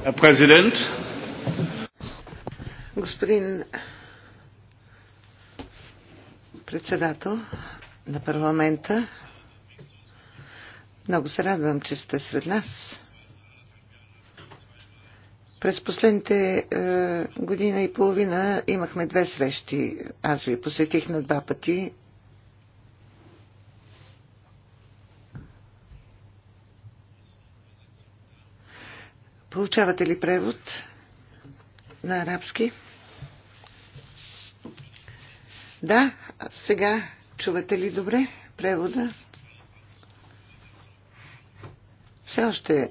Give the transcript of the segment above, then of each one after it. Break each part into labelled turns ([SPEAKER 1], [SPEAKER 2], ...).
[SPEAKER 1] Präsident.
[SPEAKER 2] Господин председател на парламента, много се радвам, че сте сред нас. През последните е, година и половина имахме две срещи. Аз ви посетих на два пъти Получавате ли превод на арабски? Да, сега чувате ли добре превода? Все още е,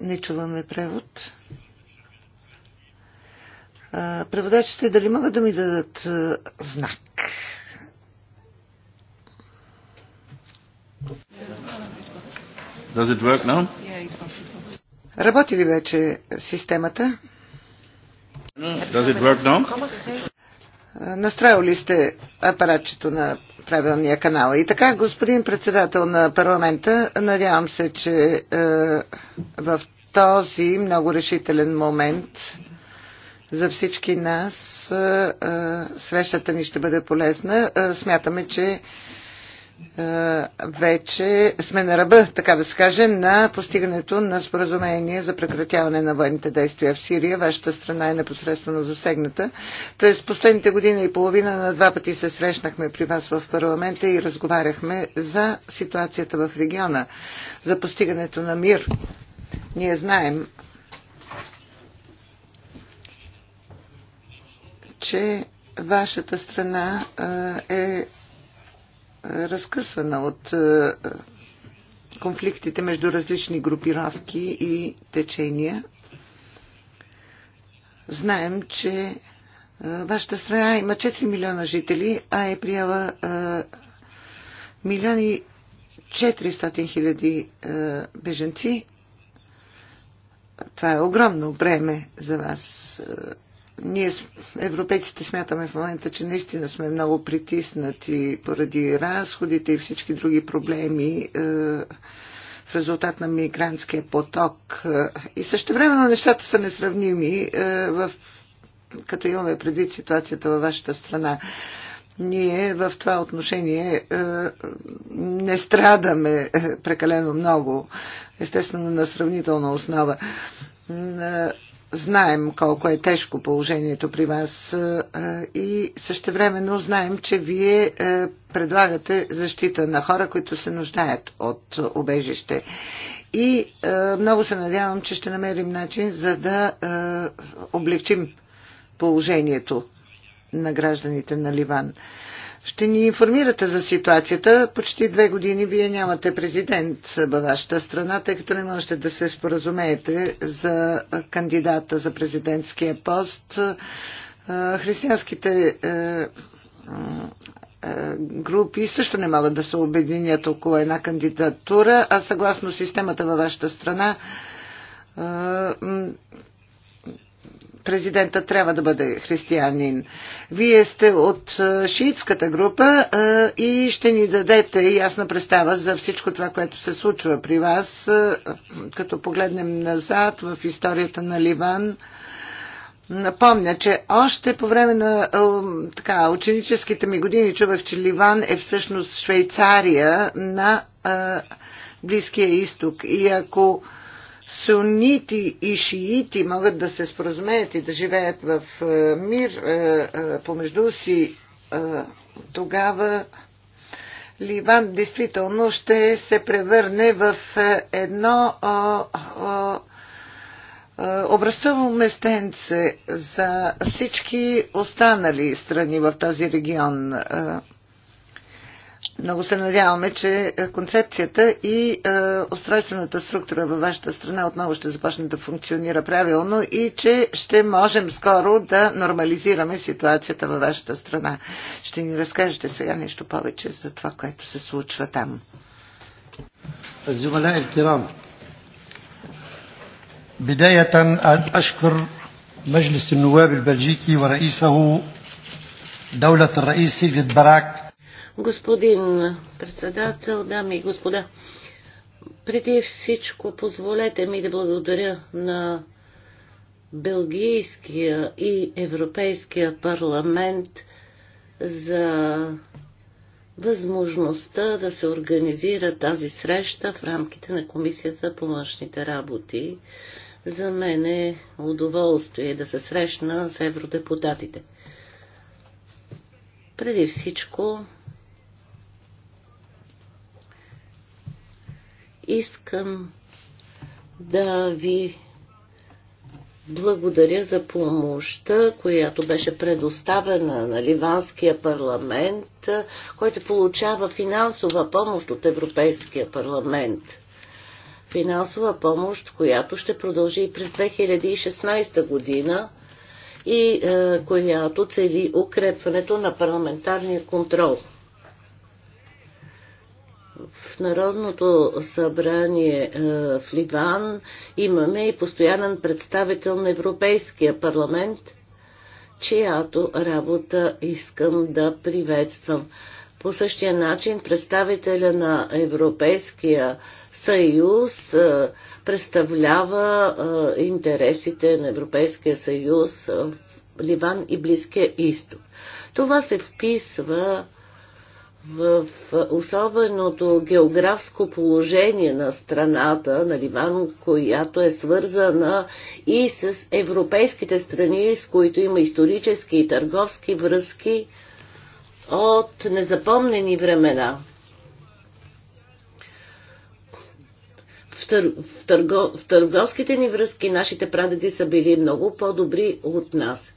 [SPEAKER 2] не чуваме превод. Е, преводачите дали могат да ми дадат е, знак? Does it work now? Yeah. Работи ли вече системата? Настроил ли сте апаратчето на правилния канал? И така, господин председател на парламента, надявам се, че е, в този много решителен момент за всички нас е, е срещата ни ще бъде полезна. Е, смятаме, че е, вече сме на ръба, така да се каже, на постигането на споразумение за прекратяване на военните действия в Сирия. Вашата страна е непосредствено засегната. През последните година и половина на два пъти се срещнахме при вас в парламента и разговаряхме за ситуацията в региона, за постигането на мир. Ние знаем, че вашата страна е разкъсвана от е, конфликтите между различни групировки и течения. Знаем, че е, вашата страна има 4 милиона жители, а е приела е, милиони 400 хиляди беженци. Това е огромно бреме за вас. Ние, европейците, смятаме в момента, че наистина сме много притиснати поради разходите и всички други проблеми е, в резултат на мигрантския поток. Е, и също времено нещата са несравними, е, в, като имаме предвид ситуацията във вашата страна. Ние в това отношение не страдаме прекалено много, естествено на сравнителна основа знаем колко е тежко положението при вас и същевременно знаем, че вие предлагате защита на хора, които се нуждаят от обежище. И много се надявам, че ще намерим начин за да облегчим положението на гражданите на Ливан ще ни информирате за ситуацията. Почти две години вие нямате президент във вашата страна, тъй като не можете да се споразумеете за кандидата за президентския пост. Християнските е, е, групи също не могат да се обединят около една кандидатура, а съгласно системата във вашата страна е, президента трябва да бъде християнин. Вие сте от шиитската група и ще ни дадете ясна представа за всичко това, което се случва при вас, като погледнем назад в историята на Ливан. Напомня, че още по време на така, ученическите ми години чувах, че Ливан е всъщност Швейцария на Близкия изток. И ако сунити и шиити могат да се споразумеят и да живеят в е, мир е, е, помежду си, тогава Ливан действително ще се превърне в едно образцово местенце за всички останали страни в този регион. Много се надяваме, че е, концепцията и е, устройствената структура във вашата страна отново ще започне да функционира правилно и че ще можем скоро да нормализираме ситуацията във вашата страна. Ще ни разкажете сега нещо повече за това, което се случва там. الزملاء أشكر مجلس النواب البلجيكي ورئيسه دولة الرئيس سيفيد براك
[SPEAKER 3] Господин председател, дами и господа, преди всичко позволете ми да благодаря на Белгийския и Европейския парламент за възможността да се организира тази среща в рамките на Комисията по външните работи. За мен е удоволствие да се срещна с евродепутатите. Преди всичко Искам да ви благодаря за помощта, която беше предоставена на Ливанския парламент, който получава финансова помощ от Европейския парламент. Финансова помощ, която ще продължи и през 2016 година и е, която цели укрепването на парламентарния контрол в Народното събрание е, в Ливан имаме и постоянен представител на Европейския парламент, чиято работа искам да приветствам. По същия начин представителя на Европейския съюз е, представлява е, интересите на Европейския съюз в Ливан и Близкия изток. Това се вписва в особеното географско положение на страната, на Ливан, която е свързана и с европейските страни, с които има исторически и търговски връзки от незапомнени времена. В, търговските ни връзки нашите прадеди са били много по-добри от нас.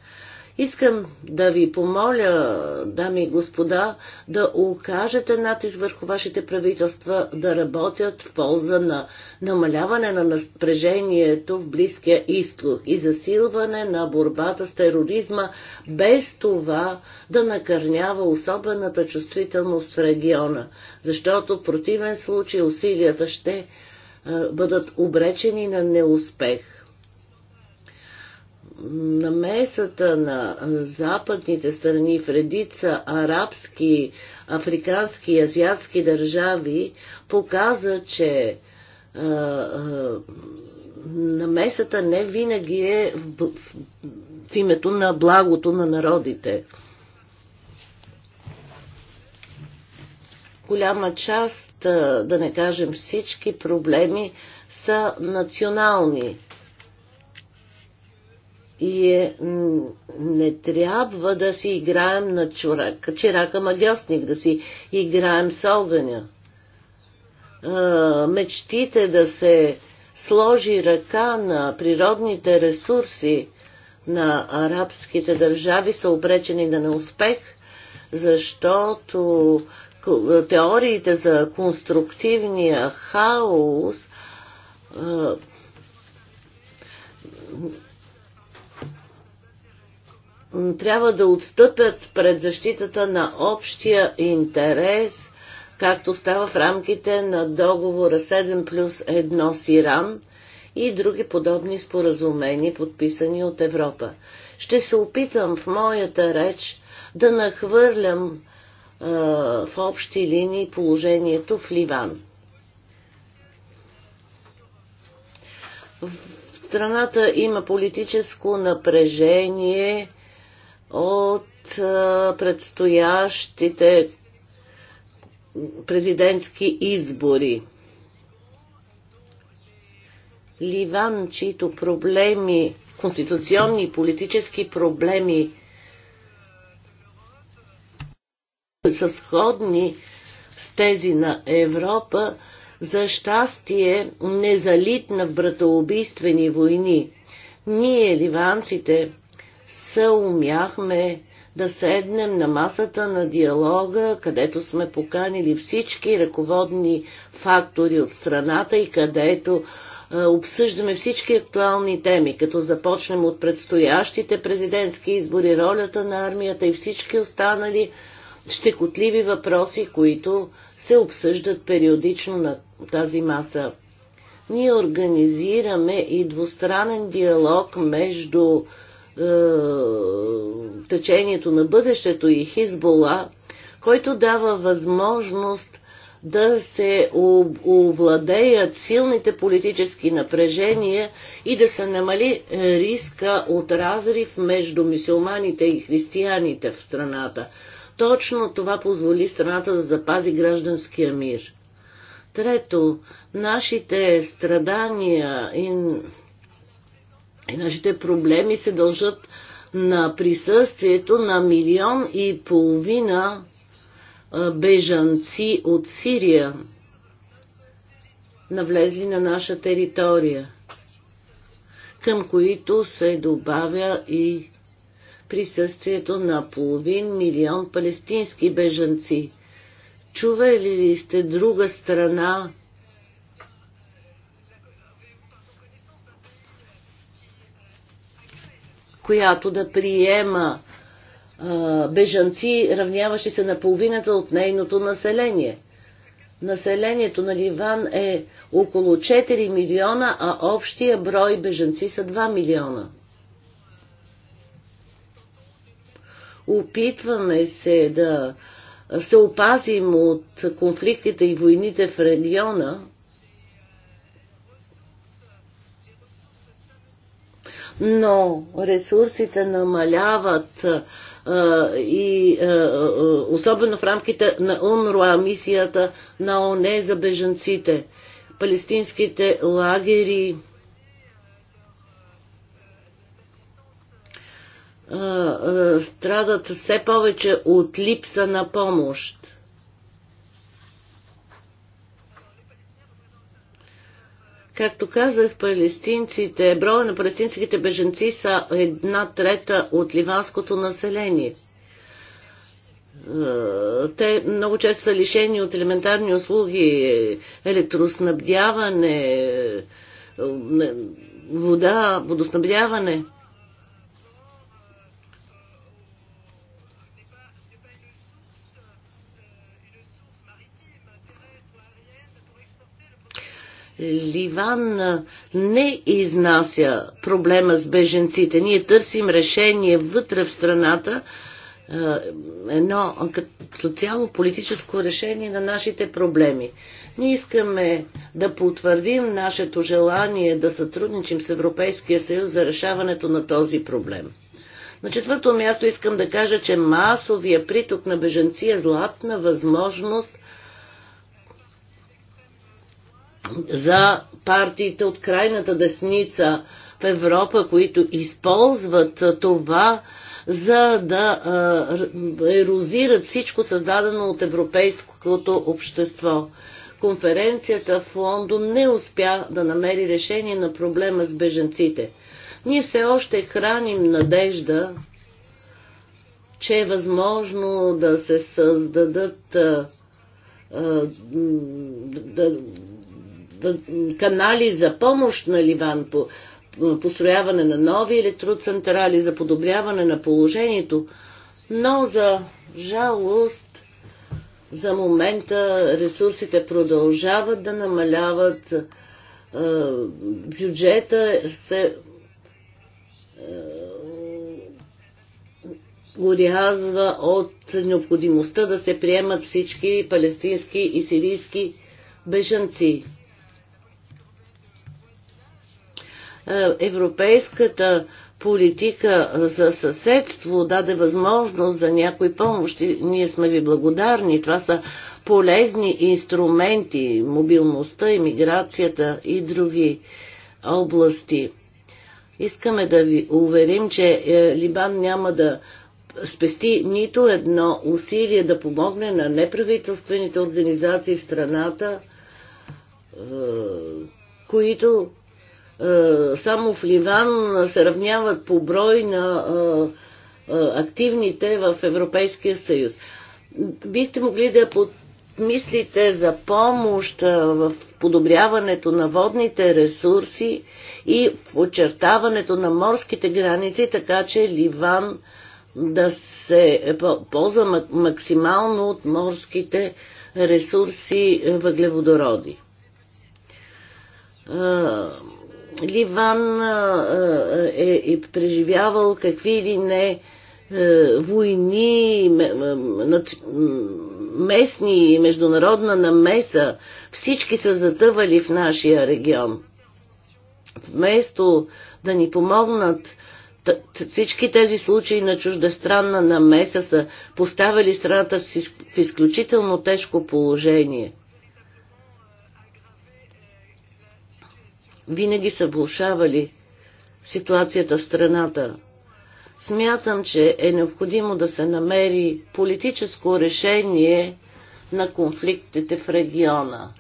[SPEAKER 3] Искам да ви помоля, дами и господа, да окажете натиск върху вашите правителства да работят в полза на намаляване на напрежението в Близкия изток и засилване на борбата с тероризма, без това да накърнява особената чувствителност в региона, защото в противен случай усилията ще бъдат обречени на неуспех намесата на западните страни в редица арабски, африкански и азиатски държави показа, че намесата не винаги е в, в, в името на благото на народите. Голяма част, да не кажем всички проблеми, са национални и е, не трябва да си играем на чурака, чирака магиосник, да си играем с огъня. Е, мечтите да се сложи ръка на природните ресурси на арабските държави са обречени да на успех, защото теориите за конструктивния хаос е, трябва да отстъпят пред защитата на общия интерес, както става в рамките на договора 7 плюс 1 с Иран и други подобни споразумени, подписани от Европа. Ще се опитам в моята реч да нахвърлям е, в общи линии положението в Ливан. В страната има политическо напрежение, от предстоящите президентски избори. Ливан, чието проблеми, конституционни и политически проблеми са сходни с тези на Европа, за щастие не залитна в братоубийствени войни. Ние, ливанците, съумяхме да седнем на масата на диалога, където сме поканили всички ръководни фактори от страната и където е, обсъждаме всички актуални теми, като започнем от предстоящите президентски избори, ролята на армията и всички останали щекотливи въпроси, които се обсъждат периодично на тази маса. Ние организираме и двустранен диалог между е, течението на бъдещето и Хизбола, който дава възможност да се овладеят силните политически напрежения и да се намали е, риска от разрив между мисюлманите и християните в страната. Точно това позволи страната да запази гражданския мир. Трето, нашите страдания и и нашите проблеми се дължат на присъствието на милион и половина бежанци от Сирия, навлезли на наша територия, към които се добавя и присъствието на половин милион палестински бежанци. Чували ли сте друга страна, която да приема а, бежанци, равняващи се на половината от нейното население. Населението на Ливан е около 4 милиона, а общия брой бежанци са 2 милиона. Опитваме се да се опазим от конфликтите и войните в региона, но ресурсите намаляват и особено в рамките на УНРУА, мисията на ОНЕ за бежанците, палестинските лагери, страдат все повече от липса на помощ. Както казах, палестинците, броя на палестинските беженци са една трета от ливанското население. Е, те много често са лишени от елементарни услуги, електроснабдяване, е, е, вода, водоснабдяване – Ливан не изнася проблема с беженците. Ние търсим решение вътре в страната, едно като цяло политическо решение на нашите проблеми. Ние искаме да потвърдим нашето желание да сътрудничим с Европейския съюз за решаването на този проблем. На четвърто място искам да кажа, че масовия приток на беженци е златна възможност – за партиите от крайната десница в Европа, които използват това, за да ерозират всичко създадено от европейското общество. Конференцията в Лондон не успя да намери решение на проблема с беженците. Ние все още храним надежда, че е възможно да се създадат да, канали за помощ на Ливан по построяване на нови електроцентрали, за подобряване на положението, но за жалост за момента ресурсите продължават да намаляват, бюджета се горязва от необходимостта да се приемат всички палестински и сирийски бежанци. Е, европейската политика е, за съседство даде възможност за някои помощи. Ние сме ви благодарни. Това са полезни инструменти, мобилността, иммиграцията и други области. Искаме да ви уверим, че е, Либан няма да спести нито едно усилие да помогне на неправителствените организации в страната, които е, само в Ливан се равняват по брой на е, е, активните в Европейския съюз. Бихте могли да подмислите за помощ в подобряването на водните ресурси и в очертаването на морските граници, така че Ливан да се ползва максимално от морските ресурси въглеводороди Ливан е, е преживявал какви или не е, войни, местни и международна намеса, всички са затъвали в нашия регион. Вместо да ни помогнат, всички тези случаи на чуждестранна намеса са поставили страната си в изключително тежко положение – винаги са влушавали ситуацията в страната. Смятам, че е необходимо да се намери политическо решение на конфликтите в региона.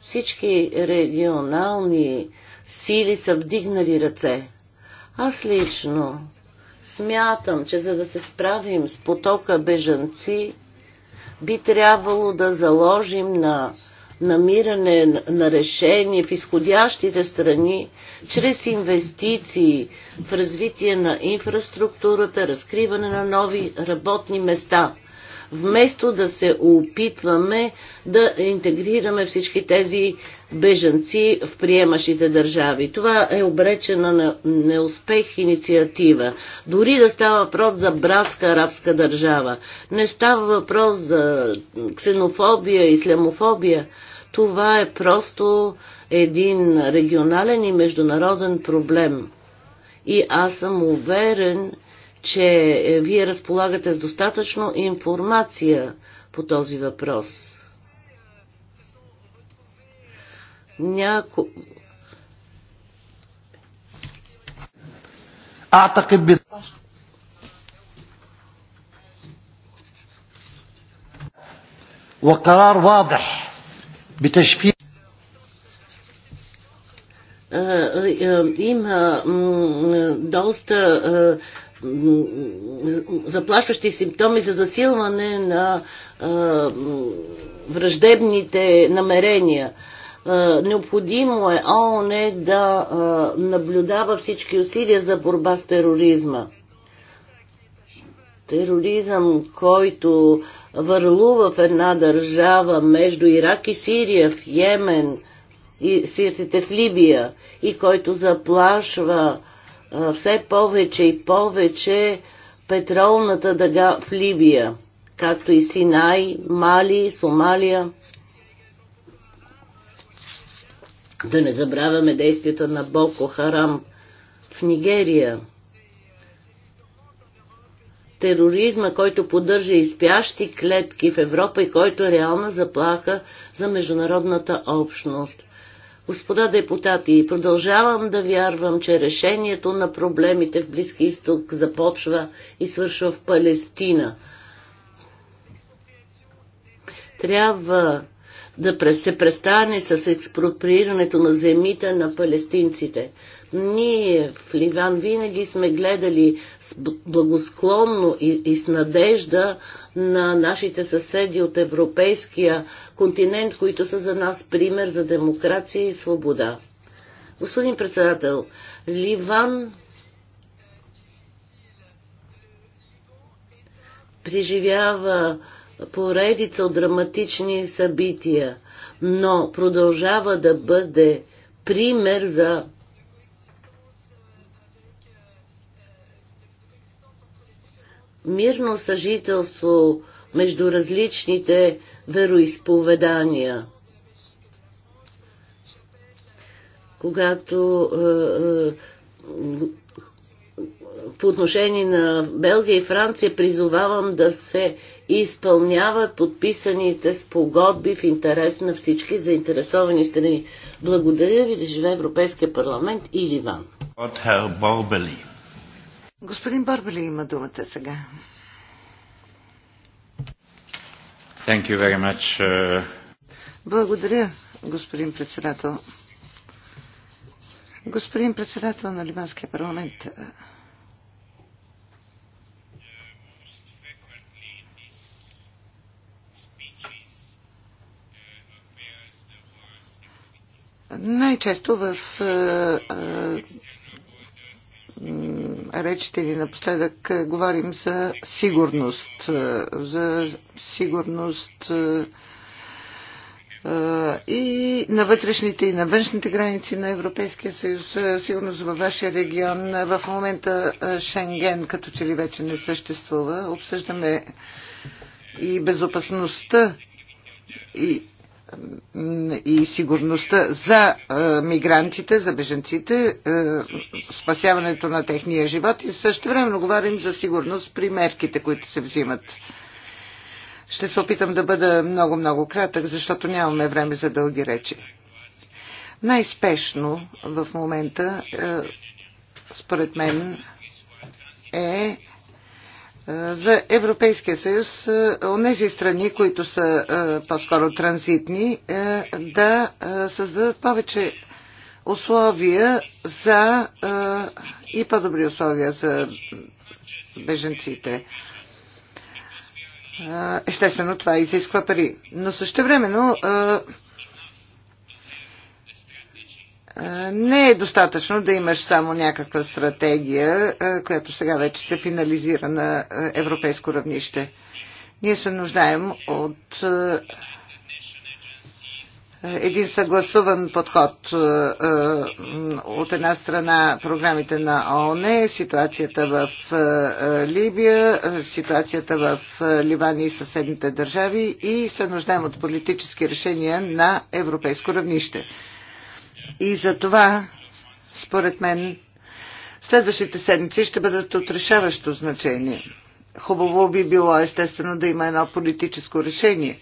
[SPEAKER 3] Всички регионални сили са вдигнали ръце. Аз лично смятам, че за да се справим с потока бежанци, би трябвало да заложим на намиране на решение в изходящите страни чрез инвестиции в развитие на инфраструктурата, разкриване на нови работни места, вместо да се опитваме да интегрираме всички тези бежанци в приемащите държави. Това е обречена на неуспех инициатива. Дори да става въпрос за братска арабска държава. Не става въпрос за ксенофобия, ислямофобия, това е просто един регионален и международен проблем. И аз съм уверен, че вие разполагате с достатъчно информация по този въпрос. Няко... А, така би...
[SPEAKER 2] وقرار واضح بتشفير
[SPEAKER 3] има доста заплашващи симптоми за засилване на враждебните намерения. Необходимо е ООН да наблюдава всички усилия за борба с тероризма тероризъм, който върлува в една държава между Ирак и Сирия, в Йемен, и сирците в Либия и който заплашва а, все повече и повече петролната дъга в Либия, както и Синай, Мали, Сомалия. Да не забравяме действията на Боко Харам в Нигерия – тероризма, който поддържа изпящи клетки в Европа и който е реална заплаха за международната общност. Господа депутати, продължавам да вярвам, че решението на проблемите в Близки изток започва и свършва в Палестина. Трябва да се престане с експроприирането на земите на палестинците. Ние в Ливан винаги сме гледали с благосклонно и, и с надежда на нашите съседи от европейския континент, които са за нас пример за демокрация и свобода. Господин председател, Ливан преживява поредица от драматични събития, но продължава да бъде пример за мирно съжителство между различните вероисповедания. Когато е, е, по отношение на Белгия и Франция призовавам да се изпълняват подписаните спогодби в интерес на всички заинтересовани страни. Благодаря ви да живее Европейския парламент и Ливан. От Господин
[SPEAKER 2] Барбели има думата сега.
[SPEAKER 3] Thank you very much. Uh...
[SPEAKER 2] Благодаря, господин председател. Господин председател на Лиманския парламент, най-често в uh, uh, речите ни напоследък е, говорим за сигурност, е, за сигурност е, и на вътрешните и на външните граници на Европейския съюз, сигурност във вашия регион. В момента Шенген като че ли вече не съществува. Обсъждаме и безопасността и и сигурността за мигрантите, за беженците, спасяването на техния живот и също време говорим за сигурност при мерките, които се взимат. Ще се опитам да бъда много-много кратък, защото нямаме време за дълги речи. Най-спешно в момента, според мен, е е, за Европейския съюз, е, онези страни, които са е, по-скоро транзитни, да създадат повече условия за и по-добри условия за беженците. Естествено, това изисква пари. Но също времено не е достатъчно да имаш само някаква стратегия, която сега вече се финализира на европейско равнище. Ние се нуждаем от един съгласуван подход от една страна програмите на ООН, ситуацията в Либия, ситуацията в Ливан и съседните държави и се нуждаем от политически решения на европейско равнище. И за това, според мен, следващите седмици ще бъдат от решаващо значение. Хубаво би било, естествено, да има едно политическо решение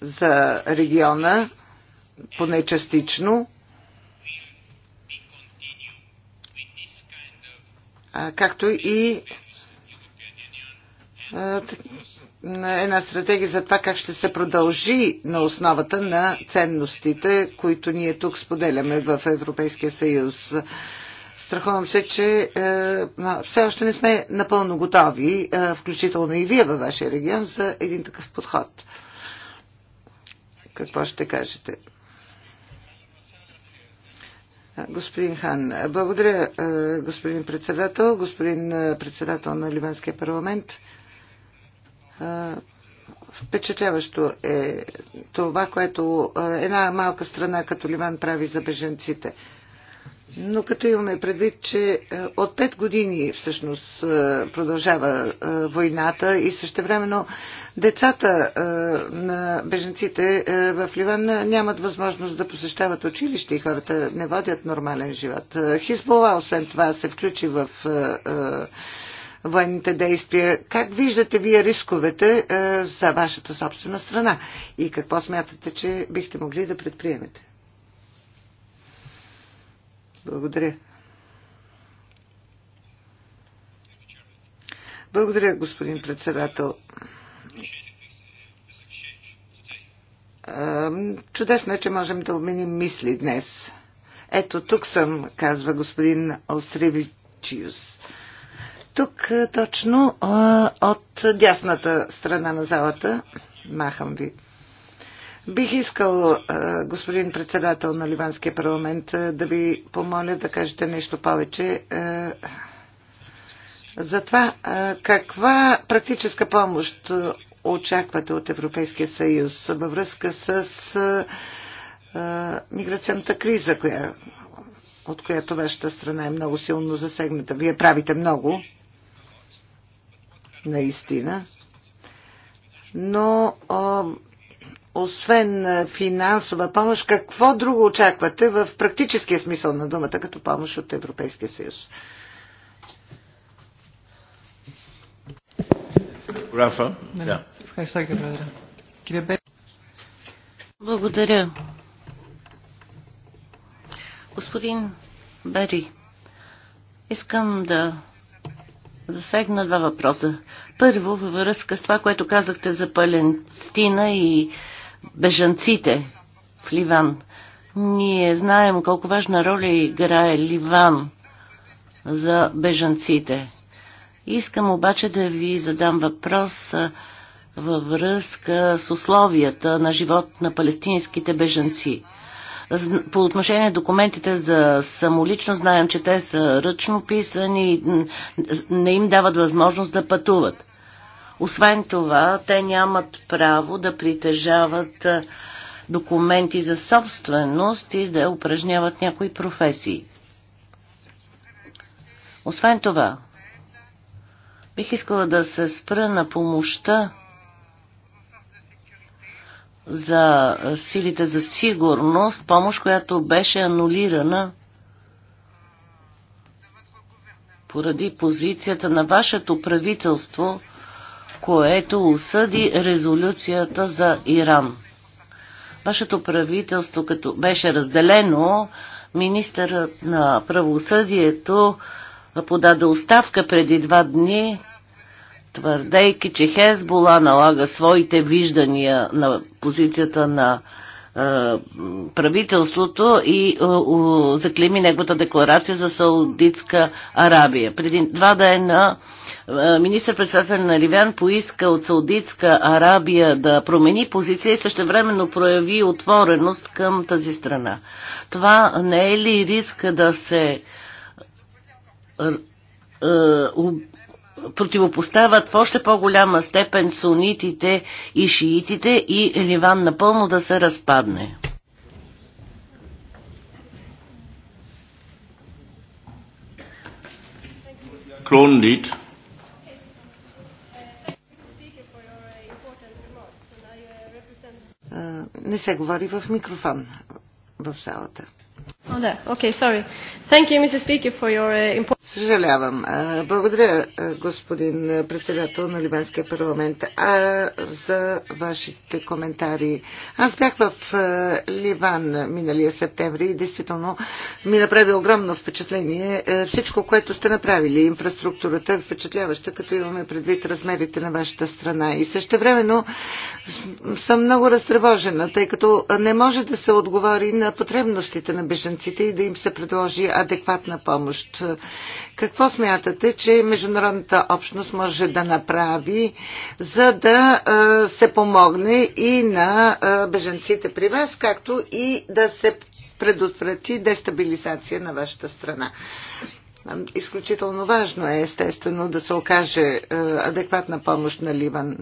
[SPEAKER 2] за региона, поне частично. както и една стратегия за това как ще се продължи на основата на ценностите, които ние тук споделяме в Европейския съюз. Страхувам се, че е, все още не сме напълно готови, е, включително и вие във вашия регион, за един такъв подход. Какво ще кажете? Господин Хан, благодаря, е, господин председател, господин е, председател на Ливанския парламент. Впечатляващо е това, което една малка страна като Ливан прави за беженците. Но като имаме предвид, че от пет години всъщност продължава войната и същевременно децата на беженците в Ливан нямат възможност да посещават училище и хората не водят нормален живот. Хизбола, освен това, се включи в военните действия. Как виждате вие рисковете е, за вашата собствена страна и какво смятате, че бихте могли да предприемете? Благодаря. Благодаря, господин председател. Чудесно е, че можем да обменим мисли днес. Ето тук съм, казва господин Остревичиус. Тук е, точно е, от дясната страна на залата махам ви. Бих искал, е, господин председател на Ливанския парламент, да ви помоля да кажете нещо повече за това каква практическа помощ очаквате от Европейския съюз във връзка с миграционната криза, от която вашата страна е много силно засегната. Вие правите много наистина. Но а, освен финансова помощ, какво друго очаквате в практическия смисъл на думата като помощ от Европейския съюз?
[SPEAKER 1] Рафа? Да.
[SPEAKER 3] Благодаря. Господин Бери, искам да засегна два въпроса. Първо, във връзка с това, което казахте за Палестина и бежанците в Ливан. Ние знаем колко важна роля играе Ливан за бежанците. Искам обаче да ви задам въпрос във връзка с условията на живот на палестинските бежанци. По отношение на документите за самолично, знаем, че те са ръчно писани, не им дават възможност да пътуват. Освен това, те нямат право да притежават документи за собственост и да упражняват някои професии. Освен това, бих искала да се спра на помощта за силите за сигурност, помощ, която беше анулирана поради позицията на вашето правителство, което осъди резолюцията за Иран. Вашето правителство, като беше разделено, министърът на правосъдието подаде оставка преди два дни твърдейки, че Хезбола налага своите виждания на позицията на е, правителството и е, заклими неговата декларация за Саудитска Арабия. Преди два дена е, министър-председател на Ливян поиска от Саудитска Арабия да промени позиция и същевременно прояви отвореност към тази страна. Това не е ли риск да се противопоставят в още по-голяма степен сунитите и шиитите и Ливан напълно да се разпадне.
[SPEAKER 2] Кронлит. Не се говори в микрофон в залата.
[SPEAKER 1] Oh, uh,
[SPEAKER 2] Съжалявам. Благодаря, господин председател на Ливанския парламент, за вашите коментари. Аз бях в Ливан миналия септември и действително ми направи огромно впечатление всичко, което сте направили. Инфраструктурата е впечатляваща, като имаме предвид размерите на вашата страна. И също времено съм много разтревожена, тъй като не може да се отговори на потребностите на бежен бежанците и да им се предложи адекватна помощ. Какво смятате, че международната общност може да направи, за да се помогне и на бежанците при вас, както и да се предотврати дестабилизация на вашата страна? Изключително важно е, естествено, да се окаже адекватна помощ на Ливан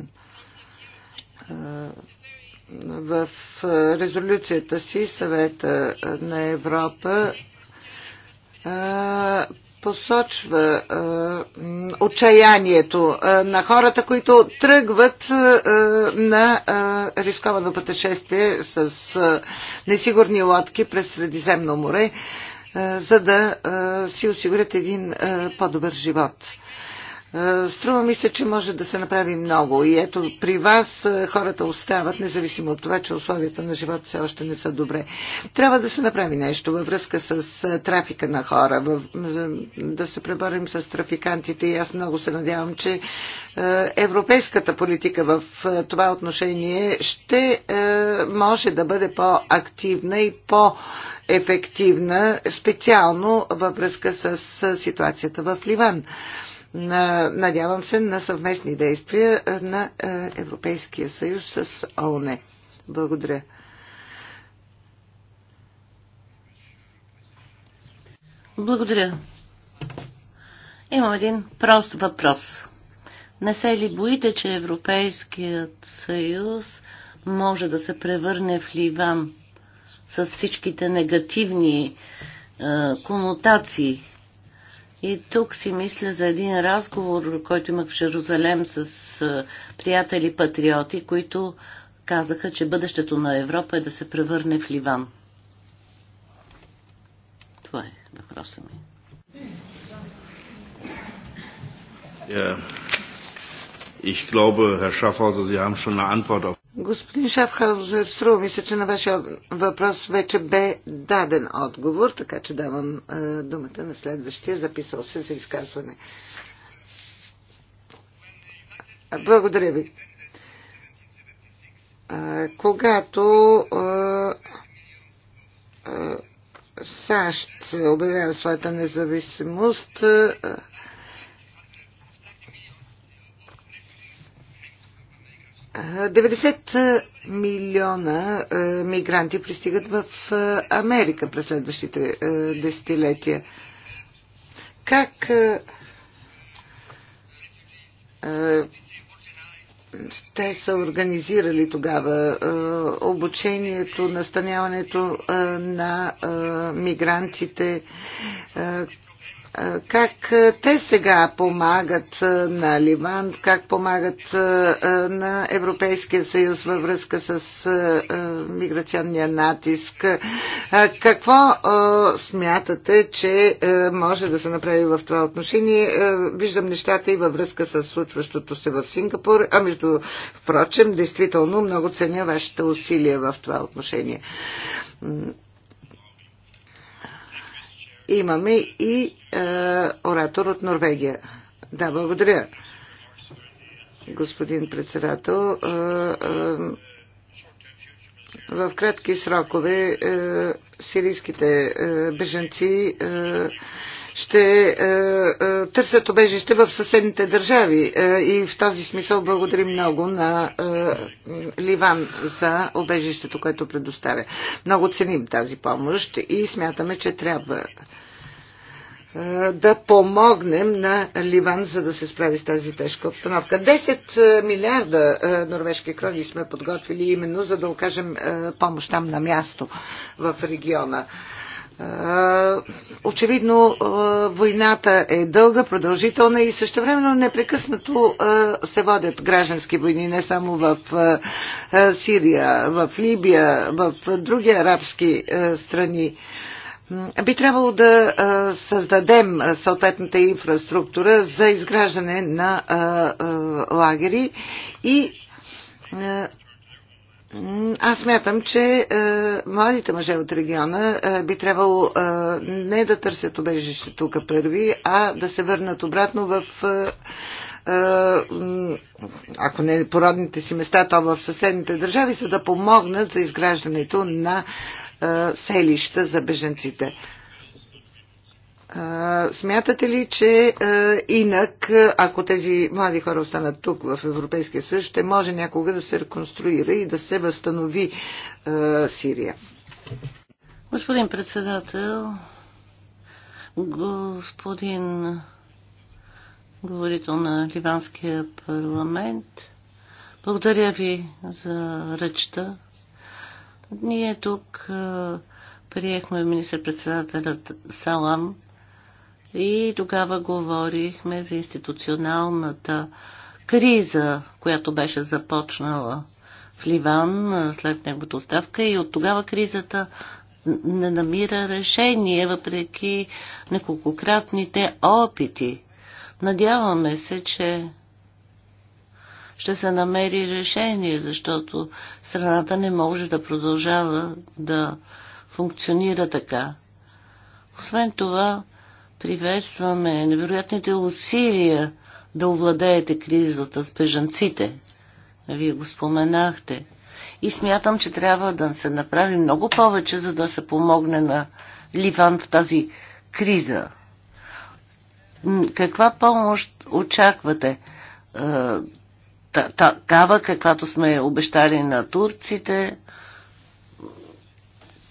[SPEAKER 2] в резолюцията си съвета на Европа посочва отчаянието на хората, които тръгват на рисковано пътешествие с несигурни лодки през Средиземно море, за да си осигурят един по-добър живот. Е, струва ми се, че може да се направи много. И ето, при вас е, хората остават, независимо от това, че условията на живота все още не са добре. Трябва да се направи нещо във връзка с е, трафика на хора, във, да се преборим с трафикантите. И аз много се надявам, че европейската политика в това отношение ще може да бъде по-активна и по-ефективна, специално във връзка с ситуацията в Ливан. Надявам се на съвместни действия е, на е, Европейския съюз с ООН. Благодаря.
[SPEAKER 3] Благодаря. Имам един прост въпрос. Не се ли боите, че Европейският съюз може да се превърне в Ливан с всичките негативни е, конотации? И тук си мисля за един разговор, който имах в Жерузалем с приятели патриоти, които казаха, че бъдещето на Европа е да се превърне в Ливан. Това е въпроса ми. Yeah. Ich glaube, Herr Schaffhauser, Sie haben schon eine Antwort auf
[SPEAKER 2] Господин Шафхаузер, струва ми се, че на вашия въпрос вече бе даден отговор, така че давам е, думата на следващия, записал се за изказване. Благодаря ви. А, когато а, САЩ обявява своята независимост, 90 милиона мигранти пристигат в Америка през следващите десетилетия. Как те са организирали тогава обучението, настаняването на мигрантите, как те сега помагат на Ливан, как помагат на Европейския съюз във връзка с миграционния натиск. Какво смятате, че може да се направи в това отношение? Виждам нещата и във връзка с случващото се в Сингапур, а между впрочем, действително много ценя вашите усилия в това отношение имаме и е, оратор от Норвегия. Да, благодаря, господин председател. Е, е, в кратки срокове е, сирийските е, беженци. Е, ще е, е, търсят обежище в съседните държави. Е, и в този смисъл благодарим много на е, Ливан за обежището, което предоставя. Много ценим тази помощ и смятаме, че трябва е, да помогнем на Ливан, за да се справи с тази тежка обстановка. 10 е, милиарда е, норвежки крони сме подготвили именно за да окажем помощ там на място в региона. Е, очевидно е, войната е дълга, продължителна и същевременно непрекъснато е, се водят граждански войни не само в Сирия, в Либия, в други арабски страни. Би трябвало да създадем съответната инфраструктура за изграждане на лагери и аз мятам, че е, младите мъже от региона е, би трябвало е, не да търсят убежище тук първи, а да се върнат обратно в. Е, е ако не породните си места, то в съседните държави, за да помогнат за изграждането на е, селища за беженците. Смятате ли, че инак, ако тези млади хора останат тук в Европейския съюз, ще може някога да се реконструира и да се възстанови Сирия?
[SPEAKER 3] Господин председател, господин говорител на Ливанския парламент, благодаря ви за речта. Ние тук приехме министър-председателят Салам и тогава говорихме за институционалната криза, която беше започнала в Ливан след неговата оставка и от тогава кризата не намира решение, въпреки неколкократните опити. Надяваме се, че ще се намери решение, защото страната не може да продължава да функционира така. Освен това, Приветстваме невероятните усилия да овладеете кризата с бежанците. Вие го споменахте. И смятам, че трябва да се направи много повече, за да се помогне на Ливан в тази криза. Каква помощ очаквате? Е, такава, каквато сме обещали на турците,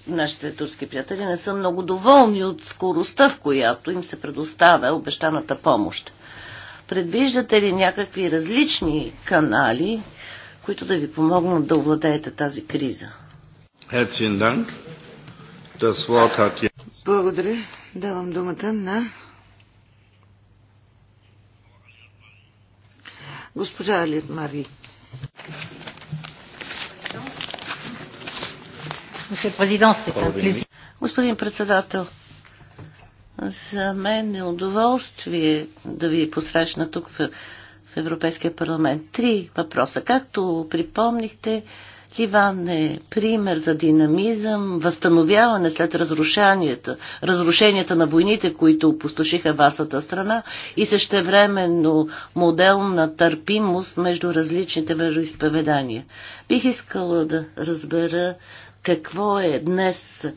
[SPEAKER 3] нашите турски приятели не са много доволни от скоростта, в която им се предоставя обещаната помощ. Предвиждате ли някакви различни канали, които да ви помогнат да овладеете
[SPEAKER 2] тази криза? Благодаря. Давам думата на госпожа Алият Мари.
[SPEAKER 3] Господин председател, за мен е удоволствие да ви посрещна тук в, в Европейския парламент. Три въпроса. Както припомнихте, Ливан е пример за динамизъм, възстановяване след разрушенията, разрушенията на войните, които опустошиха вашата страна и същевременно модел на търпимост между различните вероисповедания. Бих искала да разбера какво е днес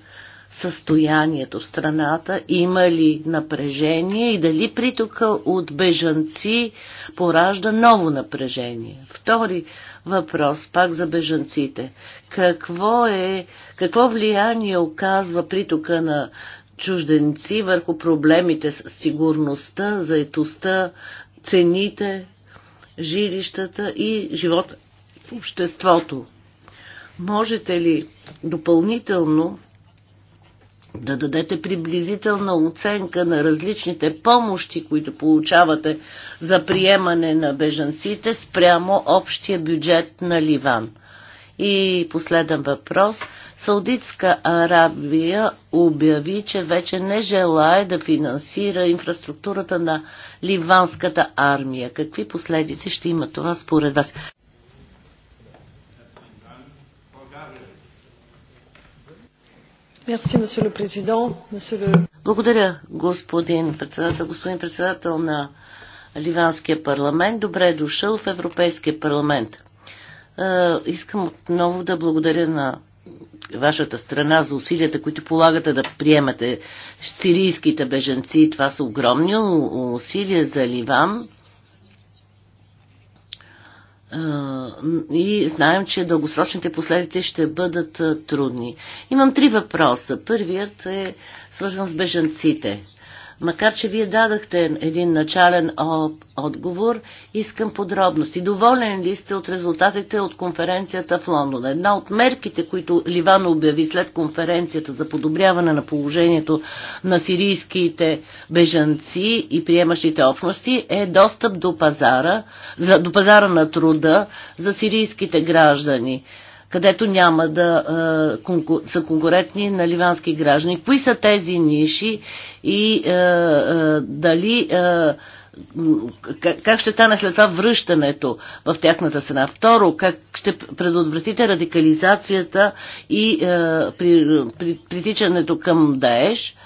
[SPEAKER 3] състоянието в страната, има ли напрежение и дали притока от бежанци поражда ново напрежение. Втори въпрос, пак за бежанците. Какво, е, какво влияние оказва притока на чужденци върху проблемите с сигурността, заетостта, цените, жилищата и живота в обществото? Можете ли допълнително да дадете приблизителна оценка на различните помощи, които получавате за приемане на бежанците спрямо общия бюджет на Ливан. И последен въпрос. Саудитска Арабия обяви, че вече не желая да финансира инфраструктурата на ливанската армия. Какви последици ще има това според вас? Благодаря, господин председател. Господин председател на Ливанския парламент, добре е дошъл в Европейския парламент. Е, искам отново да благодаря на вашата страна за усилията, които полагате да приемате сирийските беженци. Това са огромни усилия за Ливан и знаем, че дългосрочните последици ще бъдат трудни. Имам три въпроса. Първият е свързан с бежанците. Макар, че вие дадахте един начален отговор, искам подробности. Доволен ли сте от резултатите от конференцията в Лондон? Една от мерките, които Ливан обяви след конференцията за подобряване на положението на сирийските бежанци и приемащите общности е достъп до пазара, до пазара на труда за сирийските граждани където няма да е, са конкурентни на ливански граждани. Кои са тези ниши и е, е, дали как ще стане след това връщането в тяхната страна? Второ, как ще предотвратите радикализацията и е, при, при, притичането към Даеш?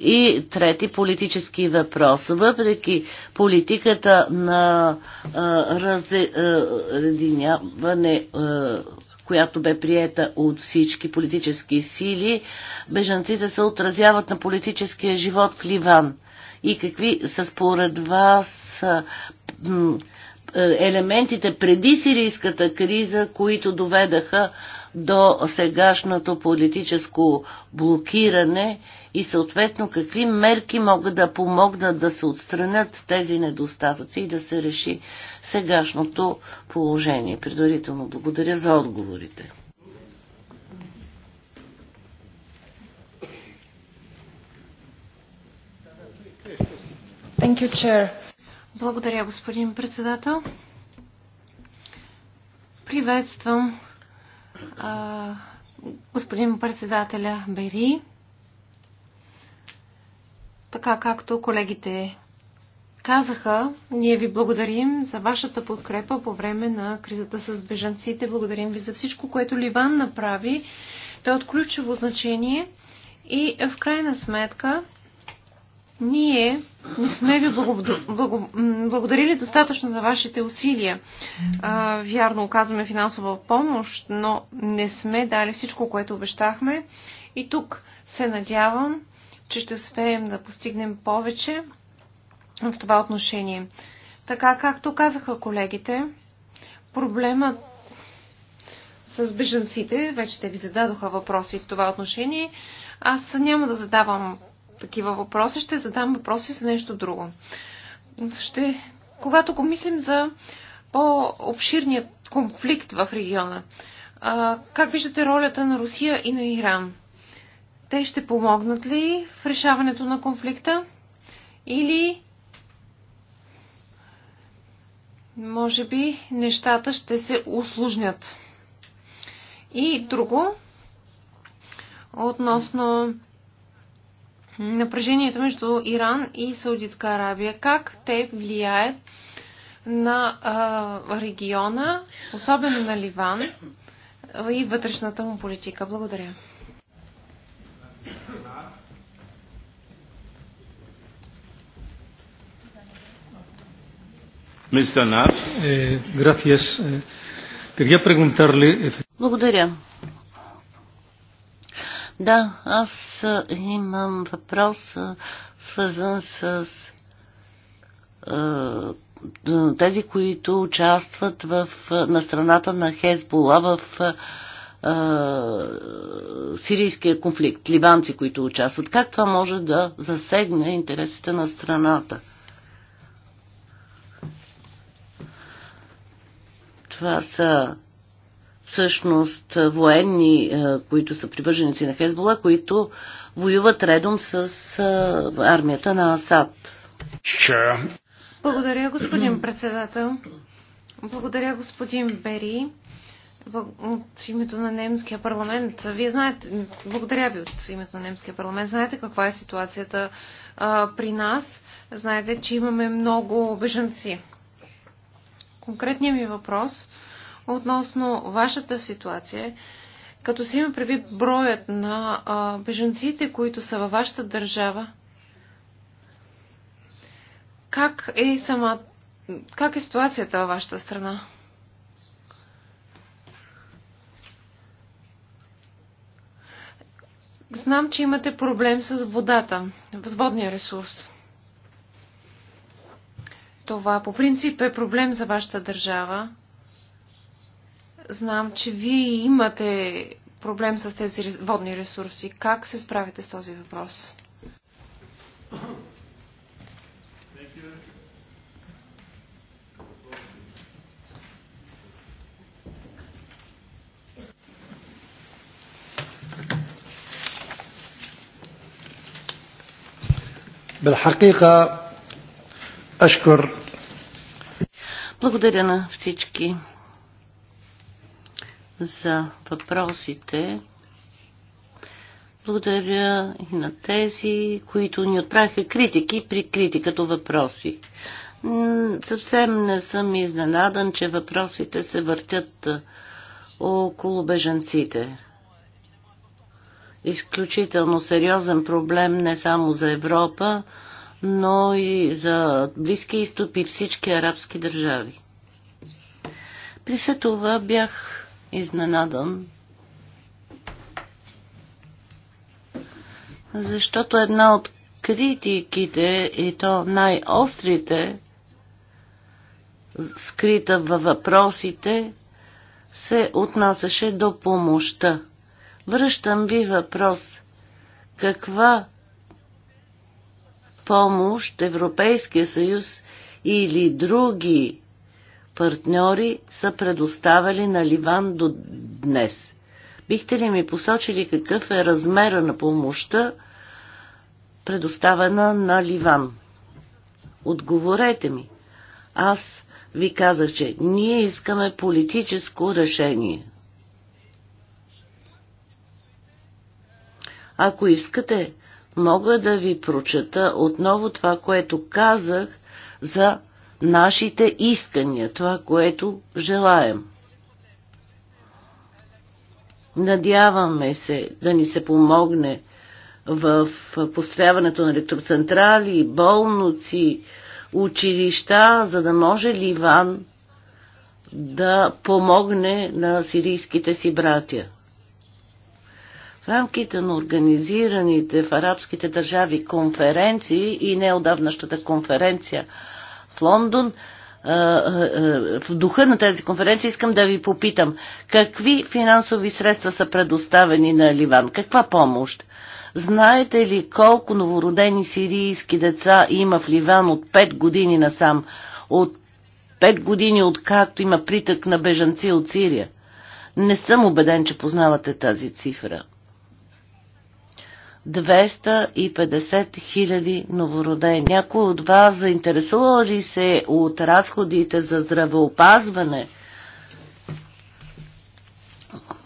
[SPEAKER 3] И трети политически въпрос. Въпреки политиката на е, разединяване която бе приета от всички политически сили, бежанците се отразяват на политическия живот в Ливан. И какви са според вас е, елементите преди сирийската криза, които доведаха до сегашното политическо блокиране и съответно какви мерки могат да помогнат да се отстранят тези недостатъци и да се реши сегашното положение. Предварително благодаря за отговорите.
[SPEAKER 1] Thank you, Chair. Благодаря, господин председател. Приветствам а, господин председателя Бери, така както колегите казаха, ние ви благодарим за вашата подкрепа по време на кризата с бежанците. Благодарим ви за всичко, което Ливан направи. Той е от ключово значение и в крайна сметка ние не сме ви благодарили достатъчно за вашите усилия. А, вярно, оказваме финансова помощ, но не сме дали всичко, което обещахме. И тук се надявам, че ще успеем да постигнем повече в това отношение. Така, както казаха колегите, проблемът с бежанците, вече те ви зададоха въпроси в това отношение, аз няма да задавам такива въпроси, ще задам въпроси за нещо друго. Ще, когато го мислим за по-обширният конфликт в региона, а, как виждате ролята на Русия и на Иран? Те ще помогнат ли в решаването на конфликта? Или може би нещата ще се усложнят? И друго, относно напрежението между Иран и Саудитска Арабия. Как те влияят на а, региона, особено на Ливан и вътрешната му политика? Благодаря. Е, е,
[SPEAKER 3] Благодаря. Да, аз имам въпрос, свързан с тези, които участват в, на страната на Хезбола в а, сирийския конфликт, ливанци, които участват. Как това може да засегне интересите на страната? Това са всъщност е, военни, е, които са привърженици на Хезбола, които воюват редом с е, армията на Асад. Sure.
[SPEAKER 1] Благодаря, господин председател. Благодаря, господин Бери. От името на немския парламент. Вие знаете, благодаря ви от името на немския парламент. Знаете каква е ситуацията а, при нас. Знаете, че имаме много бежанци. Конкретният ми въпрос а, относно вашата ситуация, като се има предвид броят на а, бежанците, които са във вашата държава, как е сама, как е ситуацията във вашата страна? Знам, че имате проблем с водата, с водния ресурс. Това по принцип е проблем за вашата държава, Знам, че вие имате проблем с тези водни ресурси. Как се справите с този въпрос?
[SPEAKER 3] Благодаря на всички за въпросите. Благодаря и на тези, които ни отправиха критики при критиката въпроси. Съвсем не съм изненадан, че въпросите се въртят около бежанците. Изключително сериозен проблем не само за Европа, но и за Близки изтопи и всички арабски държави. При все това бях изненадан, защото една от критиките и то най-острите, скрита във въпросите, се отнасяше до помощта. Връщам ви въпрос. Каква помощ Европейския съюз или други партньори са предоставили на Ливан до днес. Бихте ли ми посочили какъв е размера на помощта, предоставена на Ливан? Отговорете ми. Аз ви казах, че ние искаме политическо решение. Ако искате, мога да ви прочета отново това, което казах за нашите искания, това, което желаем. Надяваме се да ни се помогне в построяването на електроцентрали, болници, училища, за да може Ливан да помогне на сирийските си братя. В рамките на организираните в арабските държави конференции и неодавнащата конференция в Лондон. В духа на тази конференция искам да ви попитам какви финансови средства са предоставени на Ливан, каква помощ? Знаете ли колко новородени сирийски деца има в Ливан от 5 години насам? От 5 години откакто има притък на бежанци от Сирия? Не съм убеден, че познавате тази цифра. 250 000 новородени. Някой от вас заинтересува ли се от разходите за здравеопазване,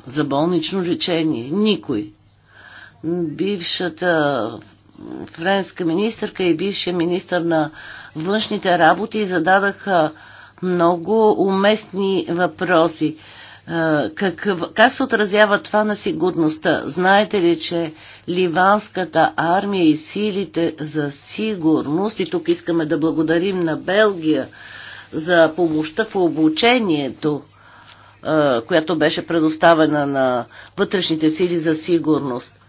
[SPEAKER 3] за болнично лечение? Никой. Бившата френска министърка и бившия министър на външните работи зададаха много уместни въпроси как, как се отразява това на сигурността? Знаете ли, че ливанската армия и силите за сигурност, и тук искаме да благодарим на Белгия за помощта в обучението, която беше предоставена на вътрешните сили за сигурност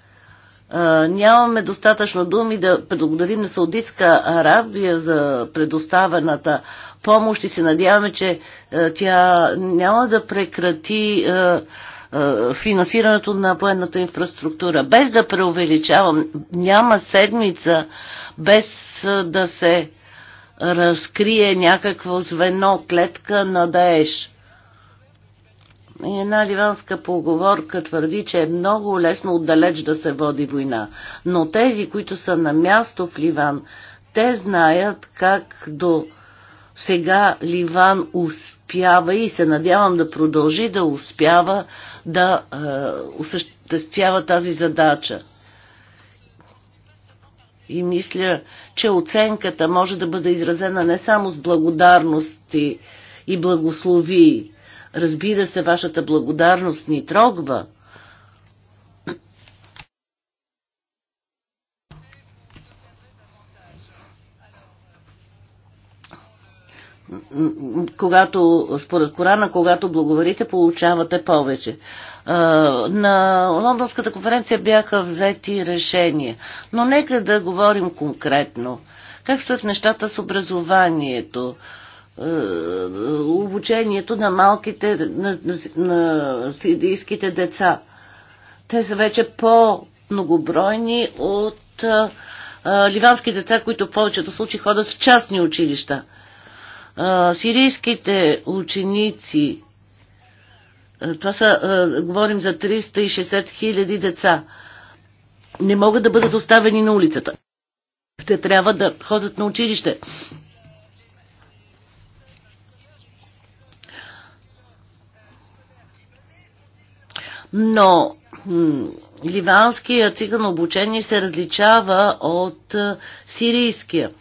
[SPEAKER 3] нямаме достатъчно думи да благодарим на Саудитска Арабия за предоставената помощ и се надяваме, че тя няма да прекрати финансирането на военната инфраструктура. Без да преувеличавам, няма седмица без да се разкрие някакво звено, клетка на Даеш. Една ливанска поговорка твърди, че е много лесно отдалеч да се води война. Но тези, които са на място в Ливан, те знаят как до сега Ливан успява и се надявам да продължи да успява да е, осъществява тази задача. И мисля, че оценката може да бъде изразена не само с благодарности и благослови, Разбира се, вашата благодарност ни трогва. когато, според Корана, когато благоварите, получавате повече. На Лондонската конференция бяха взети решения, но нека да говорим конкретно. Как стоят нещата с образованието? Е, обучението на малките, на, на, на сирийските деца. Те са вече по-многобройни от а, е, а, е, ливански деца, които в повечето случаи ходят в частни училища. А, сирийските ученици, а, това са, а, говорим за 360 хиляди деца, не могат да бъдат оставени на улицата. Те трябва да ходят на училище. Но ливанският циган обучение се различава от сирийския.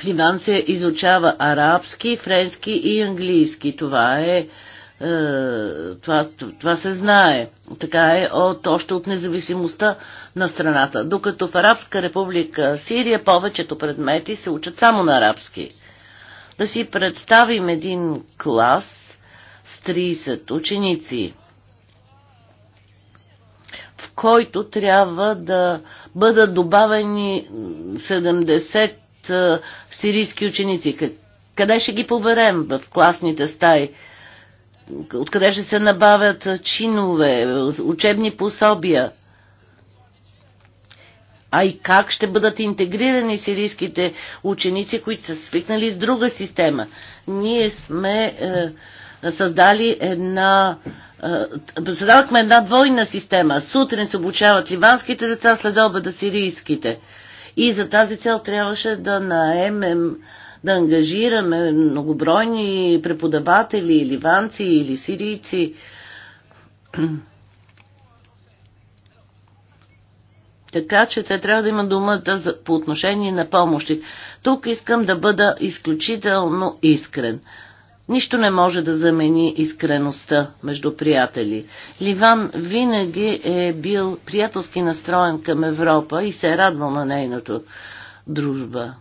[SPEAKER 3] В Ливан се изучава арабски, френски и английски. Това е това, това се знае. Така е от, още от независимостта на страната. Докато в Арабска република Сирия повечето предмети се учат само на арабски. Да си представим един клас, с 30 ученици, в който трябва да бъдат добавени 70 сирийски ученици. Къде ще ги поберем в класните стаи? Откъде ще се набавят чинове, учебни пособия? а и как ще бъдат интегрирани сирийските ученици, които са свикнали с друга система. Ние сме е, създали една е, създадохме една двойна система. Сутрин се обучават ливанските деца, след обеда сирийските. И за тази цел трябваше да наемем, да ангажираме многобройни преподаватели, ливанци или сирийци. Така че те трябва да има думата за, по отношение на помощи. Тук искам да бъда изключително искрен. Нищо не може да замени искреността между приятели. Ливан винаги е бил приятелски настроен към Европа и се е радвал на нейната дружба.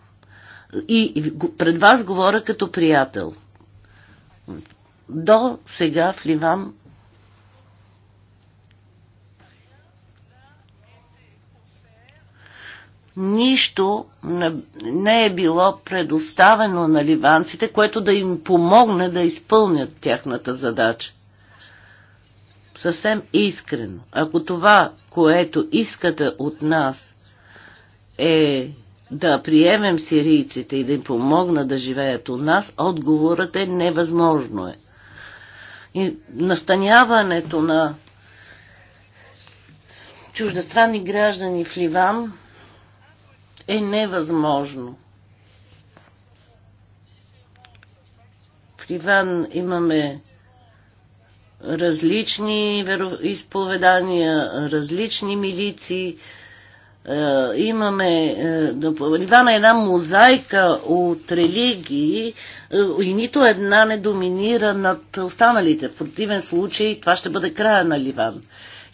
[SPEAKER 3] И пред вас говоря като приятел. До сега в Ливан нищо не, не е било предоставено на ливанците, което да им помогне да изпълнят тяхната задача. Съвсем искрено, ако това, което искате от нас, е да приемем сирийците и да им помогна да живеят у нас, отговорът е невъзможно е. И настаняването на чуждестранни граждани в Ливан е невъзможно. В Ливан имаме различни изповедания, различни милиции. Е, имаме, е, Иван е една мозайка от религии е, и нито една не доминира над останалите. В противен случай това ще бъде края на Ливан.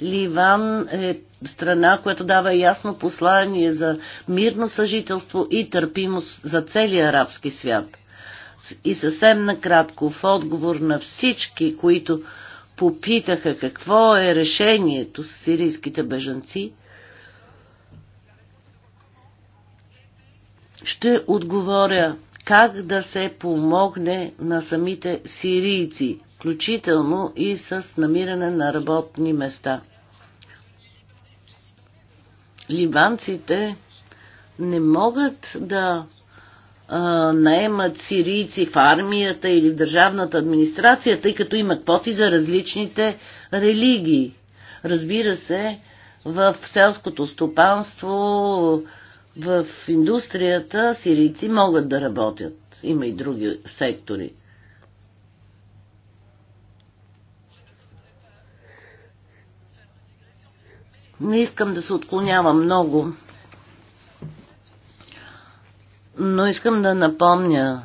[SPEAKER 3] Ливан е страна, която дава ясно послание за мирно съжителство и търпимост за целия арабски свят. И съвсем накратко, в отговор на всички, които попитаха какво е решението с сирийските бежанци, ще отговоря как да се помогне на самите сирийци включително и с намиране на работни места. Ливанците не могат да а, наемат сирийци в армията или в държавната администрация, тъй като има квоти за различните религии. Разбира се, в селското стопанство, в индустрията сирийци могат да работят. Има и други сектори. Не искам да се отклонява много, но искам да напомня,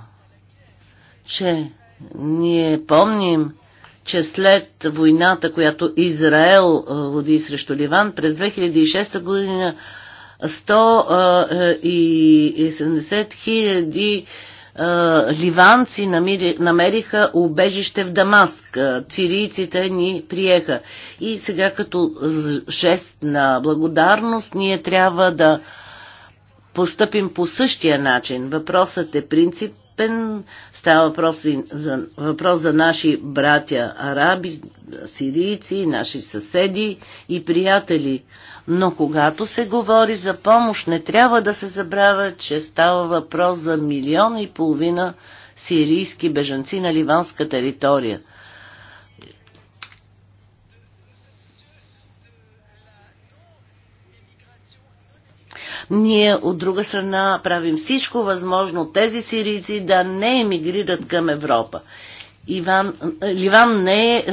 [SPEAKER 3] че ние помним, че след войната, която Израел води срещу Ливан, през 2006 година 170 хиляди 000 е, ливанци намери, намериха убежище в Дамаск. Сирийците е, ни приеха. И сега като жест на благодарност ние трябва да постъпим по същия начин. Въпросът е принцип степен. Става въпрос, и за, въпрос за наши братя араби, сирийци, наши съседи и приятели. Но когато се говори за помощ, не трябва да се забравя, че става въпрос за милион и половина сирийски бежанци на ливанска територия – Ние от друга страна правим всичко възможно тези сирийци да не емигрират към Европа. Иван, Ливан не е, е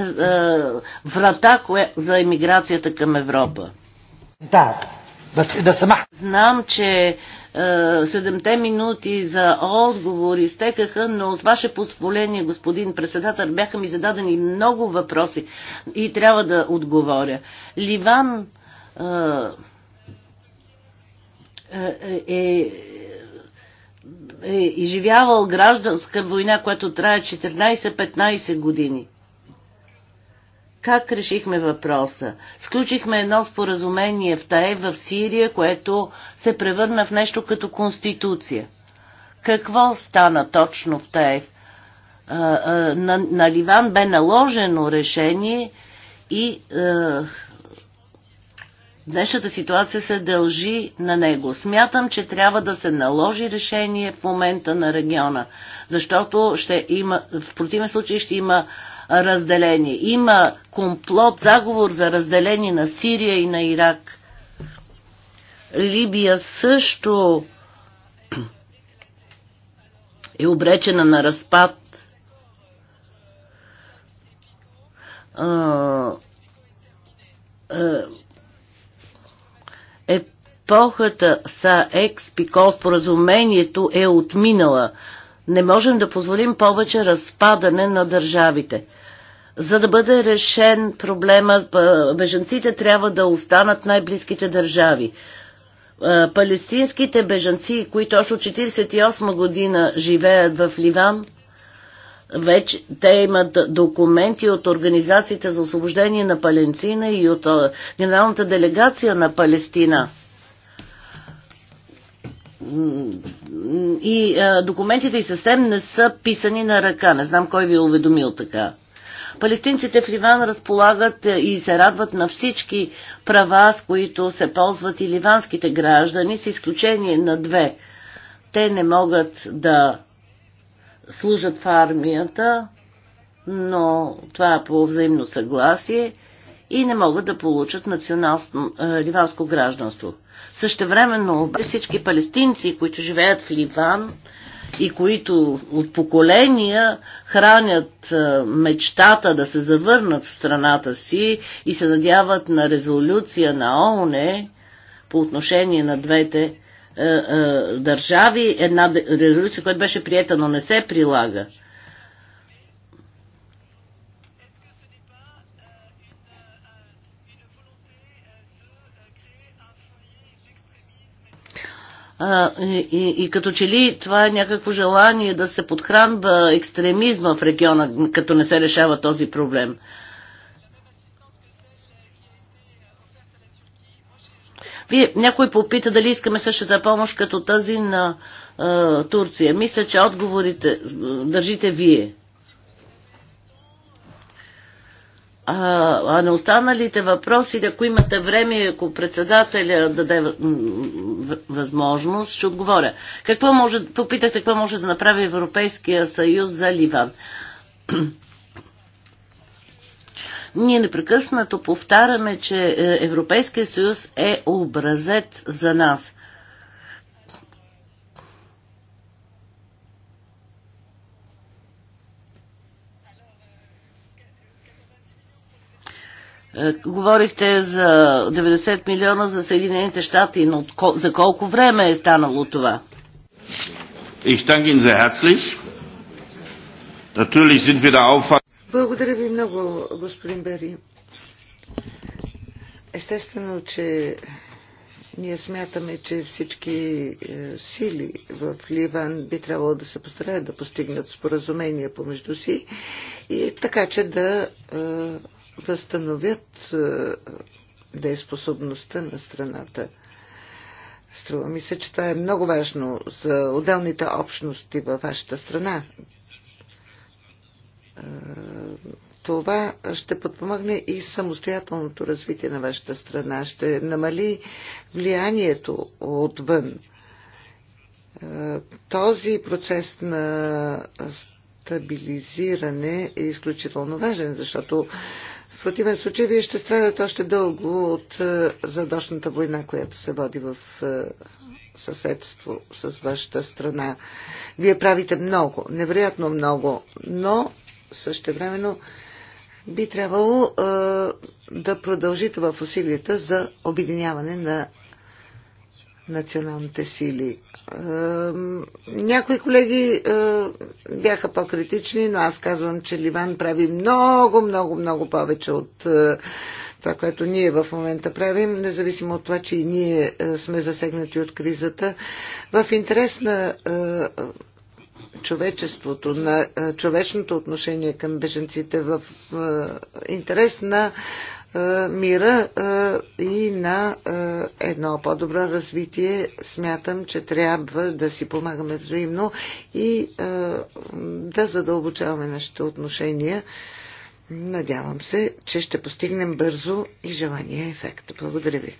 [SPEAKER 3] врата кое, за емиграцията към Европа.
[SPEAKER 2] Да, да сама.
[SPEAKER 3] Знам, че е, седемте минути за отговор изтекаха, но с ваше позволение, господин председател, бяха ми зададени много въпроси и трябва да отговоря. Ливан е, е, е, е изживявал гражданска война, която трае 14-15 години. Как решихме въпроса? Сключихме едно споразумение в Тае, в Сирия, което се превърна в нещо като конституция. Какво стана точно в Тае? На, на Ливан бе наложено решение и Днешната ситуация се дължи на него. Смятам, че трябва да се наложи решение в момента на региона, защото ще има, в противен случай ще има разделение. Има комплот, заговор за разделение на Сирия и на Ирак. Либия също е обречена на разпад. А, а, епохата са екс, пико споразумението е отминала. Не можем да позволим повече разпадане на държавите. За да бъде решен проблема, бежанците трябва да останат най-близките държави. Палестинските бежанци, които още от 1948 година живеят в Ливан, вече те имат документи от Организацията за освобождение на Паленцина и от Генералната делегация на Палестина – и а, документите и съвсем не са писани на ръка. Не знам кой ви е уведомил така. Палестинците в Ливан разполагат и се радват на всички права, с които се ползват и ливанските граждани, с изключение на две. Те не могат да служат в армията, но това е по взаимно съгласие и не могат да получат национал... ливанско гражданство. Същевременно обаче всички палестинци, които живеят в Ливан и които от поколения хранят мечтата да се завърнат в страната си и се надяват на резолюция на ООН по отношение на двете държави, една резолюция, която беше приета, но не се прилага. А, и, и като че ли това е някакво желание да се подхранва екстремизма в региона, като не се решава този проблем. Вие, някой попита дали искаме същата помощ като тази на а, Турция. Мисля, че отговорите държите вие. А, а на останалите въпроси, ако имате време, ако председателя даде възможност, ще отговоря. Какво може, попитахте какво може да направи Европейския съюз за Ливан. Ние непрекъснато повтаряме, че е, Европейския съюз е образец за нас. Е, говорихте за 90 милиона за Съединените щати, но за колко време е станало това? Ich danke Ihnen sehr herzlich. Natürlich sind wir
[SPEAKER 2] Благодаря ви много, господин Бери. Естествено, че ние смятаме, че всички е, сили в Ливан би трябвало да се постараят да постигнат споразумение помежду си и така, че да е, възстановят е, дееспособността на страната. Струва ми се, че това е много важно за отделните общности във вашата страна. Е, това ще подпомогне и самостоятелното развитие на вашата страна, ще намали влиянието отвън. Е, този процес на стабилизиране е изключително важен, защото в противен случай вие ще страдате още дълго от е, задошната война, която се води в е, съседство с вашата страна. Вие правите много, невероятно много, но същевременно би трябвало е, да продължите в усилията за обединяване на националните сили. Някои колеги бяха по-критични, но аз казвам, че Ливан прави много, много, много повече от това, което ние в момента правим, независимо от това, че и ние сме засегнати от кризата. В интерес на човечеството, на човечното отношение към беженците, в интерес на е, мира е, и на е, едно по-добро развитие. Смятам, че трябва да си помагаме взаимно и да задълбочаваме нашите отношения. Надявам се, че ще постигнем бързо и желания ефект. Благодаря ви.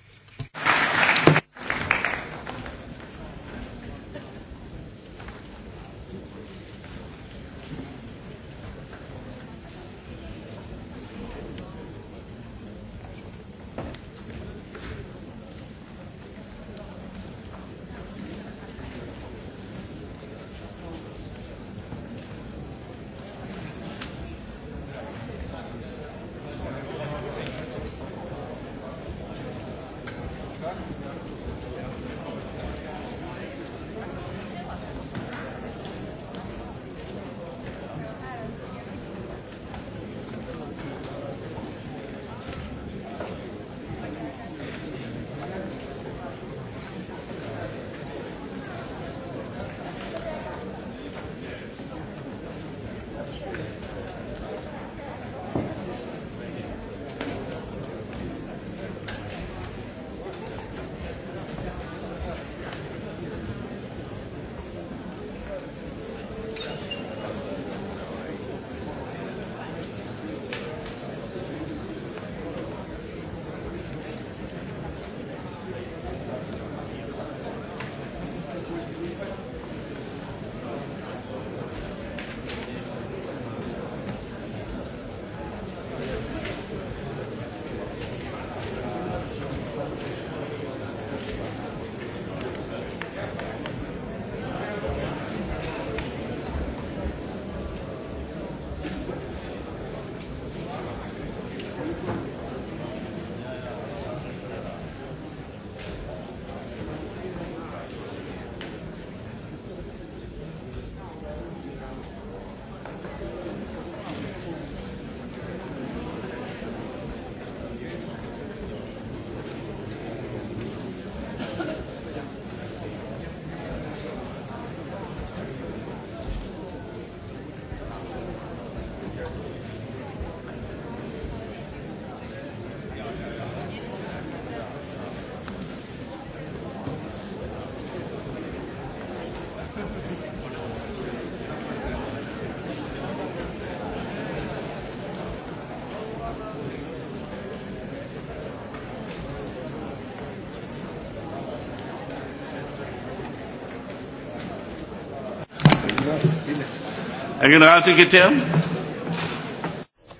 [SPEAKER 2] генерален секретар.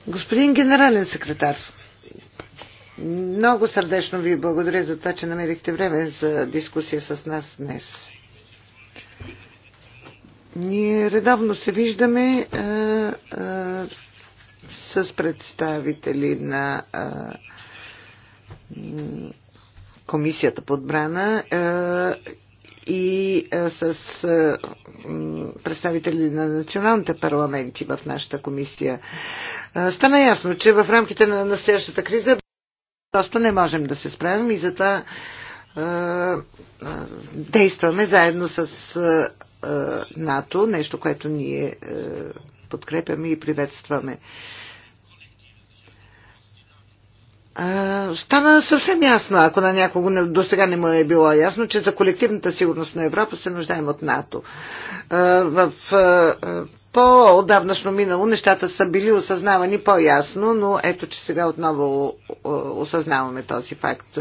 [SPEAKER 2] Господин генерален секретар, много сърдечно ви благодаря за това, че намерихте време за дискусия с нас днес. Ние редовно се виждаме а, а, с представители на а, Комисията по отбрана а, и а, с а, представители на националните парламенти в нашата комисия. Стана ясно, че в рамките на настоящата криза просто не можем да се справим и затова действаме заедно с НАТО, нещо, което ние подкрепяме и приветстваме а, стана съвсем ясно, ако на някого не, до сега не му е било ясно, че за колективната сигурност на Европа се нуждаем от НАТО. А, в а, по-отдавнашно минало нещата са били осъзнавани по-ясно, но ето, че сега отново осъзнаваме този факт.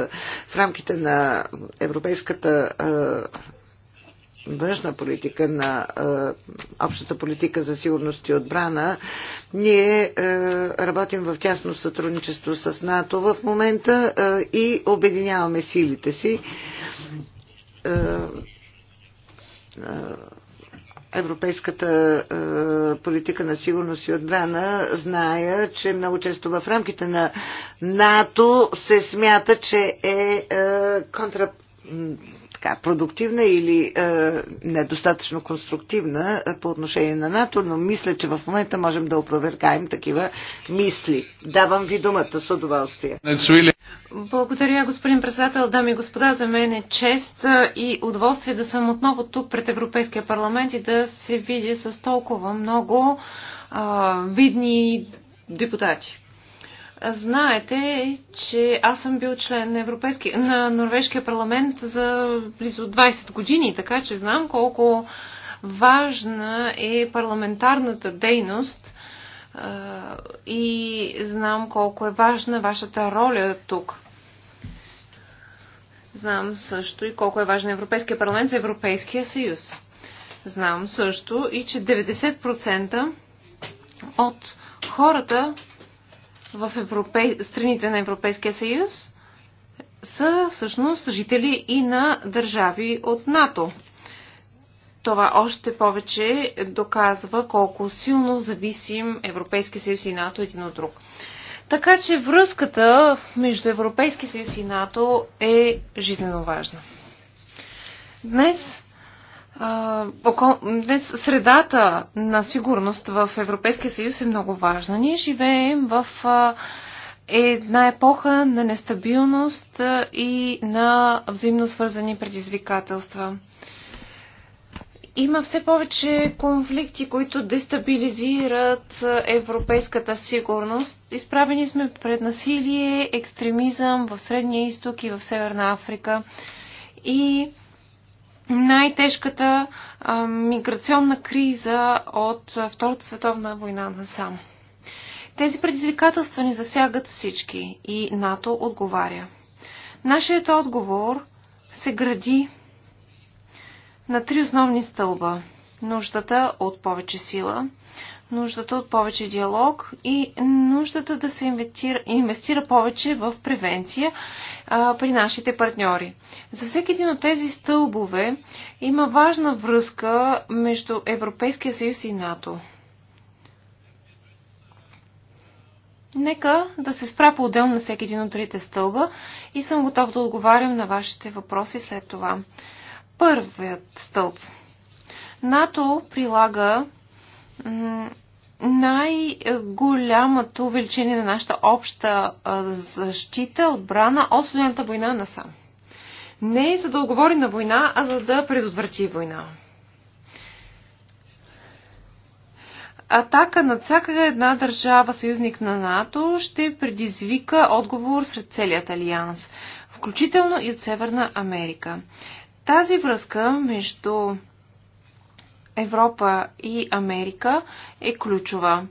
[SPEAKER 2] В рамките на Европейската външна политика, на е, общата политика за сигурност и отбрана, ние е, работим в тясно сътрудничество с НАТО в момента е, и обединяваме силите си. Е, европейската е, политика на сигурност и отбрана, зная, че много често в рамките на НАТО се смята, че е, е контра така продуктивна или е, недостатъчно конструктивна е, по отношение на НАТО, но мисля, че в момента можем да опровергаем такива мисли. Давам ви думата с удоволствие.
[SPEAKER 1] Благодаря, господин председател, дами и господа. За мен е чест е, и удоволствие да съм отново тук пред Европейския парламент и да се видя с толкова много е, видни депутати. Знаете, че аз съм бил член на, Европейски... на Норвежкия парламент за близо 20 години, така че знам колко важна е парламентарната дейност и знам колко е важна вашата роля тук. Знам също и колко е важен Европейския парламент за Европейския съюз. Знам също и, че 90% от хората в Европе... страните на Европейския съюз са всъщност жители и на държави от НАТО. Това още повече доказва колко силно зависим Европейския съюз и НАТО един от друг. Така че връзката между Европейския съюз и НАТО е жизненно важна. Днес Днес средата на сигурност в Европейския съюз е много важна. Ние живеем в една епоха на нестабилност и на взаимно свързани предизвикателства. Има все повече конфликти, които дестабилизират европейската сигурност. Изправени сме пред насилие, екстремизъм в Средния изток и в Северна Африка. И най-тежката миграционна криза от Втората световна война насам. Тези предизвикателства ни засягат всички и НАТО отговаря. Нашият отговор се гради на три основни стълба. Нуждата от повече сила, нуждата от повече диалог и нуждата да се инвестира, инвестира повече в превенция а, при нашите партньори. За всеки един от тези стълбове има важна връзка между Европейския съюз и НАТО. Нека да се спра по-отделно на всеки един от трите стълба и съм готов да отговарям на вашите въпроси след това. Първият стълб. НАТО прилага най-голямото увеличение на нашата обща защита, отбрана от студената война на САМ. Не за да отговори на война, а за да предотврати война. Атака на всяка една държава съюзник на НАТО ще предизвика отговор сред целият алианс, включително и от Северна Америка. Тази връзка между Европа и Америка е ключова.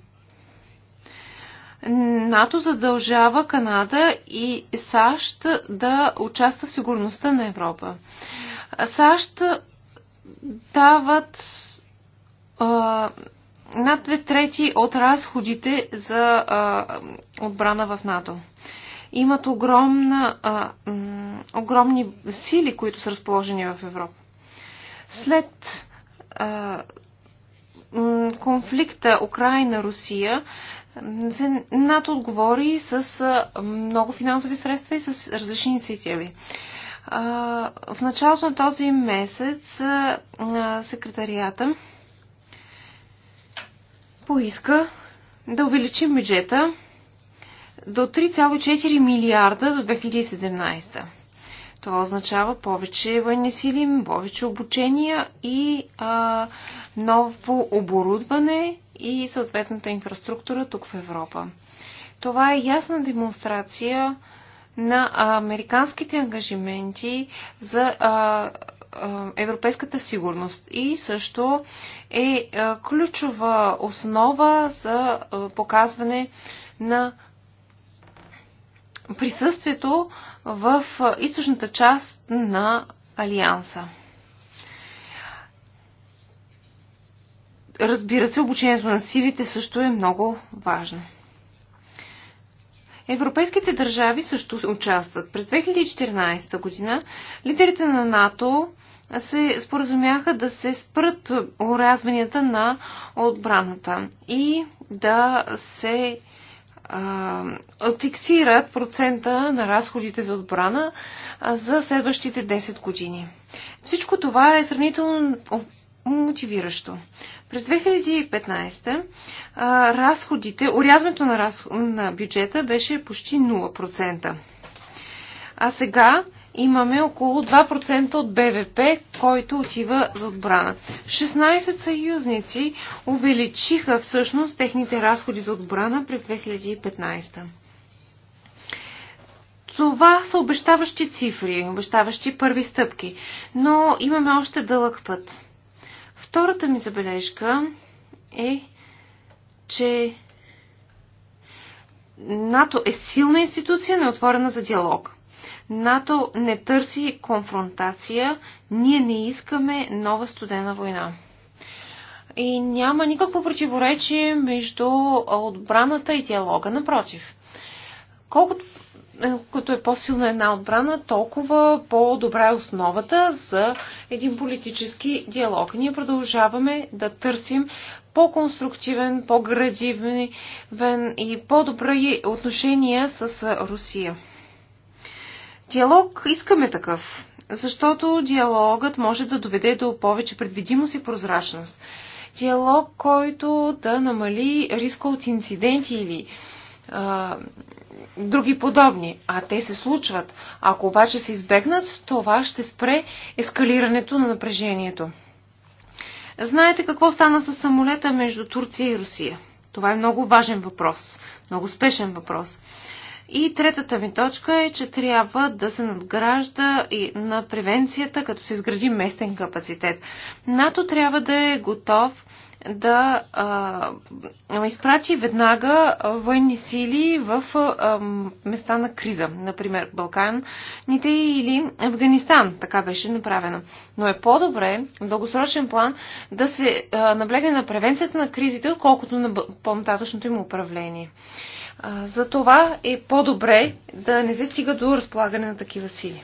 [SPEAKER 1] НАТО задължава Канада и САЩ да участва в сигурността на Европа. САЩ дават а, над две трети от разходите за а, отбрана в НАТО. Имат огромна, а, огромни сили, които са разположени в Европа. След конфликта Украина-Русия, НАТО отговори с много финансови средства и с различни инициативи. В началото на този месец секретарията поиска да увеличим бюджета до 3,4 милиарда до 2017. Това означава повече военни сили, повече обучения и а, ново оборудване и съответната инфраструктура тук в Европа. Това е ясна демонстрация на американските ангажименти за а, а, европейската сигурност и също е а, ключова основа за а, показване на присъствието в източната част на Алианса. Разбира се, обучението на силите също е много важно. Европейските държави също участват. През 2014 година лидерите на НАТО се споразумяха да се спрат урязванията на отбраната и да се фиксират процента на разходите за отбрана за следващите 10 години. Всичко това е сравнително мотивиращо. През 2015 разходите, урязването на, разход, на бюджета беше почти 0%. А сега имаме около 2% от БВП, който отива за отбрана. 16 съюзници увеличиха всъщност техните разходи за отбрана през 2015. Това са обещаващи цифри, обещаващи първи стъпки, но имаме още дълъг път. Втората ми забележка е, че НАТО е силна институция, не отворена за диалог. НАТО не търси конфронтация, ние не искаме нова студена война. И няма никакво противоречие между отбраната и диалога. Напротив, колкото е, като е по-силна една отбрана, толкова по-добра е основата за един политически диалог. Ние продължаваме да търсим по-конструктивен, по-градивен и по-добри отношения с Русия. Диалог искаме такъв, защото диалогът може да доведе до повече предвидимост и прозрачност. Диалог, който да намали риска от инциденти или а, други подобни. А те се случват. Ако обаче се избегнат, това ще спре ескалирането на напрежението. Знаете какво стана с самолета между Турция и Русия? Това е много важен въпрос, много спешен въпрос. И третата ми точка е, че трябва да се надгражда и на превенцията, като се изгради местен капацитет. НАТО трябва да е готов да а, изпрати веднага военни сили в а, места на криза, например Балканите или Афганистан. Така беше направено. Но е по-добре в дългосрочен план да се а, наблегне на превенцията на кризите, отколкото на по-нататъчното им управление. За това е по-добре да не се стига до разполагане на такива сили.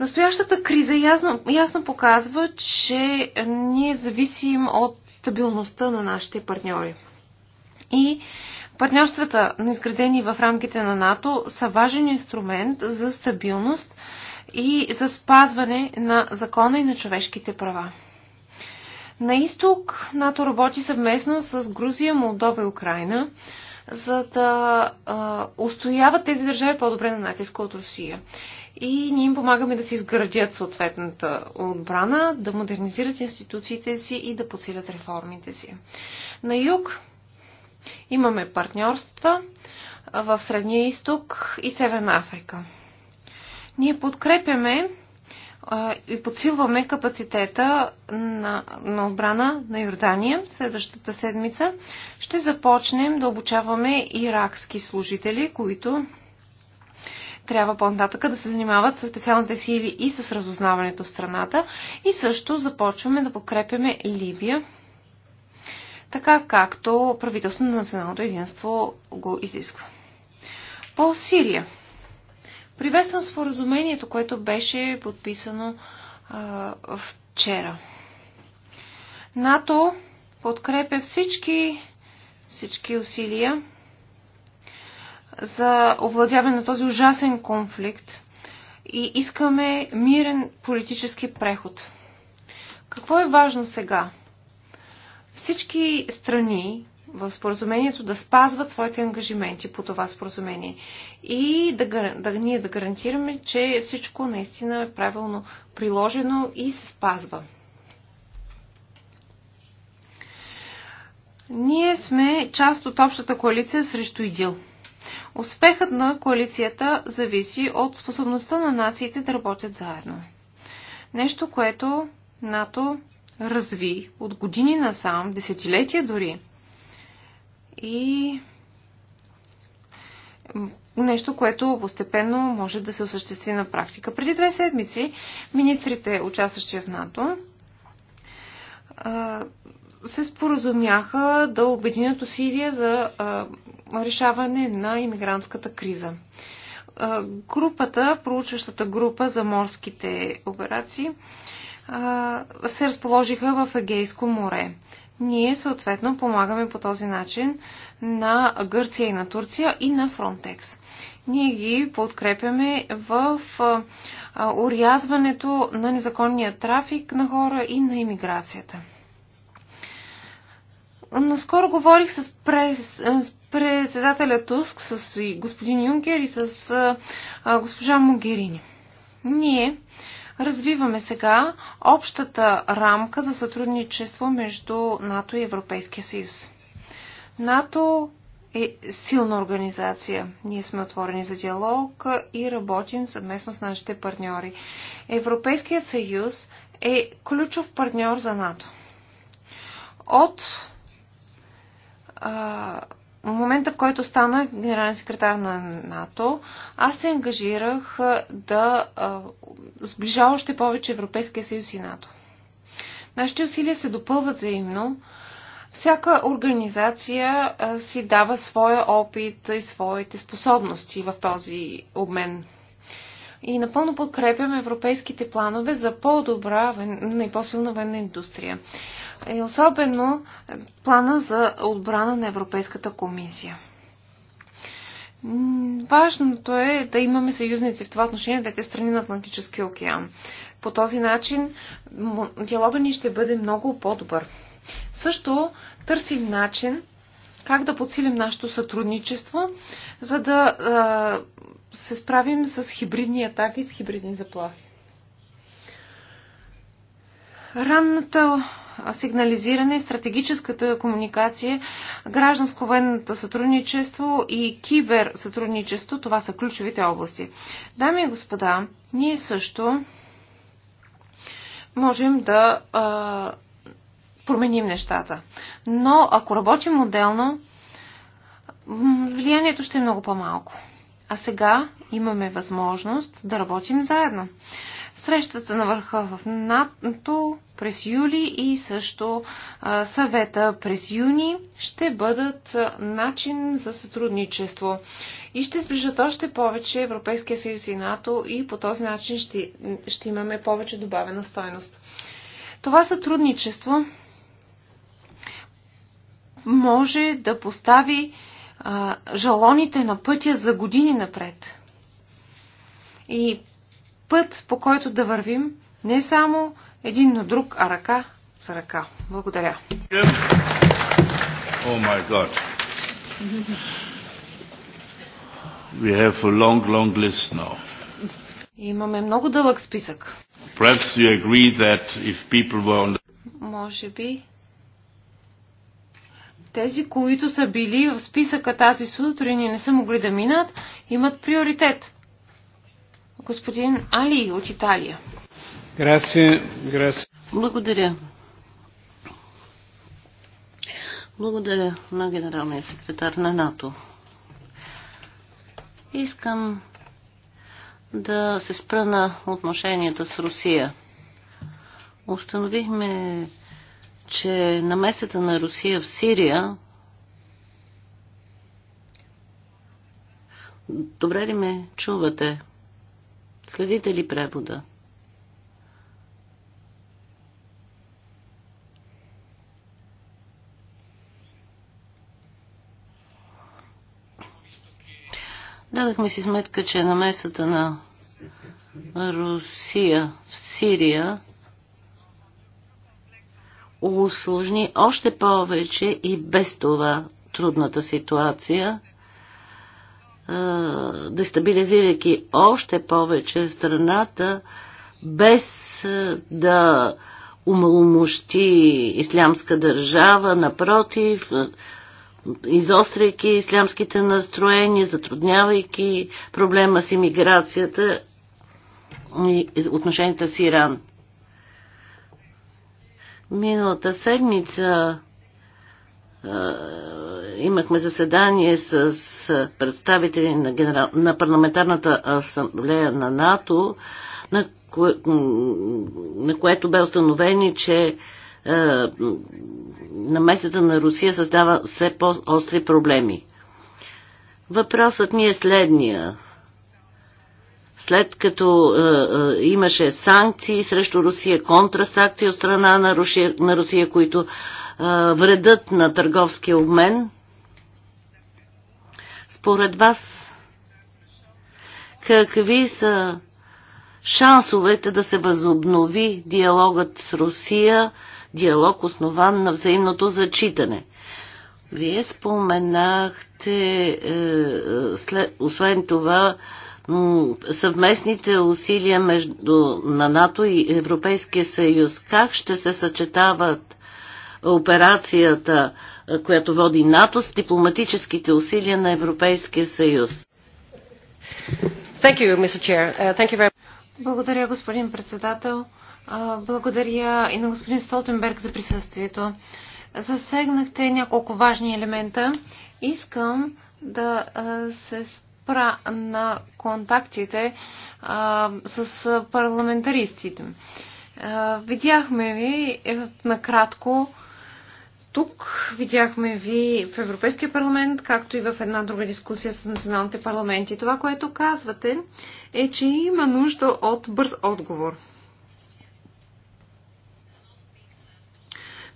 [SPEAKER 1] Настоящата криза ясно, ясно показва, че ние зависим от стабилността на нашите партньори. И партньорствата, изградени в рамките на НАТО, са важен инструмент за стабилност и за спазване на закона и на човешките права. На изток НАТО работи съвместно с Грузия, Молдова и Украина за да а, устояват тези държави по-добре на натиска от Русия. И ние им помагаме да си изградят съответната отбрана, да модернизират институциите си и да подсилят реформите си. На юг имаме партньорства в Средния изток и Северна Африка. Ние подкрепяме и подсилваме капацитета на, на обрана на Йордания. Следващата седмица ще започнем да обучаваме иракски служители, които трябва по-нататъка да се занимават с специалните сили и с разузнаването в страната. И също започваме да покрепяме Либия, така както правителството на националното единство го изисква. По Сирия – Приветствам споразумението, което беше подписано а, вчера. НАТО подкрепя всички, всички усилия за овладяване на този ужасен конфликт и искаме мирен политически преход. Какво е важно сега? Всички страни в споразумението да спазват своите ангажименти по това споразумение и да, да, ние да гарантираме, че всичко наистина е правилно приложено и се спазва. Ние сме част от общата коалиция срещу ИДИЛ. Успехът на коалицията зависи от способността на нациите да работят заедно. Нещо, което НАТО разви от години насам, десетилетия дори – и нещо, което постепенно може да се осъществи на практика. Преди две седмици министрите, участващи в НАТО, се споразумяха да обединят усилия за решаване на иммигрантската криза. Групата, проучващата група за морските операции, се разположиха в Егейско море ние съответно помагаме по този начин на Гърция и на Турция и на Фронтекс. Ние ги подкрепяме в урязването на незаконния трафик на хора и на иммиграцията. Наскоро говорих с, прес, с председателя Туск, с господин Юнкер и с госпожа Могерини. Ние Развиваме сега общата рамка за сътрудничество между НАТО и Европейския съюз. НАТО е силна организация. Ние сме отворени за диалог и работим съвместно с нашите партньори. Европейският съюз е ключов партньор за НАТО. От а, в момента, в който стана генерален секретар на НАТО, аз се ангажирах да сближа още повече Европейския съюз и НАТО. Нашите усилия се допълват взаимно. Всяка организация си дава своя опит и своите способности в този обмен. И напълно подкрепям европейските планове за по-добра и по-силна военна индустрия и е особено плана за отбрана на Европейската комисия. Важното е да имаме съюзници в това отношение, двете страни на Атлантическия океан. По този начин диалога ни ще бъде много по-добър. Също търсим начин как да подсилим нашето сътрудничество, за да се справим с хибридни атаки, с хибридни заплахи ранната сигнализиране, стратегическата комуникация, гражданско-военното сътрудничество и киберсътрудничество. Това са ключовите области. Дами и господа, ние също можем да а, променим нещата. Но ако работим отделно, влиянието ще е много по-малко. А сега имаме възможност да работим заедно срещата на върха в НАТО през юли и също съвета през юни ще бъдат начин за сътрудничество и ще сближат още повече Европейския съюз и НАТО и по този начин ще, ще имаме повече добавена стойност. Това сътрудничество може да постави а, жалоните на пътя за години напред. И път, по който да вървим не само един на друг, а ръка за ръка. Благодаря. О май гад.
[SPEAKER 3] We have a long, long list now.
[SPEAKER 1] Имаме много дълъг списък.
[SPEAKER 3] Perhaps you agree
[SPEAKER 2] that if people were on the...
[SPEAKER 1] Може би тези, които са били в списъка тази сутрин и не са могли да минат, имат приоритет. Господин Али от Италия.
[SPEAKER 3] Грация, грация.
[SPEAKER 1] Благодаря. Благодаря
[SPEAKER 3] на генералния секретар на НАТО. Искам да се спра на отношенията с Русия. Установихме, че намесата на Русия в Сирия Добре ли ме чувате? Следите ли превода? Дадахме си сметка, че намесата на Русия в Сирия усложни още повече и без това трудната ситуация дестабилизирайки още повече страната, без да умаломощи ислямска държава, напротив, изостряйки ислямските настроения, затруднявайки проблема с иммиграцията и отношенията с Иран. Миналата седмица имахме заседание с представители на, генерал, на парламентарната асамблея на НАТО, на, кое, на което бе установени, че е, намесата на Русия създава все по-остри проблеми. Въпросът ми е следния. След като е, е, имаше санкции срещу Русия, контрасанкции от страна на Русия, на Русия които вредът на търговския обмен, според вас, какви са шансовете да се възобнови диалогът с Русия, диалог основан на взаимното зачитане? Вие споменахте, е, след, освен това, съвместните усилия между, на НАТО и Европейския съюз. Как ще се съчетават операцията която води НАТО с дипломатическите усилия на Европейския съюз. Thank you, Mr. Chair. Uh, thank you very...
[SPEAKER 1] Благодаря, господин председател. Благодаря и на господин Столтенберг за присъствието. Засегнахте няколко важни елемента. Искам да се спра на контактите с парламентаристите. Видяхме ви е, накратко тук видяхме ви в Европейския парламент, както и в една друга дискусия с националните парламенти. Това, което казвате, е, че има нужда от бърз отговор.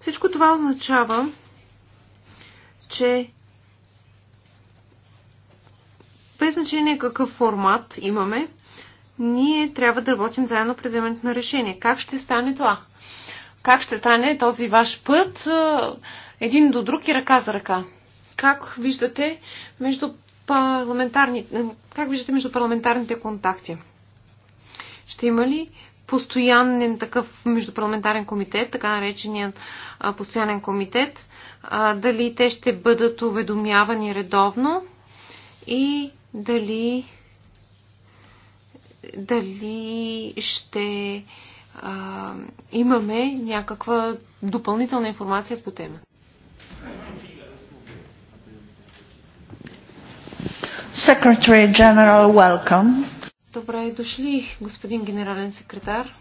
[SPEAKER 1] Всичко това означава, че без значение какъв формат имаме, ние трябва да работим заедно при вземането на решение. Как ще стане това? Как ще стане този ваш път един до друг и ръка за ръка? Как виждате между парламентарните, как виждате между парламентарните контакти? Ще има ли постоянен такъв междупарламентарен комитет, така нареченият постоянен комитет, дали те ще бъдат уведомявани редовно и дали дали ще а, имаме някаква допълнителна информация по тема. Secretary General, welcome. Добре дошли, господин генерален секретар.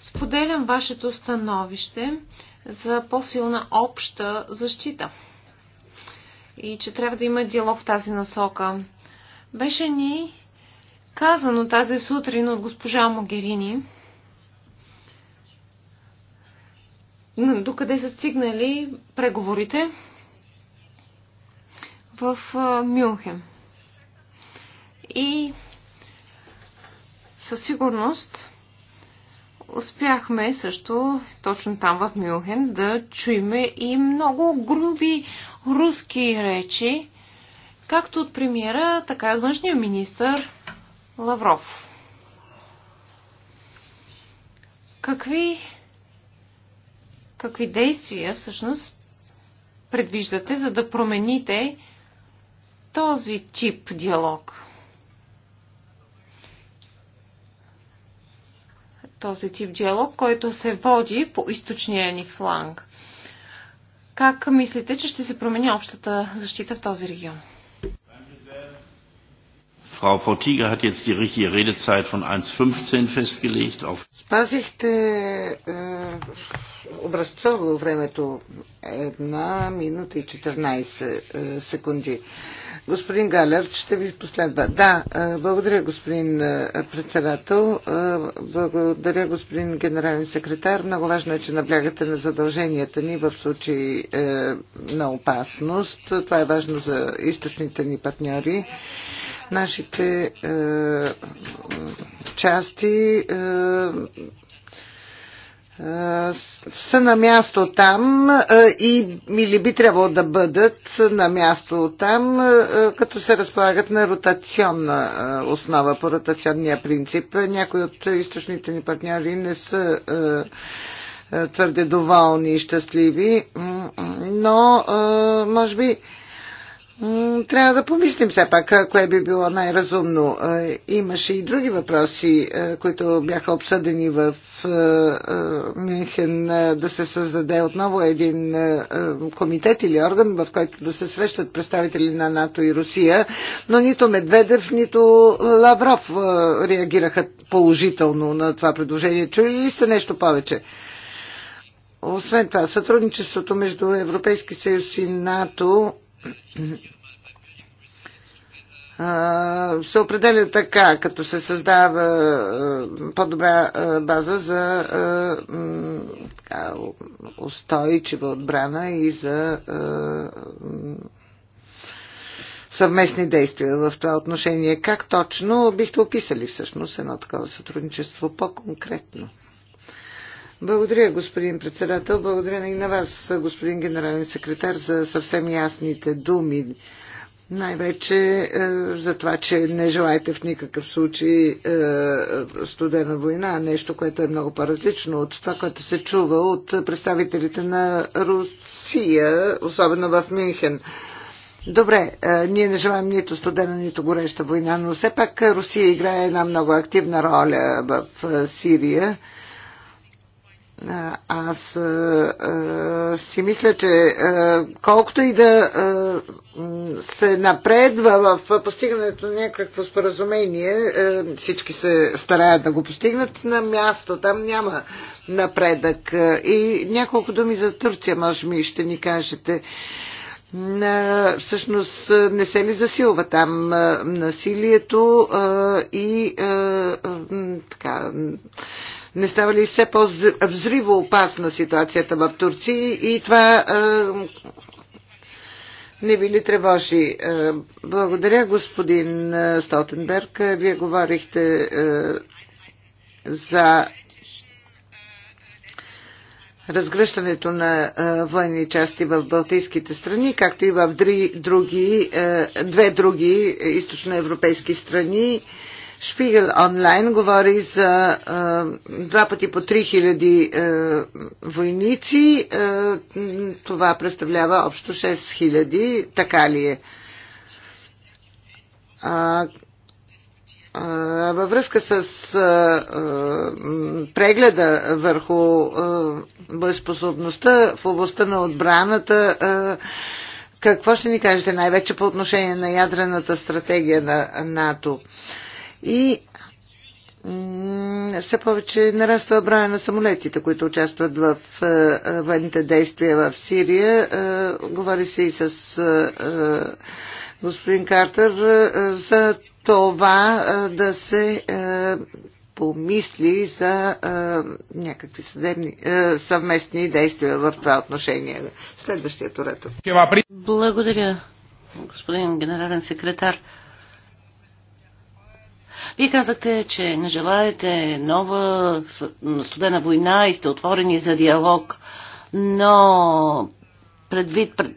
[SPEAKER 1] Споделям вашето становище за по-силна обща защита и че трябва да има диалог в тази насока. Беше ни казано тази сутрин от госпожа Могерини, докъде са стигнали преговорите в Мюнхен. И със сигурност успяхме също точно там в Мюнхен да чуеме и много груби руски речи, както от премиера, така и от външния министр Лавров. Какви какви действия всъщност предвиждате, за да промените този тип диалог? Този тип диалог, който се води по източния ни фланг. Как мислите, че ще се промени общата защита в този регион?
[SPEAKER 3] Frau Fortiga hat jetzt die richtige Redezeit von 1,15 festgelegt. Auf
[SPEAKER 1] Спазихте
[SPEAKER 2] е, образцово времето 1 минута и 14 е, секунди. Господин Галер, ще ви последва. Да, е, благодаря господин е, председател, е, благодаря господин генерален секретар. Много важно е, че наблягате на задълженията ни в случай на опасност. Това е важно за източните ни партньори. Нашите е, части е, е, са на място там е, и, или би трябвало да бъдат на място там, е, като се разполагат на ротационна основа по ротационния принцип. Някои от източните ни партньори не са твърде доволни и щастливи, но може би трябва да помислим все пак, кое би било най-разумно. Имаше и други въпроси, които бяха обсъдени в Мюнхен, да се създаде отново един комитет или орган, в който да се срещат представители на НАТО и Русия, но нито Медведев, нито Лавров реагираха положително на това предложение. Чули ли сте нещо повече? Освен това, сътрудничеството между Европейски съюз и НАТО се определя така, като се създава по-добра база за устойчива отбрана и за съвместни действия в това отношение. Как точно бихте описали всъщност едно такова сътрудничество по-конкретно? Благодаря, господин председател. Благодаря и на вас, господин генерален секретар, за съвсем ясните думи. Най-вече е, за това, че не желаете в никакъв случай е, студена война, нещо, което е много по-различно от това, което се чува от представителите на Русия, особено в Мюнхен. Добре, е, ние не желаем нито студена, нито гореща война, но все пак Русия играе една много активна роля в е, Сирия аз а, а, си мисля, че а, колкото и да а, се напредва в постигането на някакво споразумение, а, всички се стараят да го постигнат на място. Там няма напредък. И няколко думи за Турция, може ми ще ни кажете. А, всъщност не се ли засилва там насилието а, и а, така не става ли все по-взриво опасна ситуацията в Турция и това не ви ли тревожи? Благодаря, господин Столтенберг. Вие говорихте за разгръщането на военни части в Балтийските страни, както и в други, две други източноевропейски страни. Шпигел онлайн говори за а, два пъти по 3000 а, войници. А, това представлява общо 6000. Така ли е? А, а, във връзка с а, а, прегледа върху а, боеспособността в областта на отбраната, а, какво ще ни кажете най-вече по отношение на ядрената стратегия на НАТО? А, и все повече нараства броя на самолетите, които участват в е, е, военните действия в Сирия. Е, говори се и с господин Картер за това да се помисли за някакви съдебни, съвместни действия в това отношение. Следващия оратор.
[SPEAKER 3] Благодаря, господин генерален секретар. Вие казахте, че не желаете нова студена война и сте отворени за диалог, но предвид пред,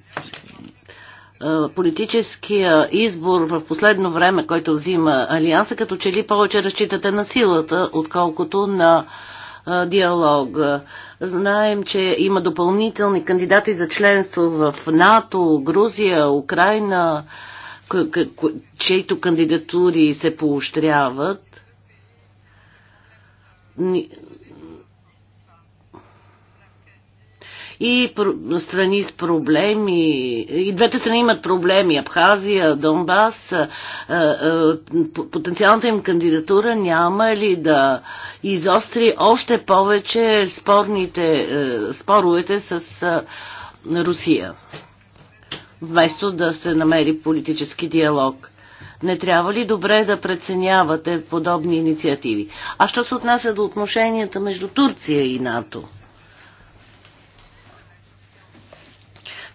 [SPEAKER 3] политическия избор в последно време, който взима Алианса, като че ли повече разчитате на силата, отколкото на диалог. Знаем, че има допълнителни кандидати за членство в НАТО, Грузия, Украина, чието кандидатури се поощряват, и страни с проблеми. И двете страни имат проблеми. Абхазия, Донбас. Потенциалната им кандидатура няма ли да изостри още повече спорните, споровете с Русия? вместо да се намери политически диалог. Не трябва ли добре да преценявате подобни инициативи? А що се отнася до отношенията между Турция и НАТО?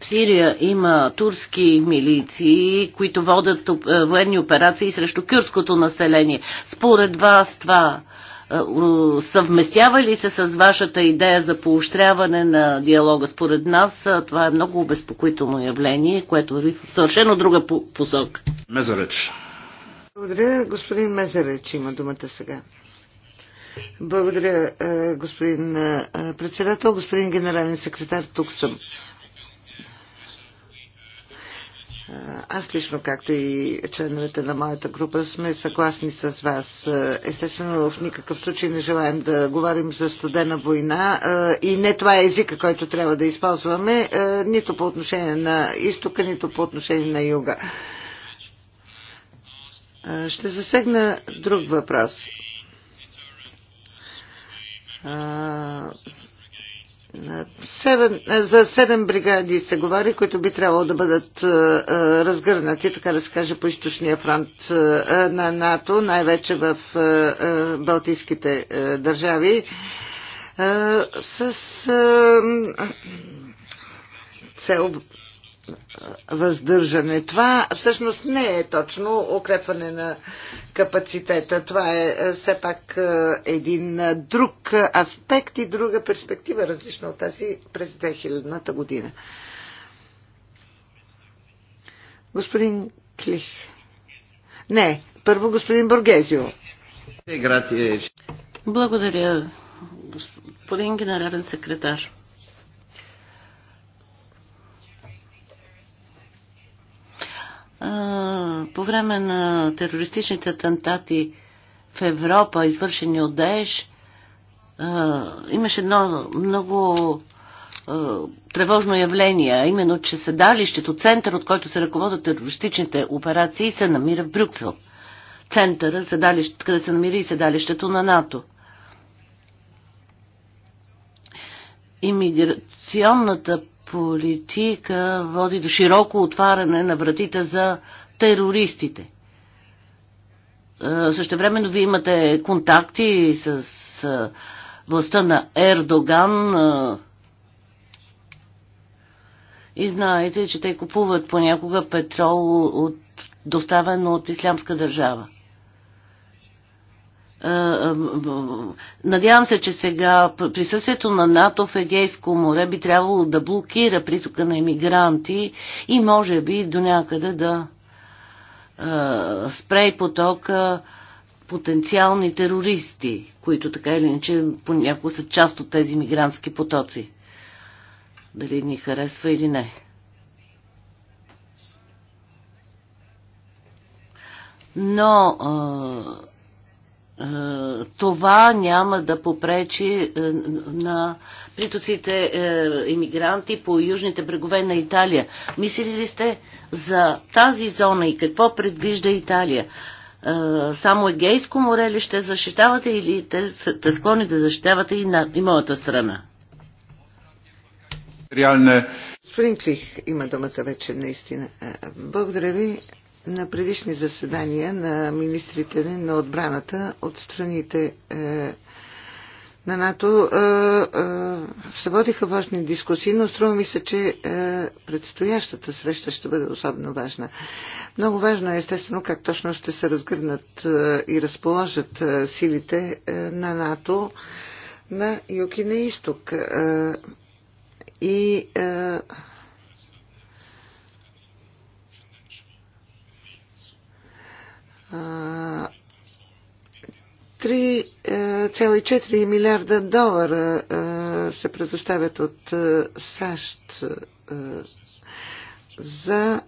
[SPEAKER 3] В Сирия има турски милиции, които водят е, военни операции срещу кюрското население. Според вас това е, съвместява ли се с вашата идея за поощряване на диалога? Според нас е, това е много обезпокоително явление, което е в съвършено друга посока. Мезареч.
[SPEAKER 2] Благодаря. Господин Мезареч има думата сега. Благодаря, е, господин председател, господин генерален секретар, тук съм. Аз лично, както и членовете на моята група, сме съгласни с вас. Естествено, в никакъв случай не желаем да говорим за студена война и не това е езика, който трябва да използваме, нито по отношение на изтока, нито по отношение на юга. Ще засегна друг въпрос е, за седем бригади се говори, които би трябвало да бъдат е, е, разгърнати, така да се каже, по източния фронт на НАТО, най-вече в Балтийските държави, с цел въздържане. Това всъщност не е точно укрепване на капацитета. Това е, е все пак е, един е, друг аспект и друга перспектива, различна от тази през 2000-та година. Господин Клих. Не, първо господин Боргезио. Благодаря, господин генерален
[SPEAKER 3] секретар. по време на терористичните атентати в Европа, извършени от Даеш, имаше едно много тревожно явление, именно, че седалището, център, от който се ръководят терористичните операции, се намира в Брюксел. Центъра, седалище, къде се намира и седалището на НАТО. Имиграционната политика води до широко отваряне на вратите за терористите. Е, същевременно вие имате контакти с е, властта на Ердоган е, и знаете, че те купуват понякога петрол от, доставен от Ислямска държава. Е, е, надявам се, че сега присъствието на НАТО в Егейско море би трябвало да блокира притока на емигранти и може би до някъде да е, спре потока потенциални терористи, които така или иначе понякога са част от тези мигрантски потоци. Дали ни харесва или не. Но е, това няма да попречи е, на притоците е, иммигранти по южните брегове на Италия. Мислили ли сте за тази зона и какво предвижда Италия? Само Егейско море ли ще защитавате или те те склони да защитавате и, на, и моята страна?
[SPEAKER 2] Реалне. Господин Клих има думата вече наистина. Благодаря ви на предишни заседания на министрите на отбраната от страните е, на НАТО е, е, се водиха важни дискусии, но струва ми се, че предстоящата среща ще бъде особено важна. Много важно е, естествено, как точно ще се разгърнат и разположат силите на НАТО на юг и на изток. И 3,4 е, милиарда долара е, се предоставят от е, САЩ за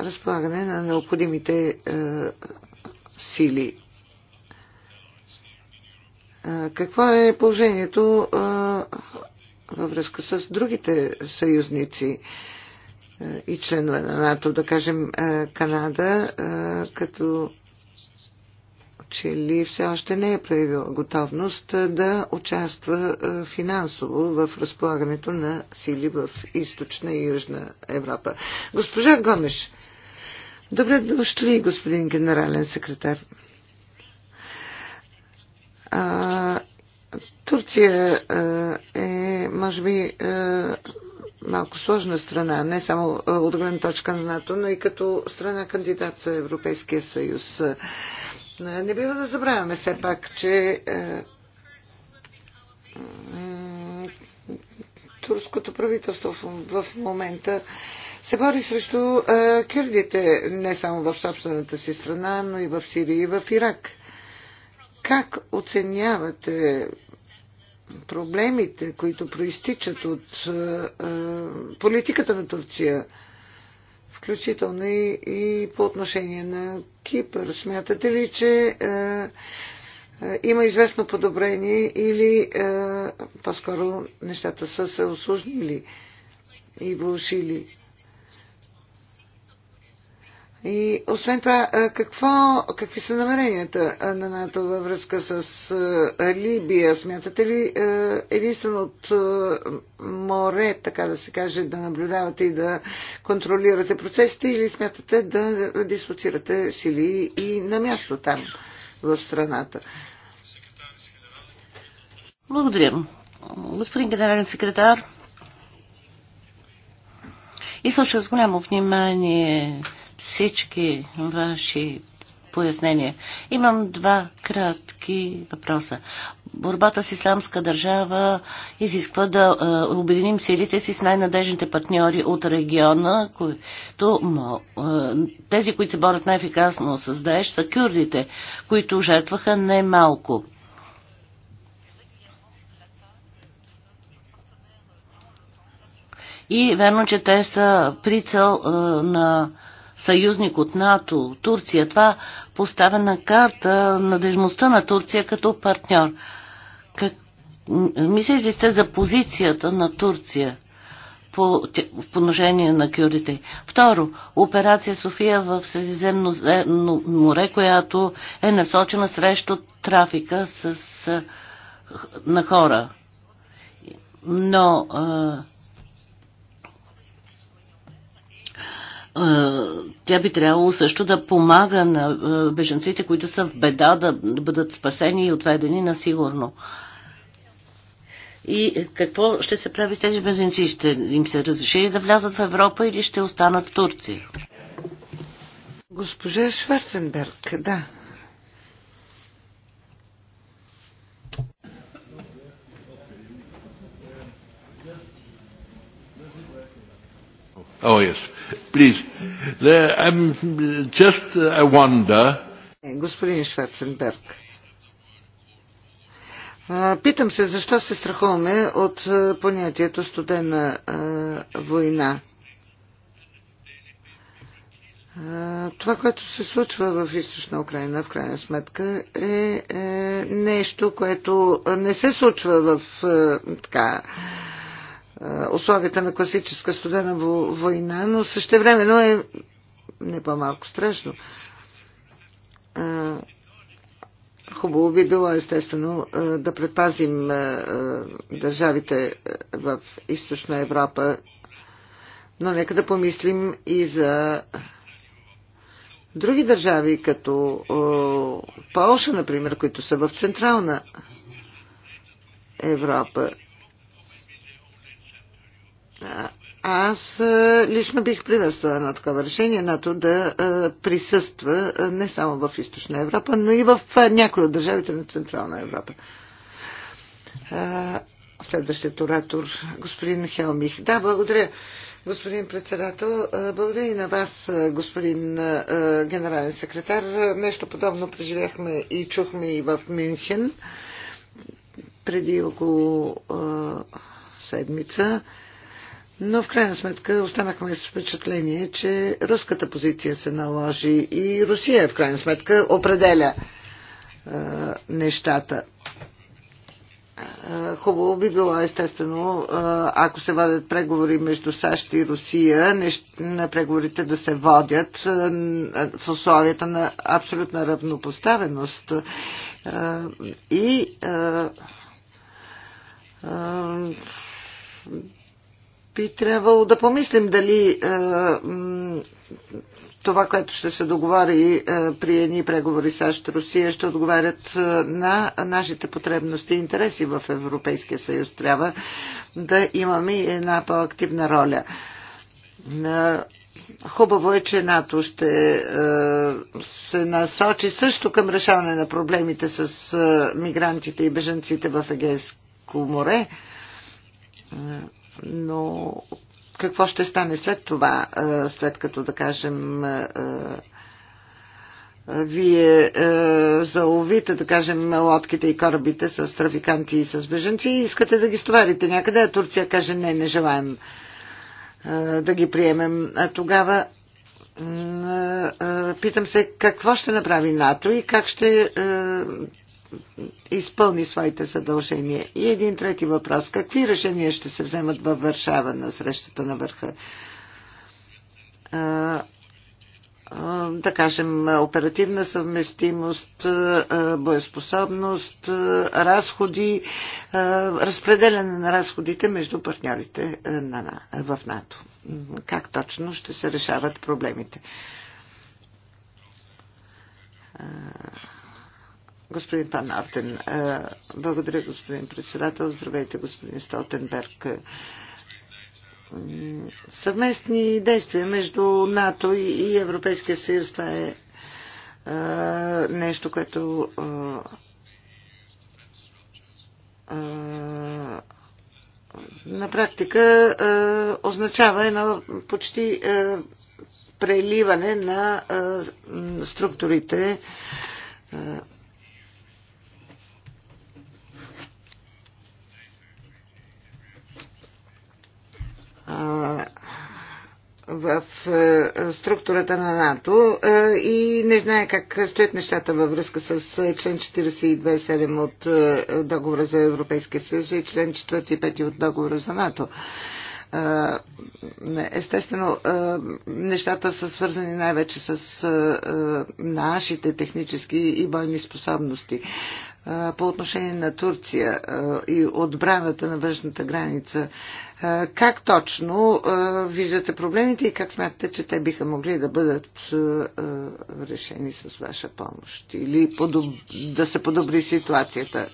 [SPEAKER 2] разполагане на необходимите сили. Какво е положението във връзка с другите съюзници? и членове на НАТО, да кажем е, Канада, е, като че ли все още не е проявила готовност е, да участва финансово в разполагането на сили в източна и южна Европа. Госпожа Гомеш, добре дошли, господин генерален секретар. Турция е, може би, малко сложна страна, не само е, от гледна точка на НАТО, но и като страна кандидат за Европейския съюз. Е, не бива да забравяме все пак, че е, турското правителство в момента се бори срещу кюрдите не само в собствената си страна, но и в Сирия и в Ирак. Как оценявате проблемите, които проистичат от е, е, политиката на Турция, включително и, и по отношение на Кипър, смятате ли, че е, има известно подобрение или по-скоро нещата са се осложнили и влушили? И освен това, какво, какви са намеренията на НАТО във връзка с Либия? Смятате ли единствено от море, така да се каже, да наблюдавате и да контролирате процесите или смятате да дислоцирате сили и на място там, в страната? Благодаря. Господин
[SPEAKER 3] генерален секретар, изслушах с голямо внимание всички ваши пояснения. Имам два кратки въпроса. Борбата с исламска държава изисква да е, обединим силите си с най-надежните партньори от региона, които, е, тези, които се борят най-ефикасно с Даеш, са кюрдите, които жертваха немалко. И верно, че те са прицел е, на съюзник от НАТО, Турция. Това поставя на карта надежността на Турция като партньор. Как... Мислите сте за позицията на Турция по, в поножение на кюрите? Второ, операция София в Средиземно море, която е насочена срещу трафика с, на хора. Но а тя би трябвало също да помага на беженците, които са в беда, да бъдат спасени и отведени на сигурно. И какво ще се прави с тези беженци? Ще им се разреши да влязат в Европа или ще останат в Турция?
[SPEAKER 2] Госпожа Шварценберг, да,
[SPEAKER 3] Oh, yes. Please. I'm just, uh, I wonder...
[SPEAKER 2] Е, господин Шварценберг, питам се, защо се страхуваме от понятието студена война? Това, което се случва в източна Украина, в крайна сметка, е, е нещо, което не се случва в е, така, е, условията на класическа студена война, но същевременно е не по-малко страшно. Е, хубаво би било, естествено, е, да предпазим държавите в източна Европа, но нека да помислим и за други държави, като Полша, например, които са в Централна Европа. Аз е, лично бих приветствала едно такова решение НАТО да е, присъства е, не само в Източна Европа, но и в някои от държавите на Централна Европа. Следващият оратор, господин Хелмих. Да, благодаря. Господин председател, благодаря и на вас, господин генерален секретар. Нещо подобно преживяхме и чухме и в Мюнхен преди около седмица. Но в крайна сметка останахме с впечатление, че руската позиция се наложи и Русия в крайна сметка определя е, нещата. Хубаво би било, естествено, ако се водят преговори между САЩ и Русия, на преговорите да се водят в условията на абсолютна равнопоставеност. И би трябвало да помислим дали е, това, което ще се договори е, при едни преговори САЩ-Русия, ще отговарят е, на нашите потребности и интереси в Европейския съюз. Трябва да имаме една по-активна роля. Хубаво е, че НАТО ще се насочи също към решаване на проблемите с мигрантите и беженците в Егейско море но какво ще стане след това, след като, да кажем, вие заловите, да кажем, лодките и корабите с трафиканти и с беженци и искате да ги стоварите някъде, а Турция каже не, не желаем да ги приемем. А тогава питам се какво ще направи НАТО и как ще изпълни своите задължения. И един трети въпрос. Какви решения ще се вземат във Варшава на срещата на върха? да кажем, оперативна съвместимост, боеспособност, разходи, разпределяне на разходите между партньорите в НАТО. Как точно ще се решават проблемите? Господин Пан Артен, е, благодаря господин председател. Здравейте господин Столтенберг. Съвместни действия между НАТО и Европейския съюз, това е, е нещо, което е, на практика означава едно почти преливане на структурите в структурата на НАТО и не знае как стоят нещата във връзка с член 42.7 от договора за Европейския съюз и член 4.5 от договора за НАТО. Естествено, нещата са свързани най-вече с нашите технически и бойни способности по отношение на Турция и отбраната на външната граница. Как точно виждате проблемите и как смятате, че те биха могли да бъдат решени с ваша помощ или да се подобри ситуацията?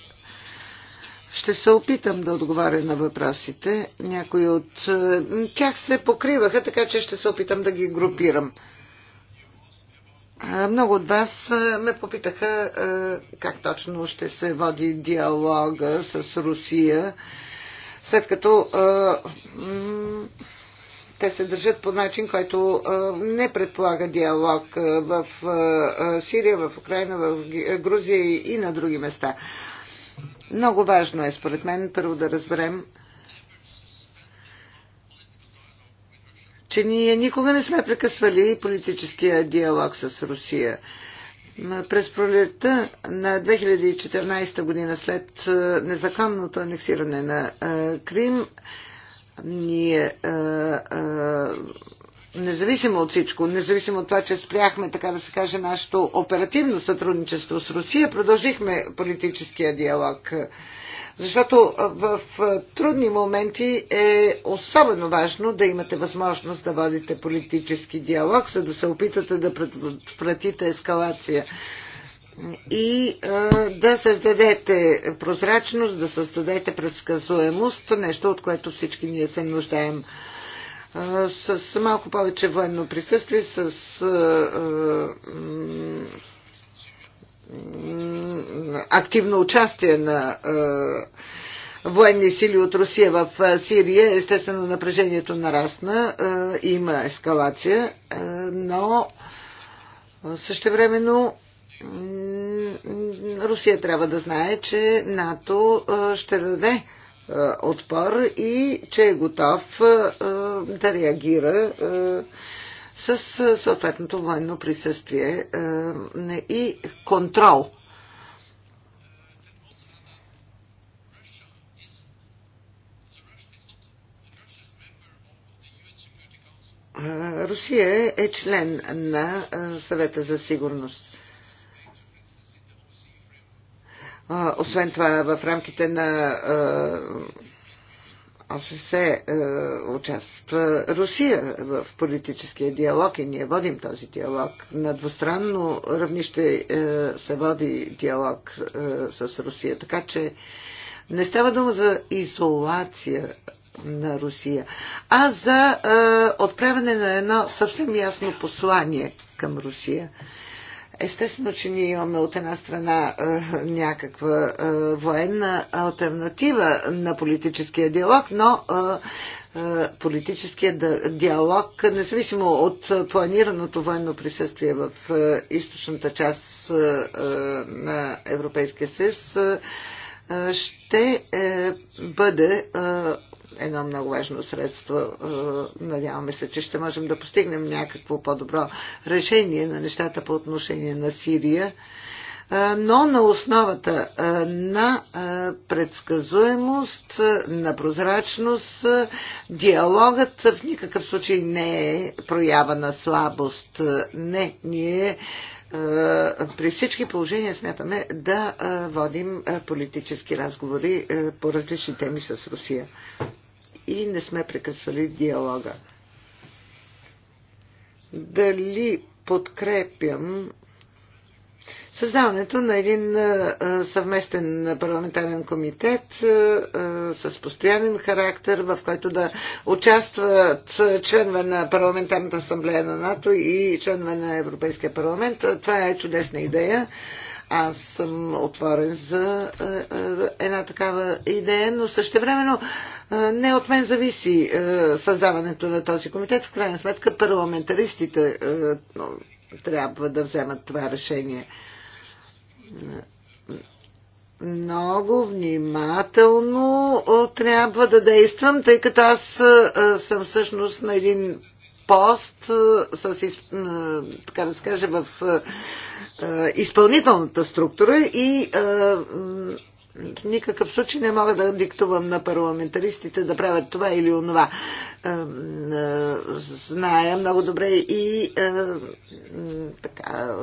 [SPEAKER 2] Ще се опитам да отговаря на въпросите. Някои от тях се покриваха, така че ще се опитам да ги групирам. Много от вас ме попитаха как точно ще се води диалога с Русия, след като те се държат по начин, който не предполага диалог в Сирия, в Украина, в Грузия и на други места. Много важно е, според мен, първо да разберем че ние никога не сме прекъсвали политическия диалог с Русия. През пролетта на 2014 година, след незаконното анексиране на Крим, ние а, а, независимо от всичко, независимо от това, че спряхме, така да се каже, нашето оперативно сътрудничество с Русия, продължихме политическия диалог. Защото в трудни моменти е особено важно да имате възможност да водите политически диалог, за да се опитате да предотвратите ескалация и а, да създадете прозрачност, да създадете предсказуемост, нещо от което всички ние се нуждаем с малко повече военно присъствие, с активно участие на военни сили от Русия в Сирия, естествено напрежението нарасна, има ескалация, но същевременно Русия трябва да знае, че НАТО ще даде е, отпор и че е готов е, е, да реагира с съответното военно присъствие и контрол. Русия е член на съвета за сигурност. Освен това, в рамките на ОССЕ участва Русия в политическия диалог и ние водим този диалог. На двустранно равнище се води диалог с Русия, така че не става дума за изолация на Русия, а за отправяне на едно съвсем ясно послание към Русия. Естествено, че ние имаме от една страна е, някаква е, военна альтернатива на политическия диалог, но е, политическия диалог, независимо от планираното военно присъствие в източната част на Европейския съюз, ще бъде едно много важно средство. Е, надяваме се, че ще можем да постигнем някакво по-добро решение на нещата по отношение на Сирия, е, но на основата е, на предсказуемост, на прозрачност, диалогът в никакъв случай не е проява на слабост. Не, ние при всички положения смятаме да водим политически разговори по различни теми с Русия и не сме прекъсвали диалога. Дали подкрепям създаването на един съвместен парламентарен комитет с постоянен характер, в който да участват членове на Парламентарната асамблея на НАТО и членове на Европейския парламент. Това е чудесна идея. Аз съм отворен за е, е, една такава идея, но същевременно е, не от мен зависи създаването на този комитет. В крайна сметка парламентаристите трябва да вземат това решение много внимателно трябва да действам, тъй като аз съм всъщност на един пост, с, така да се каже, в е, изпълнителната структура и е, в никакъв случай не мога да диктувам на парламентаристите да правят това или онова. Е, зная много добре и така,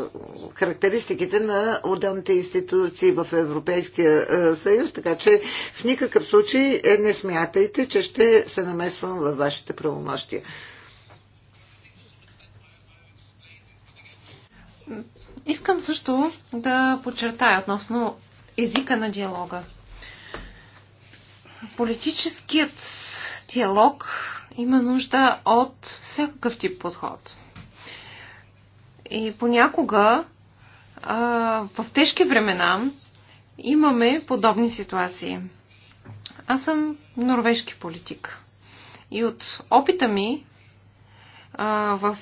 [SPEAKER 2] характеристиките на отделните институции в Европейския съюз, така че в никакъв случай не смятайте, че ще се намесвам във вашите правомощия.
[SPEAKER 1] Искам също да подчертая относно езика на диалога. Политическият диалог има нужда от всякакъв тип подход. И понякога а, в тежки времена имаме подобни ситуации. Аз съм норвежки политик. И от опита ми а, в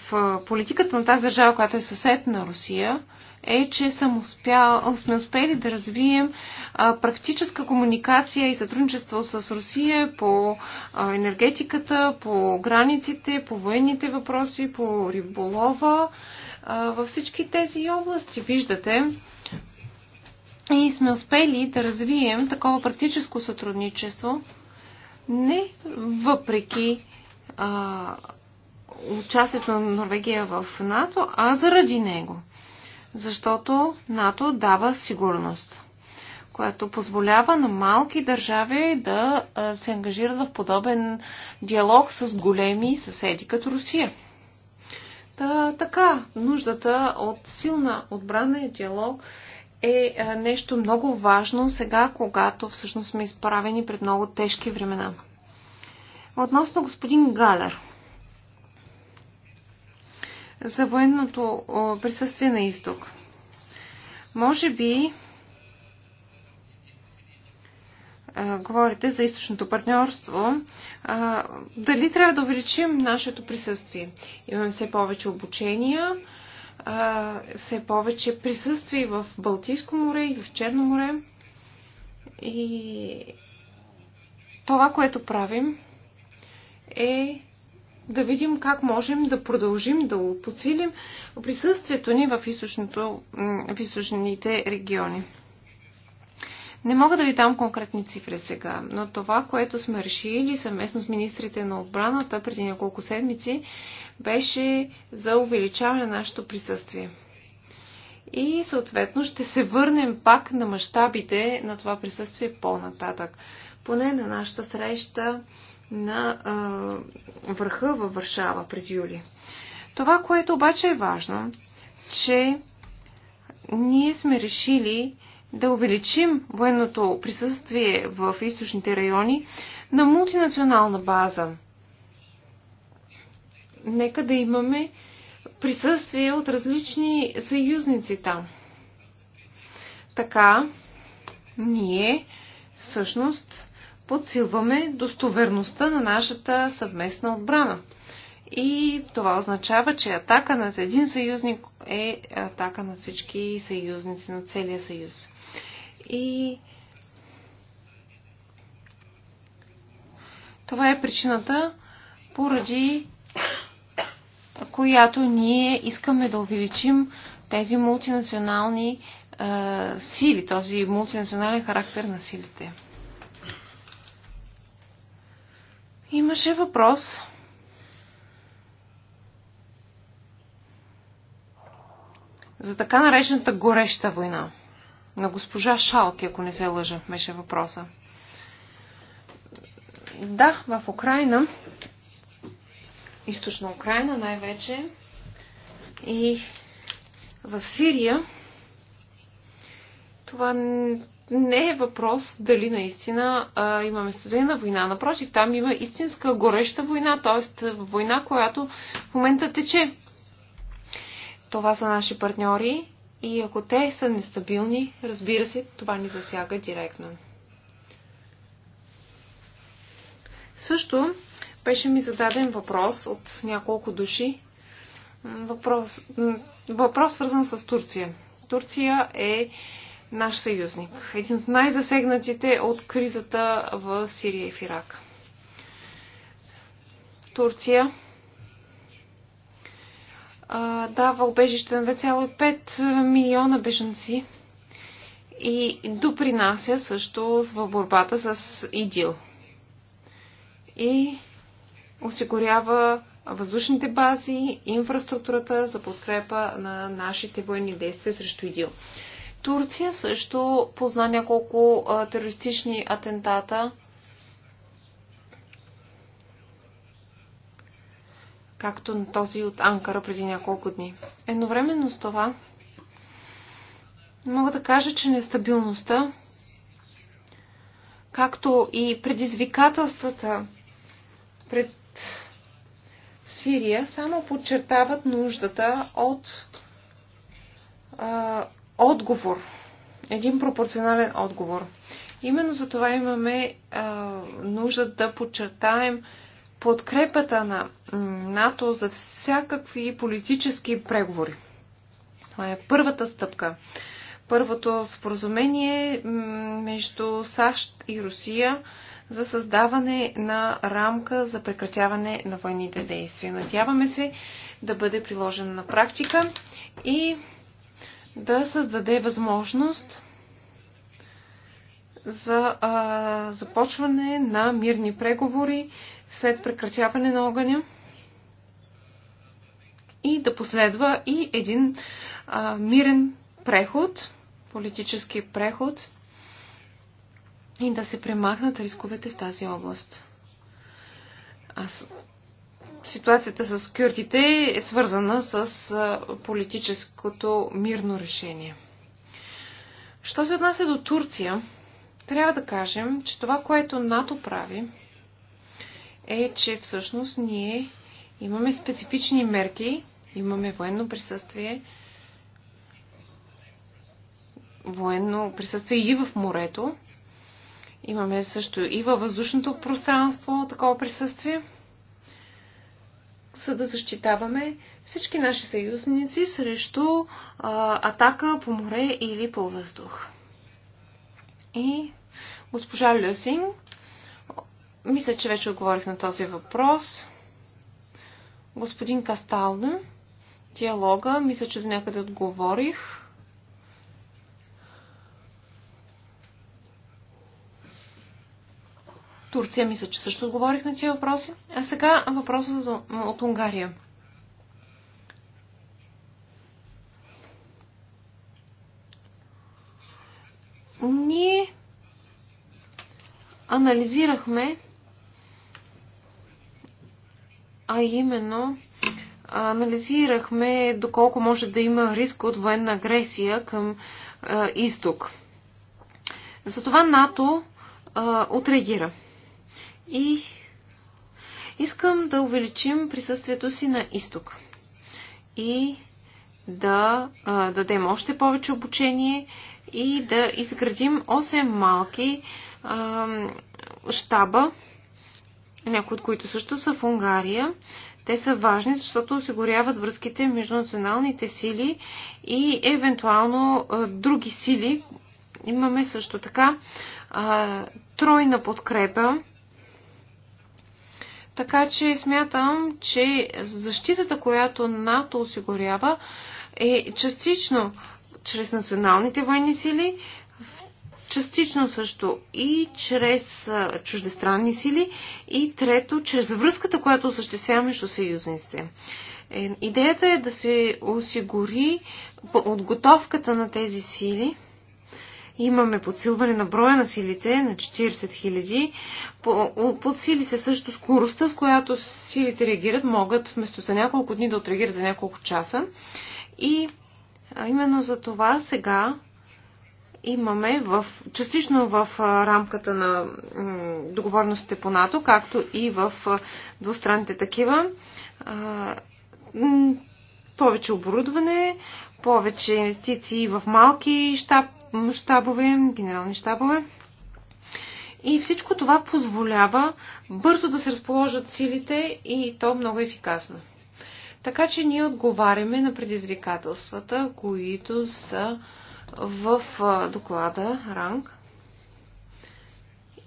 [SPEAKER 1] политиката на тази държава, която е съсед на Русия, е, че съм успял, сме успели да развием а, практическа комуникация и сътрудничество с Русия по а, енергетиката, по границите, по военните въпроси, по риболова, а, във всички тези области. Виждате, и сме успели да развием такова практическо сътрудничество, не въпреки а, участието на Норвегия в НАТО, а заради него защото НАТО дава сигурност, което позволява на малки държави да се ангажират в подобен диалог с големи съседи като Русия. Та, така, нуждата от силна отбрана и диалог е нещо много важно сега, когато всъщност сме изправени пред много тежки времена. Относно господин Галер – за военното присъствие на изток. Може би говорите за източното партньорство. дали трябва да увеличим нашето присъствие? Имаме все повече обучения, все повече присъствие в Балтийско море и в Черно море. И това, което правим, е да видим как можем да продължим да подсилим присъствието ни в, в източните региони. Не мога да ви дам конкретни цифри сега, но това, което сме решили съвместно с министрите на отбраната преди няколко седмици, беше за увеличаване на нашето присъствие. И съответно ще се върнем пак на мащабите на това присъствие по-нататък. Поне на нашата среща на а, върха във Варшава през юли. Това, което обаче е важно, че ние сме решили да увеличим военното присъствие в източните райони на мултинационална база. Нека да имаме присъствие от различни съюзници там. Така, ние всъщност подсилваме достоверността на нашата съвместна отбрана. И това означава, че атака над един съюзник е атака на всички съюзници, на целия съюз. И това е причината, поради която ние искаме да увеличим тези мултинационални е, сили, този мултинационален характер на силите. Имаше въпрос. За така наречената гореща война. На госпожа Шалки, ако не се лъжа, беше въпроса. Да, в Украина, източна Украина най-вече, и в Сирия, това не е въпрос дали наистина а, имаме студена война. Напротив, там има истинска гореща война, т.е. война, която в момента тече. Това са наши партньори и ако те са нестабилни, разбира се, това ни засяга директно. Също беше ми зададен въпрос от няколко души. Въпрос, въпрос свързан с Турция. Турция е наш съюзник, един от най-засегнатите от кризата в Сирия и в Ирак. Турция а, дава обежище на 2,5 милиона бежанци и допринася също в борбата с ИДИЛ. И осигурява въздушните бази, инфраструктурата за подкрепа на нашите военни действия срещу ИДИЛ. Турция също позна няколко терористични атентата. както на този от Анкара преди няколко дни. Едновременно с това, мога да кажа, че нестабилността, както и предизвикателствата пред Сирия, само подчертават нуждата от отговор. Един пропорционален отговор. Именно за това имаме а, нужда да подчертаем подкрепата на НАТО за всякакви политически преговори. Това е първата стъпка. Първото споразумение между САЩ и Русия за създаване на рамка за прекратяване на военните действия. Надяваме се да бъде приложено на практика и да създаде възможност за а, започване на мирни преговори след прекратяване на огъня и да последва и един а, мирен преход, политически преход и да се премахнат рисковете в тази област. Аз ситуацията с кюртите е свързана с политическото мирно решение. Що се отнася до Турция, трябва да кажем, че това, което НАТО прави, е, че всъщност ние имаме специфични мерки, имаме военно присъствие, военно присъствие и в морето, имаме също и във въздушното пространство такова присъствие – са да защитаваме всички наши съюзници срещу а, атака по море или по въздух. И госпожа Люсинг, мисля, че вече отговорих на този въпрос. Господин Касталдо, диалога, мисля, че до някъде отговорих. Турция, мисля, че също отговорих на тези въпроси. А сега въпроса за, от Унгария. Ние анализирахме, а именно анализирахме доколко може да има риск от военна агресия към а, изток. Затова НАТО а, отреагира. И искам да увеличим присъствието си на изток и да а, дадем още повече обучение и да изградим 8 малки а, щаба, някои от които също са в Унгария. Те са важни, защото осигуряват връзките между националните сили и евентуално а, други сили. Имаме също така а, тройна подкрепа така че смятам, че защитата, която НАТО осигурява, е частично чрез националните военни сили, частично също и чрез чуждестранни сили и трето, чрез връзката, която осъществява между съюзниците. Е, идеята е да се осигури подготовката на тези сили – Имаме подсилване на броя на силите на 40 000. Подсили се също скоростта, с която силите реагират, могат вместо за няколко дни да отреагират за няколко часа. И именно за това сега имаме в, частично в рамката на договорностите по НАТО, както и в двустранните такива, повече оборудване, повече инвестиции в малки щаб, щабове, генерални щабове. И всичко това позволява бързо да се разположат силите и то много ефикасно. Така че ние отговаряме на предизвикателствата, които са в доклада ранг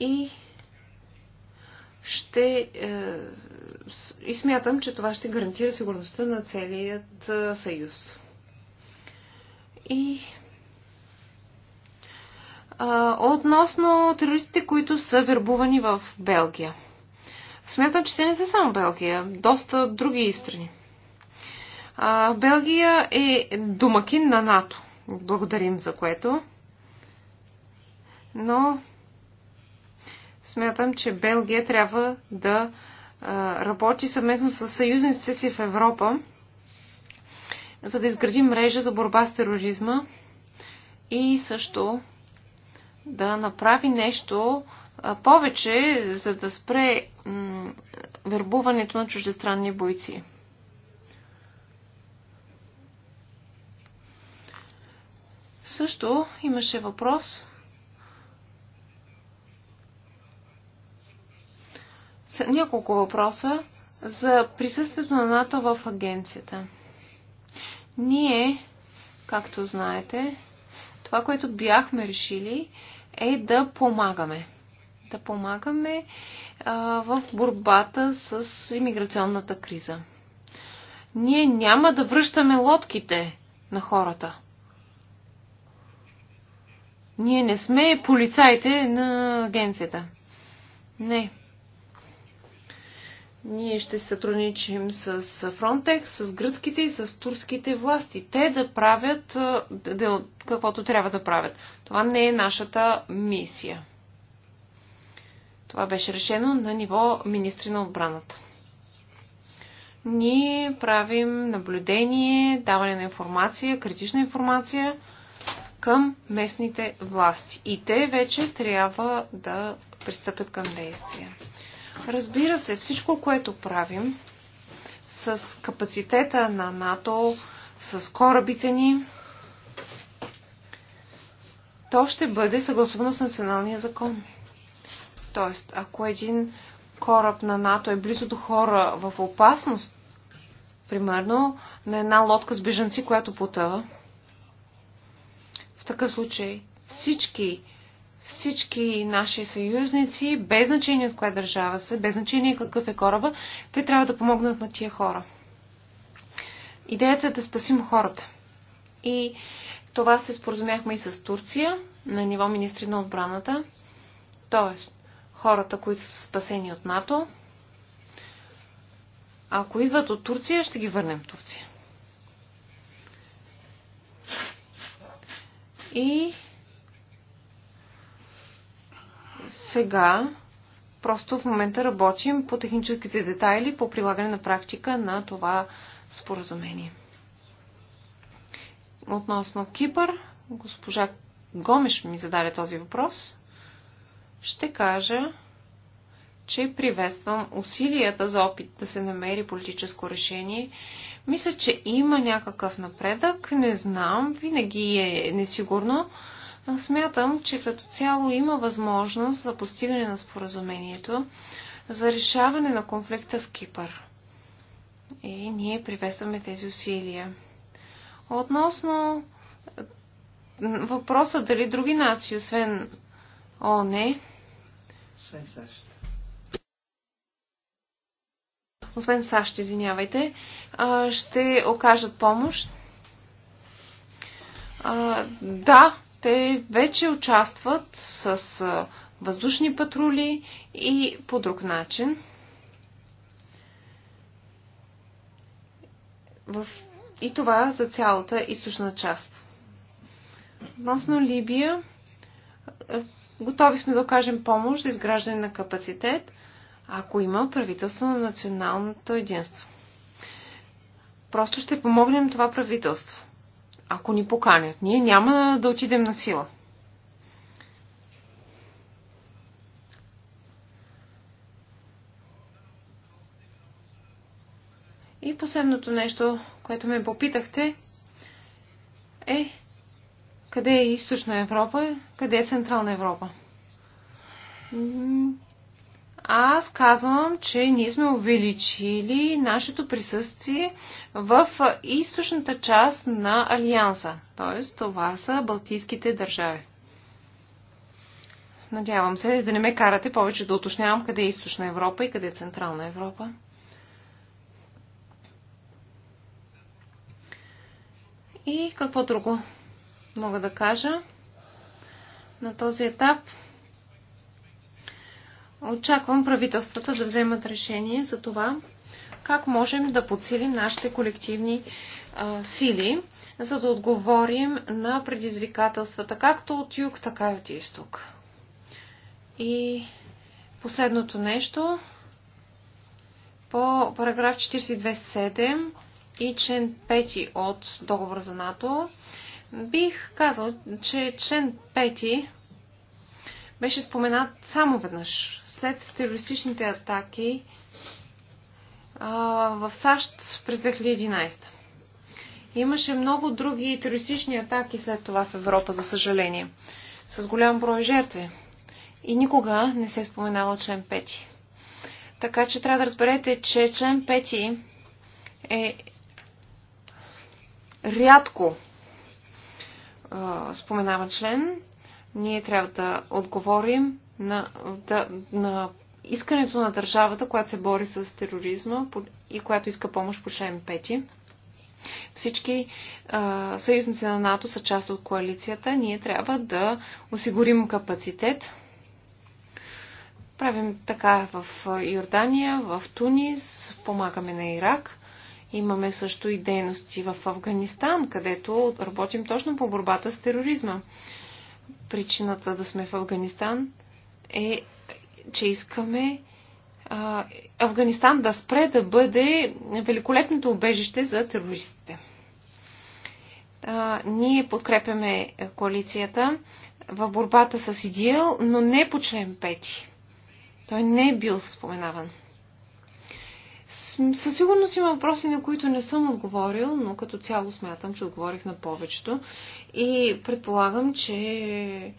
[SPEAKER 1] и ще е, и смятам, че това ще гарантира сигурността на целият съюз. И а, относно терористите, които са вербувани в Белгия. Смятам, че те не са само Белгия, доста други страни. А, Белгия е домакин на НАТО. Благодарим за което. Но смятам, че Белгия трябва да а, работи съвместно с съюзниците си в Европа, за да изгради мрежа за борба с тероризма и също да направи нещо повече, за да спре вербуването на чуждестранни бойци. Също имаше въпрос няколко въпроса за присъствието на НАТО в агенцията. Ние, както знаете, това, което бяхме решили, е да помагаме. Да помагаме в борбата с иммиграционната криза. Ние няма да връщаме лодките на хората. Ние не сме полицаите на агенцията. Не. Ние ще сътрудничим с Frontex, с гръцките и с турските власти. Те да правят да, каквото трябва да правят. Това не е нашата мисия. Това беше решено на ниво министри на отбраната. Ние правим наблюдение, даване на информация, критична информация към местните власти. И те вече трябва да пристъпят към действия. Разбира се, всичко, което правим с капацитета на НАТО, с корабите ни, то ще бъде съгласувано с националния закон. Тоест, ако един кораб на НАТО е близо до хора в опасност, примерно на една лодка с бежанци, която потъва, в такъв случай всички всички наши съюзници, без значение от коя държава са, без значение какъв е кораба, те трябва да помогнат на тия хора. Идеята е да спасим хората. И това се споразумяхме и с Турция на ниво министри на отбраната. Тоест, хората, които са спасени от НАТО, ако идват от Турция, ще ги върнем в Турция. И сега просто в момента работим по техническите детайли, по прилагане на практика на това споразумение. Относно Кипър, госпожа Гомеш ми зададе този въпрос. Ще кажа, че приветствам усилията за опит да се намери политическо решение. Мисля, че има някакъв напредък, не знам, винаги е несигурно, Смятам, че като цяло има възможност за постигане на споразумението за решаване на конфликта в Кипър. И ние приветстваме тези усилия. Относно въпроса дали други нации, освен ООН,
[SPEAKER 2] освен САЩ,
[SPEAKER 1] освен САЩ, извинявайте, ще окажат помощ. Да, те вече участват с въздушни патрули и по друг начин. В... И това за цялата източна част. Относно Либия, готови сме да окажем помощ за изграждане на капацитет, ако има правителство на националното единство. Просто ще помогнем това правителство ако ни поканят. Ние няма да отидем на сила. И последното нещо, което ме попитахте, е къде е източна Европа, къде е централна Европа. Аз казвам, че ние сме увеличили нашето присъствие в източната част на Алианса. Т.е. това са Балтийските държави. Надявам се да не ме карате повече да уточнявам къде е източна Европа и къде е централна Европа. И какво друго мога да кажа на този етап? Очаквам правителствата да вземат решение за това как можем да подсилим нашите колективни а, сили, за да отговорим на предизвикателствата както от юг, така и от изток. И последното нещо по параграф 42.7 и член 5 от договора за НАТО бих казал, че член 5 беше споменат само веднъж. След терористичните атаки а, в САЩ през 2011. Имаше много други терористични атаки след това в Европа, за съжаление, с голям брой жертви. И никога не се е споменава член 5. Така че трябва да разберете, че член 5 е рядко а, споменава член ние трябва да отговорим на, да, на искането на държавата, която се бори с тероризма и която иска помощ по член 5. Всички а, съюзници на НАТО са част от коалицията. Ние трябва да осигурим капацитет. Правим така в Йордания, в Тунис, помагаме на Ирак. Имаме също и дейности в Афганистан, където работим точно по борбата с тероризма причината да сме в Афганистан е, че искаме а, Афганистан да спре да бъде великолепното убежище за терористите. А, ние подкрепяме коалицията в борбата с ИДИЛ, но не по член 5. Той не е бил споменаван. Със сигурност има въпроси, на които не съм отговорил, но като цяло смятам, че отговорих на повечето. И предполагам, че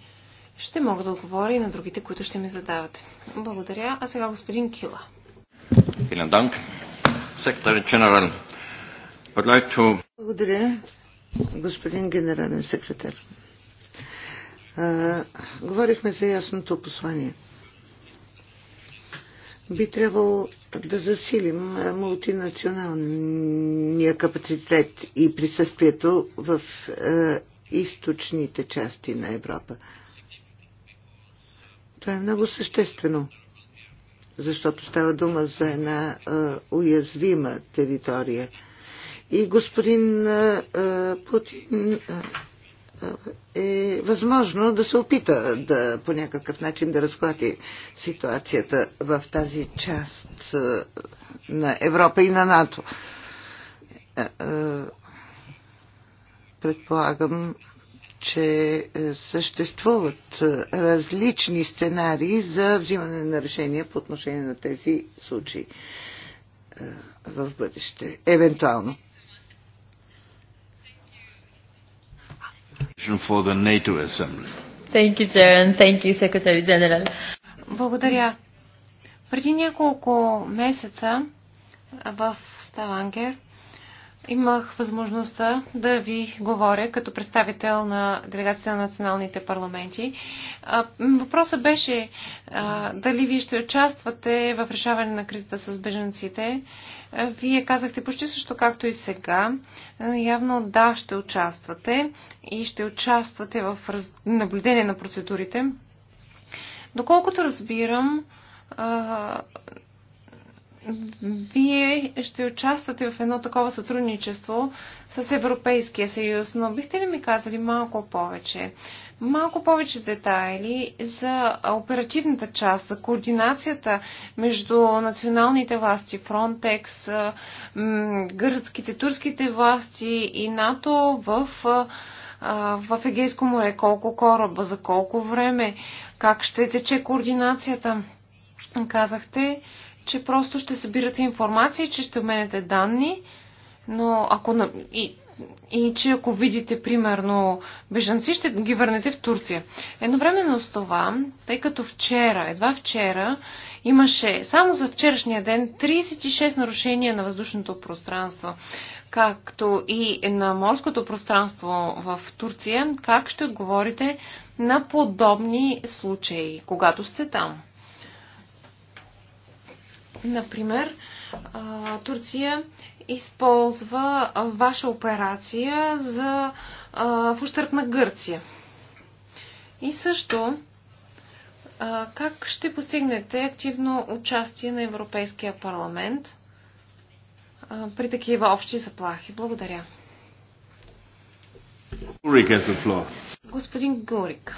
[SPEAKER 1] ще мога да отговоря и на другите, които ще ми задавате. Благодаря. А сега господин Кила.
[SPEAKER 2] Благодаря, господин генерален секретар. А, говорихме за ясното послание би трябвало да засилим мултинационалния капацитет и присъствието в източните части на Европа. Това е много съществено, защото става дума за една уязвима територия. И господин Путин е възможно да се опита да по някакъв начин да разклати ситуацията в тази част е, на Европа и на НАТО. Е, е, предполагам, че съществуват различни сценарии за взимане на решения по отношение на тези случаи в бъдеще, евентуално.
[SPEAKER 1] For
[SPEAKER 3] the NATO Assembly.
[SPEAKER 1] Thank you, Chair, and thank you, Secretary General. Благодаря. Преди няколко месеца в Ставангер имах възможността да ви говоря като представител на делегация на националните парламенти. Въпросът беше дали вие ще участвате в решаване на кризата с беженците вие казахте почти също както и сега. Е, явно да, ще участвате и ще участвате в раз... наблюдение на процедурите. Доколкото разбирам, а... вие ще участвате в едно такова сътрудничество с Европейския съюз, но бихте ли ми казали малко повече? Малко повече детайли за оперативната част, за координацията между националните власти, Frontex, гръцките, турските власти и НАТО в, в Егейско море. Колко кораба, за колко време, как ще тече координацията. Казахте, че просто ще събирате информация, и че ще обменяте данни, но ако и и че ако видите, примерно, бежанци, ще ги върнете в Турция. Едновременно с това, тъй като вчера, едва вчера, имаше само за вчерашния ден 36 нарушения на въздушното пространство, както и на морското пространство в Турция, как ще отговорите на подобни случаи, когато сте там? Например, Турция използва ваша операция за, а, в ущърп на Гърция? И също, а, как ще постигнете активно участие на Европейския парламент а, при такива общи заплахи? Благодаря. Е Господин Гурик.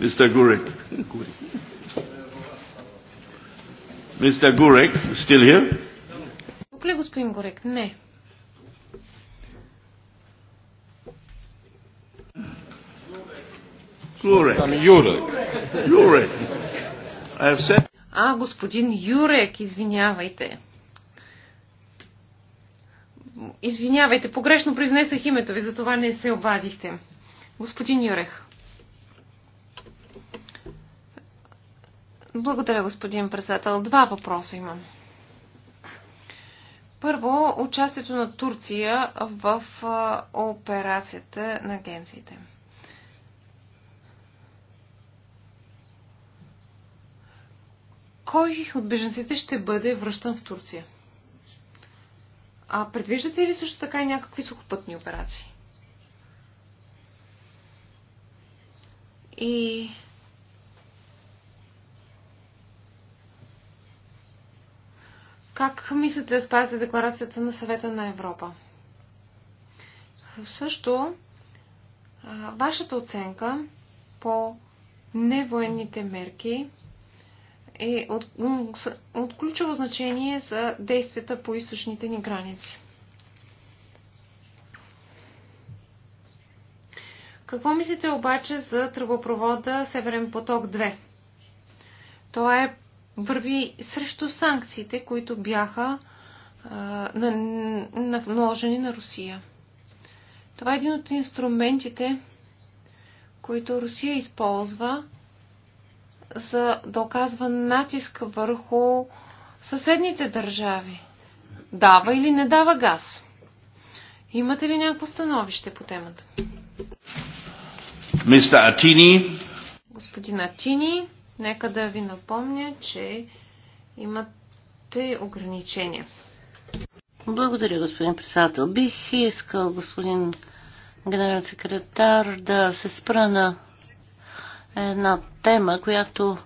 [SPEAKER 2] Мистер Гурик.
[SPEAKER 1] Mr. Gurek, still here? Тук ли господин Горек? Не. Гурек. Юрек. Юрек. Said... А, господин Юрек, извинявайте. Извинявайте, погрешно произнесах името ви, затова не се обадихте. Господин Юрех. Благодаря, господин председател. Два въпроса имам. Първо, участието на Турция в операцията на агенциите. Кой от беженците ще бъде връщан в Турция? А предвиждате ли също така и някакви сухопътни операции? И Как мислите да спазите декларацията на съвета на Европа? Също, вашата оценка по невоенните мерки е от, от ключово значение за действията по източните ни граници. Какво мислите обаче за тръбопровода Северен поток 2? Това е върви срещу санкциите, които бяха а, наложени на Русия. Това е един от инструментите, които Русия използва за да оказва натиск върху съседните държави. Дава или не дава газ? Имате ли някакво становище по темата?
[SPEAKER 3] Мистер Атини.
[SPEAKER 1] Господин Атини. Нека да ви напомня, че имате ограничения. Благодаря,
[SPEAKER 3] господин председател. Бих искал, господин генерал секретар, да се спра на една тема, която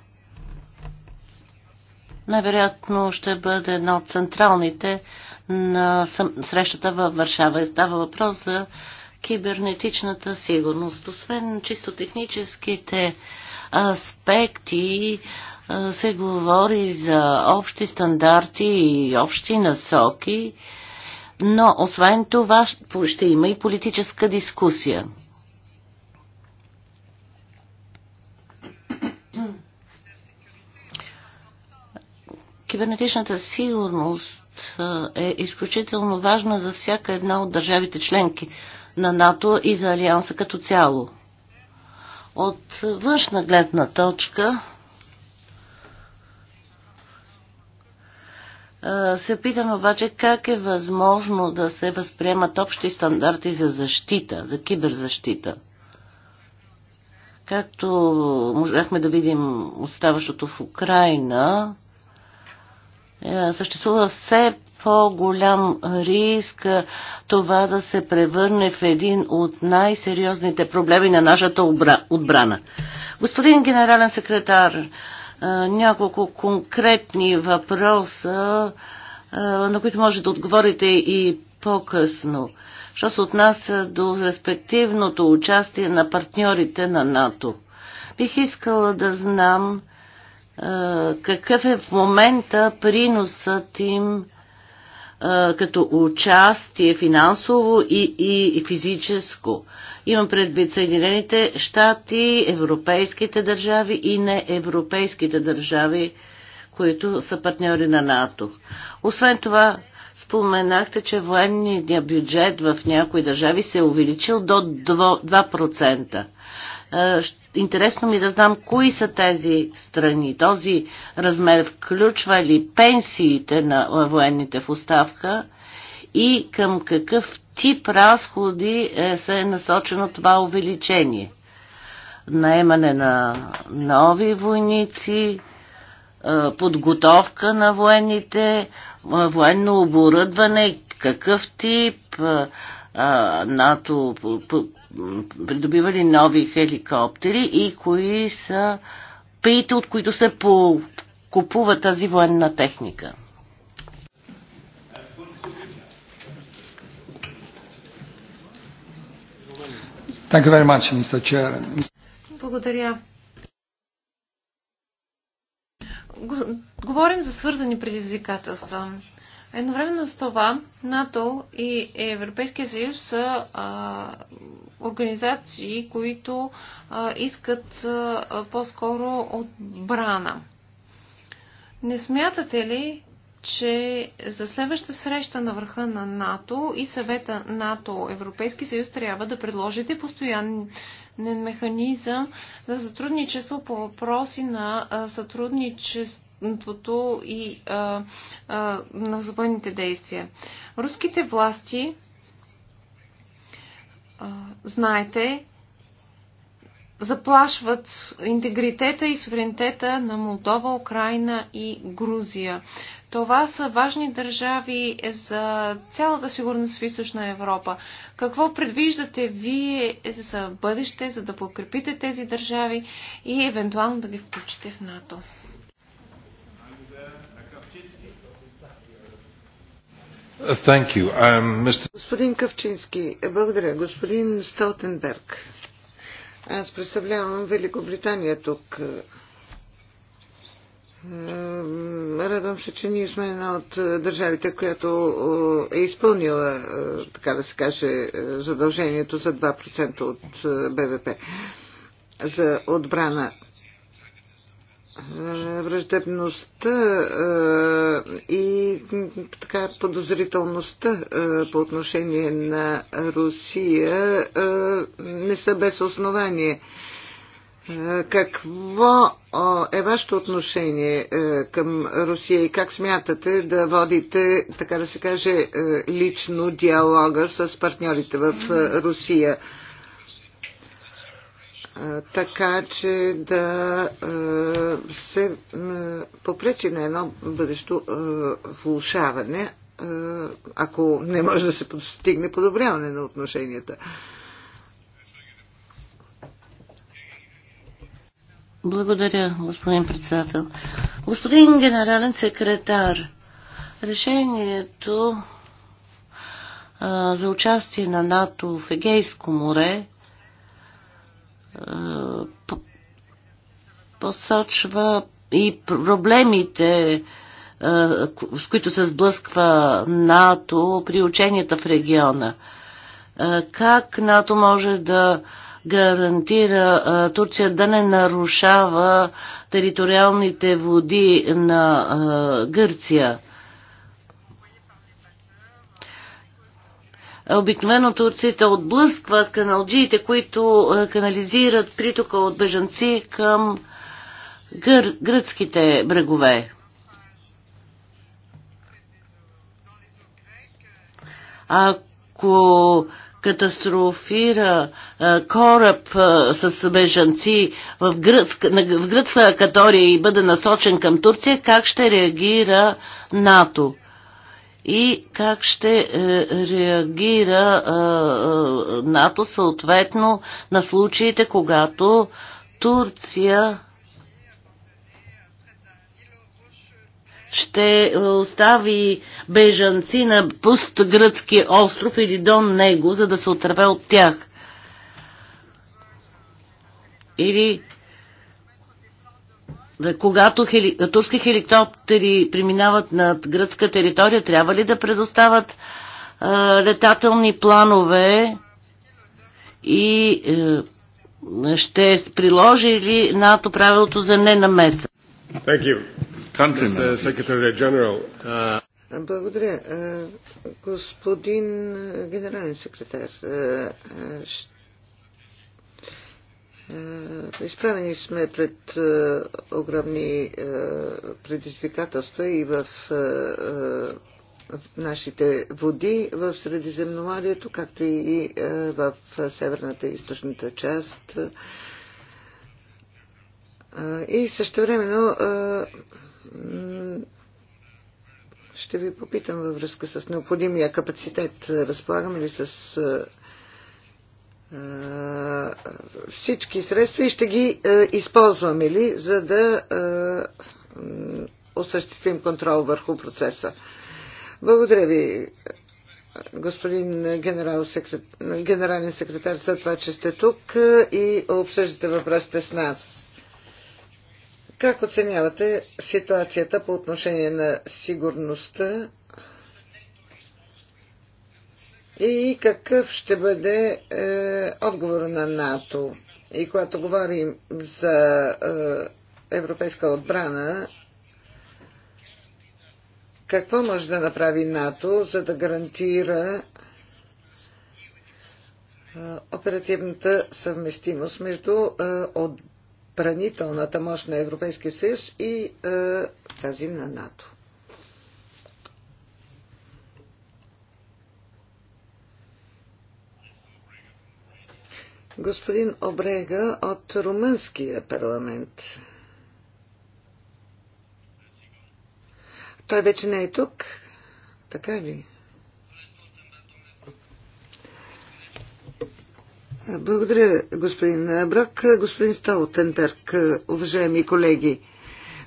[SPEAKER 3] най-вероятно ще бъде една от централните на срещата във Варшава. Става въпрос за кибернетичната сигурност. Освен чисто техническите аспекти се говори за общи стандарти и общи насоки, но освен това ще има и политическа дискусия. Кибернетичната сигурност е изключително важна за всяка една от държавите членки на НАТО и за Алианса като цяло. От външна гледна точка се питам обаче как е възможно да се възприемат общи стандарти за защита, за киберзащита. Както можахме да видим оставащото в Украина, е, съществува все по-голям риск това да се превърне в един от най-сериозните проблеми на нашата отбрана. Господин генерален секретар, няколко конкретни въпроса, на които може да отговорите и по-късно. Що се отнася до респективното участие на партньорите на НАТО? Бих искала да знам какъв е в момента приносът им като участие финансово и, и, и физическо. Имам предвид Съединените щати, европейските държави и неевропейските държави, които са партньори на НАТО. Освен това, споменахте, че военният бюджет в някои държави се е увеличил до 2%. Е, интересно ми е да знам кои са тези страни. Този размер включва ли пенсиите на е, военните в оставка и към какъв тип разходи се е насочено това увеличение? Наемане на нови войници, подготовка на военните, военно оборудване, какъв тип, НАТО придобивали нови хеликоптери и кои са пиите, от които се купува тази военна техника?
[SPEAKER 1] Thank you very much, Mr. Chair. Благодаря. Говорим за свързани предизвикателства. Едновременно с това НАТО и Европейския съюз са а, организации, които а, искат по-скоро отбрана. Не смятате ли, че за следваща среща на върха на НАТО и съвета НАТО Европейски съюз трябва да предложите постоянен механизъм за сътрудничество по въпроси на сътрудничество правителството и а, а, на военните действия. Руските власти, а, знаете, заплашват интегритета и суверенитета на Молдова, Украина и Грузия. Това са важни държави за цялата сигурност в Източна Европа. Какво предвиждате вие за бъдеще, за да подкрепите тези държави и евентуално да ги включите в НАТО?
[SPEAKER 3] Uh, um,
[SPEAKER 2] Господин Къвчински, благодаря. Господин Столтенберг, аз представлявам Великобритания тук. Е, радвам се, че ние сме една от е, държавите, която е, е изпълнила, така да се каже, задължението за 2% от БВП за отбрана враждебността е, и така подозрителността е, по отношение на Русия е, не са без основание. Какво е вашето отношение към Русия и как смятате да водите, така да се каже, лично диалога с партньорите в Русия? така че да се попречи на едно бъдещо влушаване, ако не може да се постигне подобряване на отношенията.
[SPEAKER 3] Благодаря, господин председател. Господин генерален секретар, решението а, за участие на НАТО в Егейско море е, посочва и проблемите, е, с които се сблъсква НАТО при ученията в региона. Е, как НАТО може да гарантира Турция да не нарушава териториалните води на Гърция? Обикновено турците отблъскват каналджиите, които е, канализират притока от бежанци към гър... гръцките брегове. Ако катастрофира а, е, кораб а, е, с бежанци в гръцка, в гръцка катория и бъде насочен към Турция, как ще реагира НАТО? и как ще е, реагира е, е, НАТО съответно на случаите, когато Турция ще остави бежанци на пуст гръцки остров или до него, за да се отърве от тях. Или когато хели... турски хеликоптери преминават над гръцка територия, трябва ли да предоставят а, летателни планове и а, е, ще приложи ли НАТО правилото за ненамеса? Thank uh,
[SPEAKER 2] благодаря. Е, господин е, генерален секретар, ще е, изправени сме пред е, огромни е, предизвикателства и в нашите води в Средиземноморието, както и в северната и източната част. И също времено ще ви попитам във връзка с необходимия капацитет. Разполагаме ли с е, всички средства и ще ги е, използваме ли, за да е, осъществим контрол върху процеса. Благодаря ви, господин генерал секрет... генерален секретар, за това, че сте тук и обсъждате въпросите с нас. Как оценявате ситуацията по отношение на сигурността и какъв ще бъде е, отговор на НАТО. И когато говорим за е, европейска отбрана, какво може да направи НАТО, за да гарантира е, оперативната съвместимост между е, отбранителната мощ на Европейския съюз и е, тази на НАТО. господин Обрега от Румънския парламент. Той вече не е тук, така ли? Благодаря, господин Брак. Господин Столтенберг, уважаеми колеги,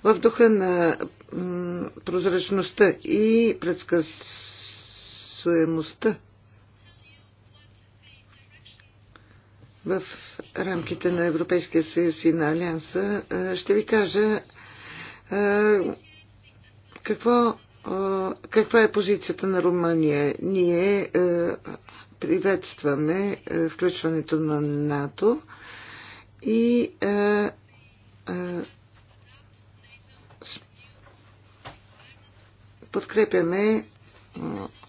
[SPEAKER 2] в духа на прозрачността и предсказуемостта в рамките на Европейския съюз и на Алианса, ще ви кажа какво, каква е позицията на Румъния. Ние приветстваме включването на НАТО и подкрепяме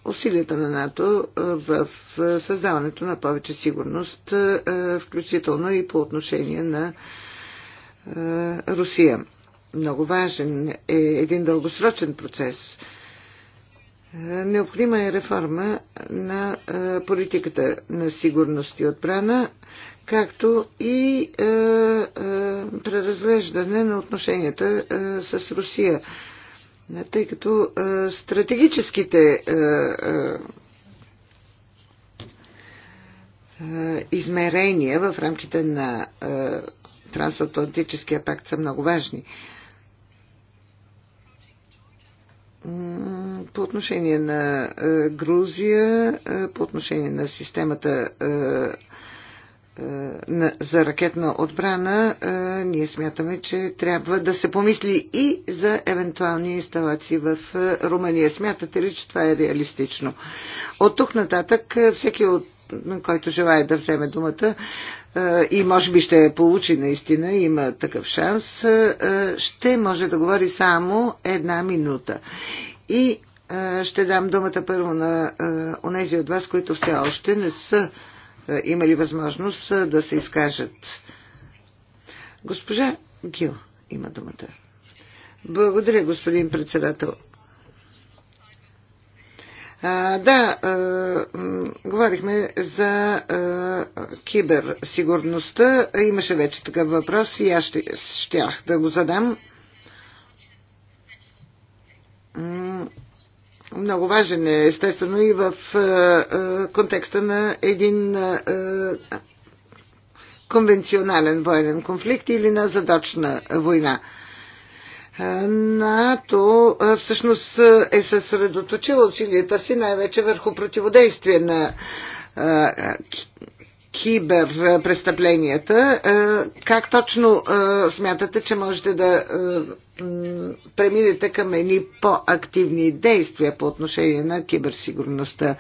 [SPEAKER 2] усилията на НАТО в създаването на повече сигурност, включително и по отношение на Русия. Много важен е един дългосрочен процес. Необходима е реформа на политиката на сигурност и отбрана, както и преразглеждане на отношенията с Русия е, тъй като а, е, стратегическите а, е, а, измерения в рамките на а, трансатлантическия пакт са много важни. По отношение на а, Грузия, а, по отношение на системата е, за ракетна отбрана, е, ние смятаме, че трябва да се помисли и за евентуални инсталации в е, Румъния. Смятате ли, че това е реалистично? От тук нататък всеки от който желая да вземе думата и може би ще получи наистина, има такъв шанс, ще може да говори само една минута. И ще дам думата първо на онези от вас, които все още не са е, имали възможност е, да се изкажат. Госпожа Гил има думата. Благодаря, господин председател. А, да, а, е, м, говорихме за а, киберсигурността. Имаше вече такъв въпрос и аз ще, щях да го задам. М много важен е, естествено, и в е, е, контекста на един е, конвенционален военен конфликт или на задочна война. НАТО всъщност е съсредоточило усилията си най-вече върху противодействие на киберпрестъпленията. Как точно смятате, че можете да преминете към едни по-активни действия по отношение на киберсигурността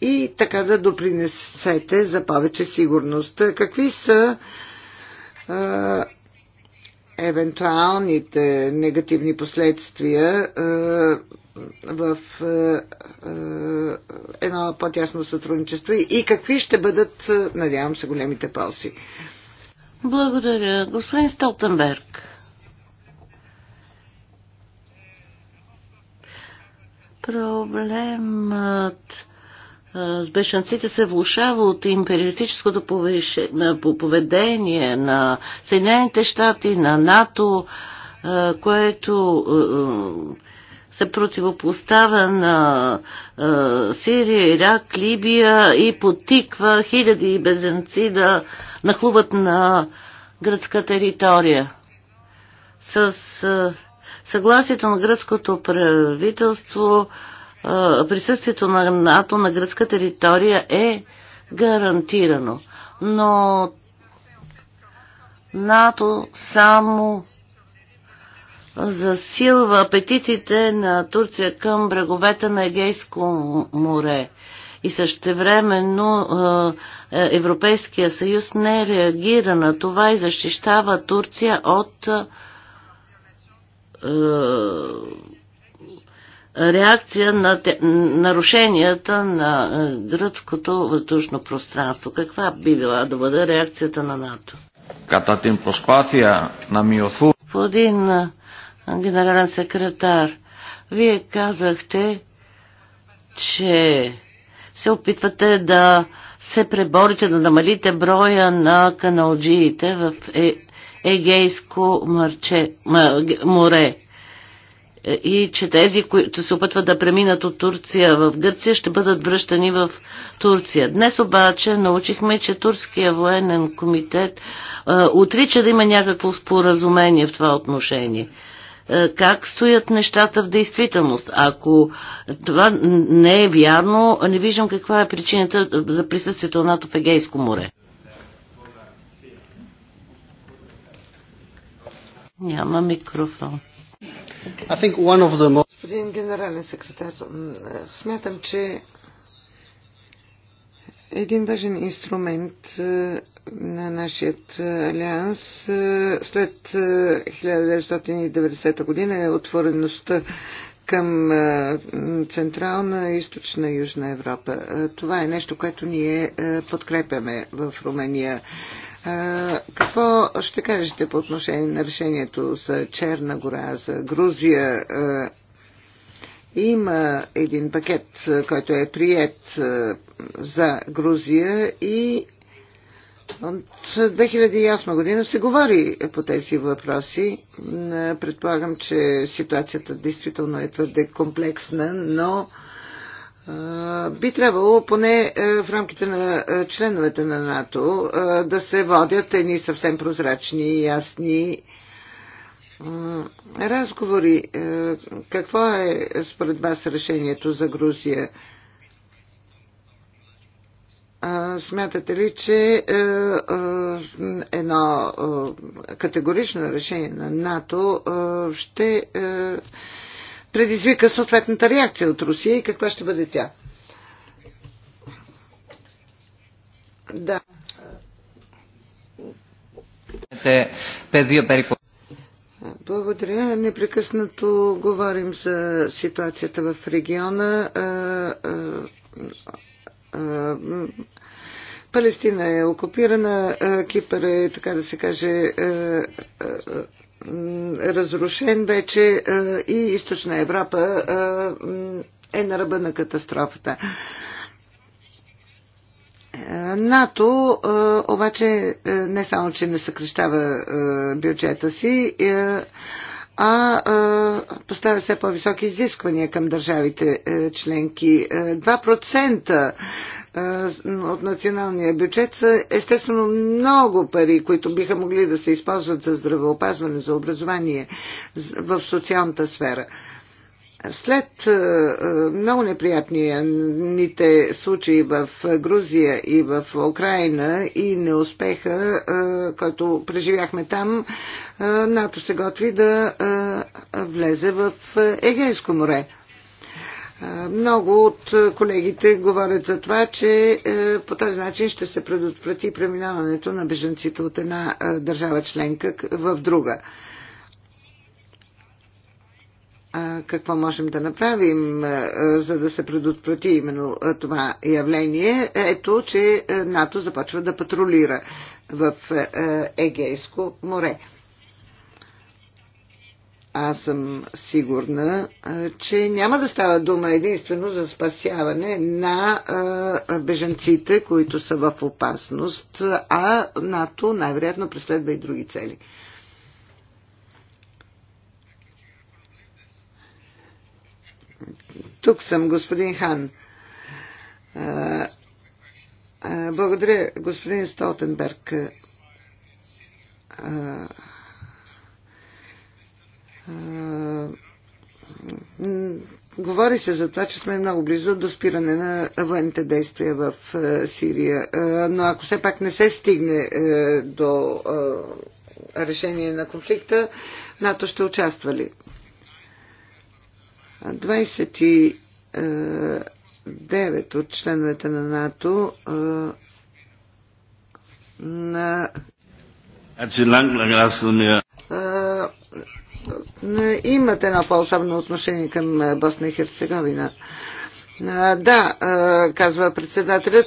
[SPEAKER 2] и така да допринесете за повече сигурност? Какви са евентуалните негативни последствия в е, е, едно по-тясно сътрудничество и какви ще бъдат, е, надявам се, големите ползи.
[SPEAKER 3] Благодаря. Господин Столтенберг. Проблемът е, с бешанците се влушава от империалистическото поведение на Съединените щати, на НАТО, е, което се противопоставя на а, Сирия, Ирак, Либия и потиква хиляди безенци да нахлуват на гръцка територия. С а, съгласието на гръцкото правителство, а, присъствието на НАТО на гръцка територия е гарантирано. Но НАТО само засилва апетитите на Турция към бреговете на Егейско море. И същевременно е, Европейския съюз не реагира на това и защищава Турция от е, реакция на нарушенията на е, гръцкото въздушно пространство. Каква би била да бъде реакцията на НАТО?
[SPEAKER 1] Κατά την προσπάθεια να μειωθούν.
[SPEAKER 3] По един генерален секретар. Вие казахте, че се опитвате да се преборите, да намалите броя на каналджиите в е, Егейско мърче, море. И че тези, които се опитват да преминат от Турция в Гърция, ще бъдат връщани в Турция. Днес обаче научихме, че Турския военен комитет отрича да има някакво споразумение в това отношение. Е, как стоят нещата в действителност. Ако това не е вярно, не виждам каква е причината за присъствието на НАТО в Егейско море. Няма микрофон.
[SPEAKER 2] I think one of the most... Господин генерален секретар, смятам, че един важен инструмент е, на нашият алианс е, след 1990 е, година е отвореността към Централна, Източна и Южна Европа. Това е нещо, което ние подкрепяме в Румения. Какво ще кажете по отношение на решението за Черна гора, за Грузия има един пакет, който е прият за Грузия и от 2008 година се говори по тези въпроси. Предполагам, че ситуацията действително е твърде комплексна, но би трябвало поне в рамките на членовете на НАТО да се водят едни съвсем прозрачни и ясни разговори. Е, какво е според вас решението за Грузия? Смятате ли, че е, е, едно категорично решение на НАТО ще предизвика съответната реакция от Русия и каква ще бъде тя? Да.
[SPEAKER 1] Педио Периков.
[SPEAKER 2] Благодаря. Непрекъснато говорим за ситуацията в региона. Палестина е окупирана, Кипър е, така да се каже, разрушен вече и източна Европа е на ръба на катастрофата. НАТО е, обаче е, не само, че не съкрещава е, бюджета си, а поставя все по-високи изисквания към държавите членки. 2% от националния бюджет са естествено много пари, които биха могли да се използват за здравеопазване, за образование в социалната сфера. След е, е, много неприятните случаи в Грузия и в Украина и неуспеха, е, който преживяхме там, НАТО се готви да влезе в Егейско море. Много от колегите говорят за това, че по този начин ще се предотврати преминаването на беженците от една държава членка в друга какво можем да направим, за да се предотврати именно това явление, ето, че НАТО започва да патрулира в Егейско море. Аз съм сигурна, че няма да става дума единствено за спасяване на беженците, които са в опасност, а НАТО най-вероятно преследва и други цели. Тук съм, господин Хан. Благодаря, господин Столтенберг. Говори се за това, че сме много близо до спиране на военните действия в Сирия. Но ако все пак не се стигне до решение на конфликта, НАТО ще участва ли? 29 от членовете на НАТО на имат едно по-особено отношение към Босна и Херцеговина. Да, казва председателят.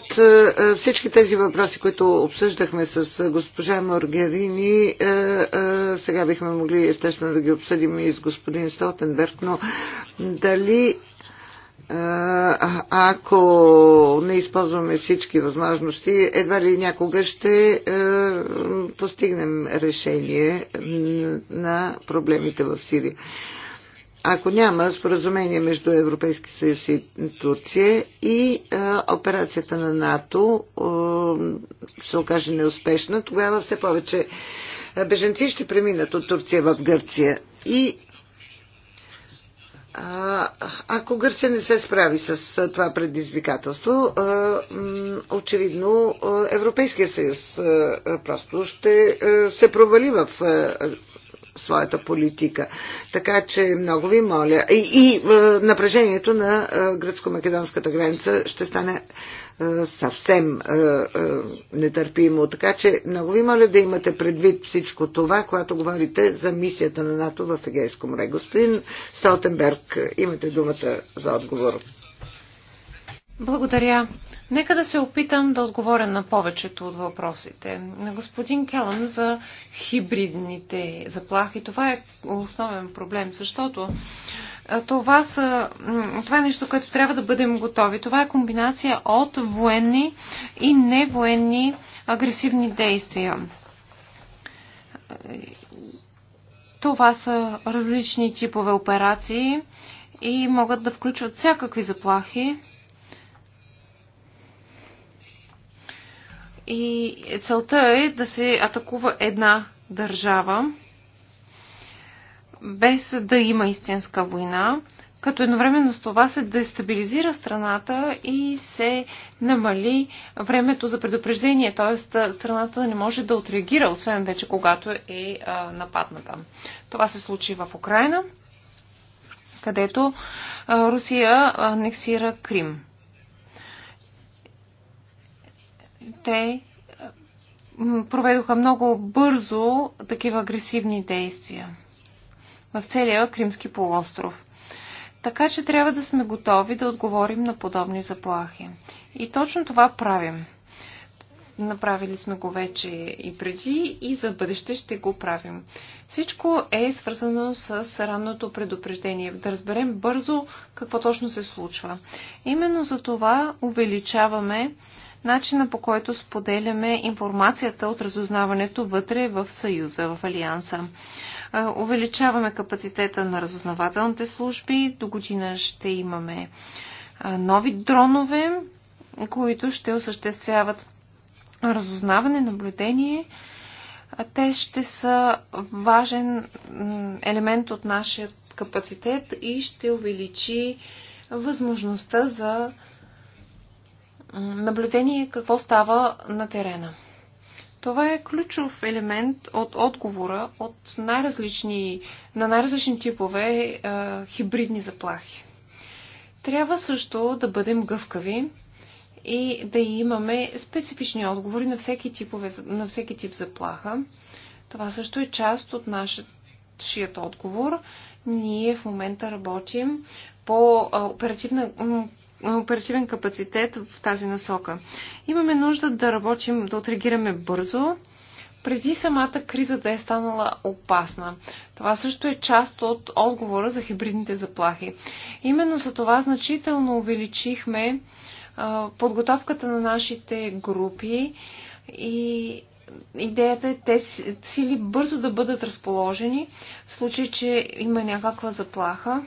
[SPEAKER 2] Всички тези въпроси, които обсъждахме с госпожа Моргерини, сега бихме могли естествено да ги обсъдим и с господин Столтенберг, но дали ако не използваме всички възможности, едва ли някога ще постигнем решение на проблемите в Сирия ако няма споразумение между Европейски съюз и Турция и а, операцията на НАТО а, се окаже неуспешна, тогава все повече беженци ще преминат от Турция в Гърция. И а, ако Гърция не се справи с това предизвикателство, а, очевидно Европейския съюз а, просто ще а, се провали в а, своята политика. Така че много ви моля. И, и е, напрежението на е, гръцко-македонската граница ще стане е, съвсем нетърпимо. Така че много ви моля да имате предвид всичко това, което говорите за мисията на НАТО в Егейско море. Господин Столтенберг, имате думата за отговор.
[SPEAKER 1] Благодаря. Нека да се опитам да отговоря на повечето от въпросите. На господин Келън за хибридните заплахи. Това е основен проблем, защото това, са, това е нещо, което трябва да бъдем готови. Това е комбинация от военни и невоенни агресивни действия. Това са различни типове операции и могат да включват всякакви заплахи, И целта е да се атакува една държава, без да има истинска война, като едновременно с това се дестабилизира страната и се намали времето за предупреждение, т.е. страната не може да отреагира, освен вече когато е нападната. Това се случи в Украина, където Русия анексира Крим. те е, проведоха много бързо такива агресивни действия в целия Кримски полуостров. Така че трябва да сме готови да отговорим на подобни заплахи. И точно това правим. Направили сме го вече и преди и за бъдеще ще го правим. Всичко е свързано с ранното предупреждение, да разберем бързо какво точно се случва. Именно за това увеличаваме начина по който споделяме информацията от разузнаването вътре в Съюза, в Алианса. Увеличаваме капацитета на разузнавателните служби. До година ще имаме нови дронове, които ще осъществяват разузнаване, наблюдение. Те ще са важен елемент от нашия капацитет и ще увеличи възможността за наблюдение какво става на терена. Това е ключов елемент от отговора от най-различни, на най-различни типове е, хибридни заплахи. Трябва също да бъдем гъвкави и да имаме специфични отговори на всеки, типове, на всеки тип заплаха. Това също е част от нашият отговор. Ние в момента работим по оперативна оперативен капацитет в тази насока. Имаме нужда да работим, да отреагираме бързо, преди самата криза да е станала опасна. Това също е част от отговора за хибридните заплахи. Именно за това значително увеличихме а, подготовката на нашите групи и идеята е тези сили бързо да бъдат разположени в случай, че има някаква заплаха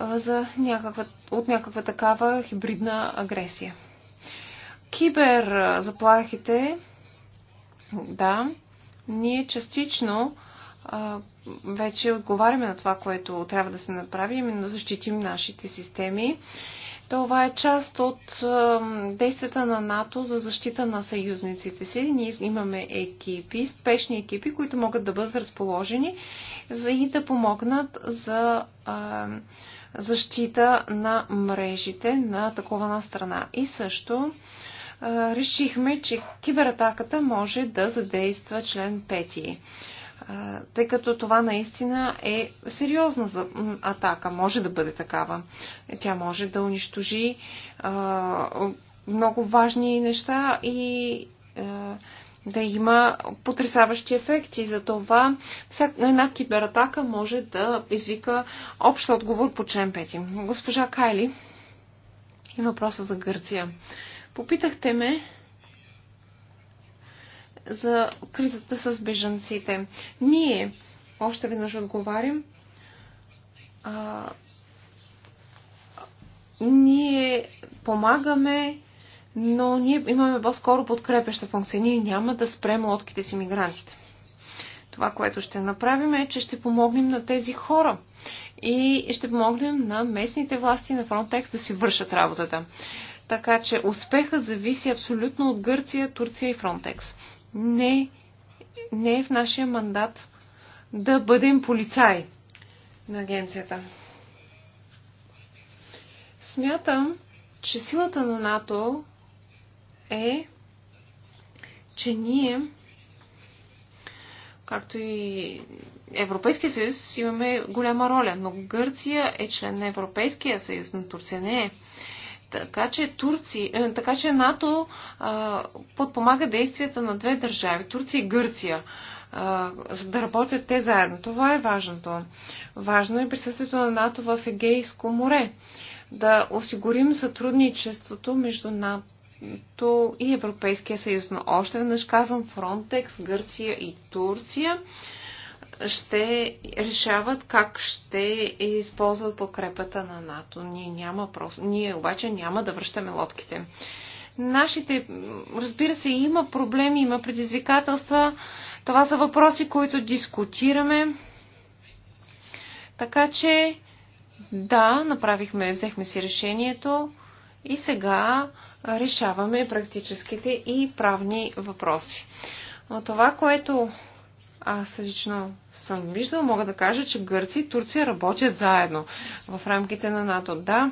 [SPEAKER 1] за някаква, от някаква такава хибридна агресия. Кибер заплахите, да, ние частично а, вече отговаряме на това, което трябва да се направи, именно да защитим нашите системи. Това е част от а, действията на НАТО за защита на съюзниците си. Ние имаме екипи, спешни екипи, които могат да бъдат разположени за и да помогнат за а, защита на мрежите на атакувана страна. И също решихме, че кибератаката може да задейства член 5 тъй като това наистина е сериозна атака. Може да бъде такава. Тя може да унищожи много важни неща и да има потрясаващи ефекти. Затова всяка една кибератака може да извика общ отговор по член 5. Госпожа Кайли има въпроса за Гърция. Попитахте ме за кризата с бежанците. Ние, още веднъж отговарям, а, ние помагаме но ние имаме по-скоро подкрепеща функция. Ние няма да спрем лодките си мигрантите. Това, което ще направим е, че ще помогнем на тези хора и ще помогнем на местните власти на Frontex да си вършат работата. Така че успеха зависи абсолютно от Гърция, Турция и Frontex. Не, не е в нашия мандат да бъдем полицаи на агенцията. Смятам, че силата на НАТО е, че ние, както и Европейския съюз, имаме голяма роля, но Гърция е член на Европейския съюз, но Турция не е. Така че, Турци, е, така че НАТО а, подпомага действията на две държави Турция и Гърция, а, за да работят те заедно. Това е важното. Важно е присъствието на НАТО в Егейско море. Да осигурим сътрудничеството между НАТО НАТО и Европейския съюз. Но още веднъж казвам, Фронтекс, Гърция и Турция ще решават как ще използват подкрепата на НАТО. Ние, няма просто, ние обаче няма да връщаме лодките. Нашите, разбира се, има проблеми, има предизвикателства. Това са въпроси, които дискутираме. Така че, да, направихме, взехме си решението и сега решаваме практическите и правни въпроси. Но това, което аз лично съм виждал, мога да кажа, че гърци, и Турция работят заедно в рамките на НАТО. Да,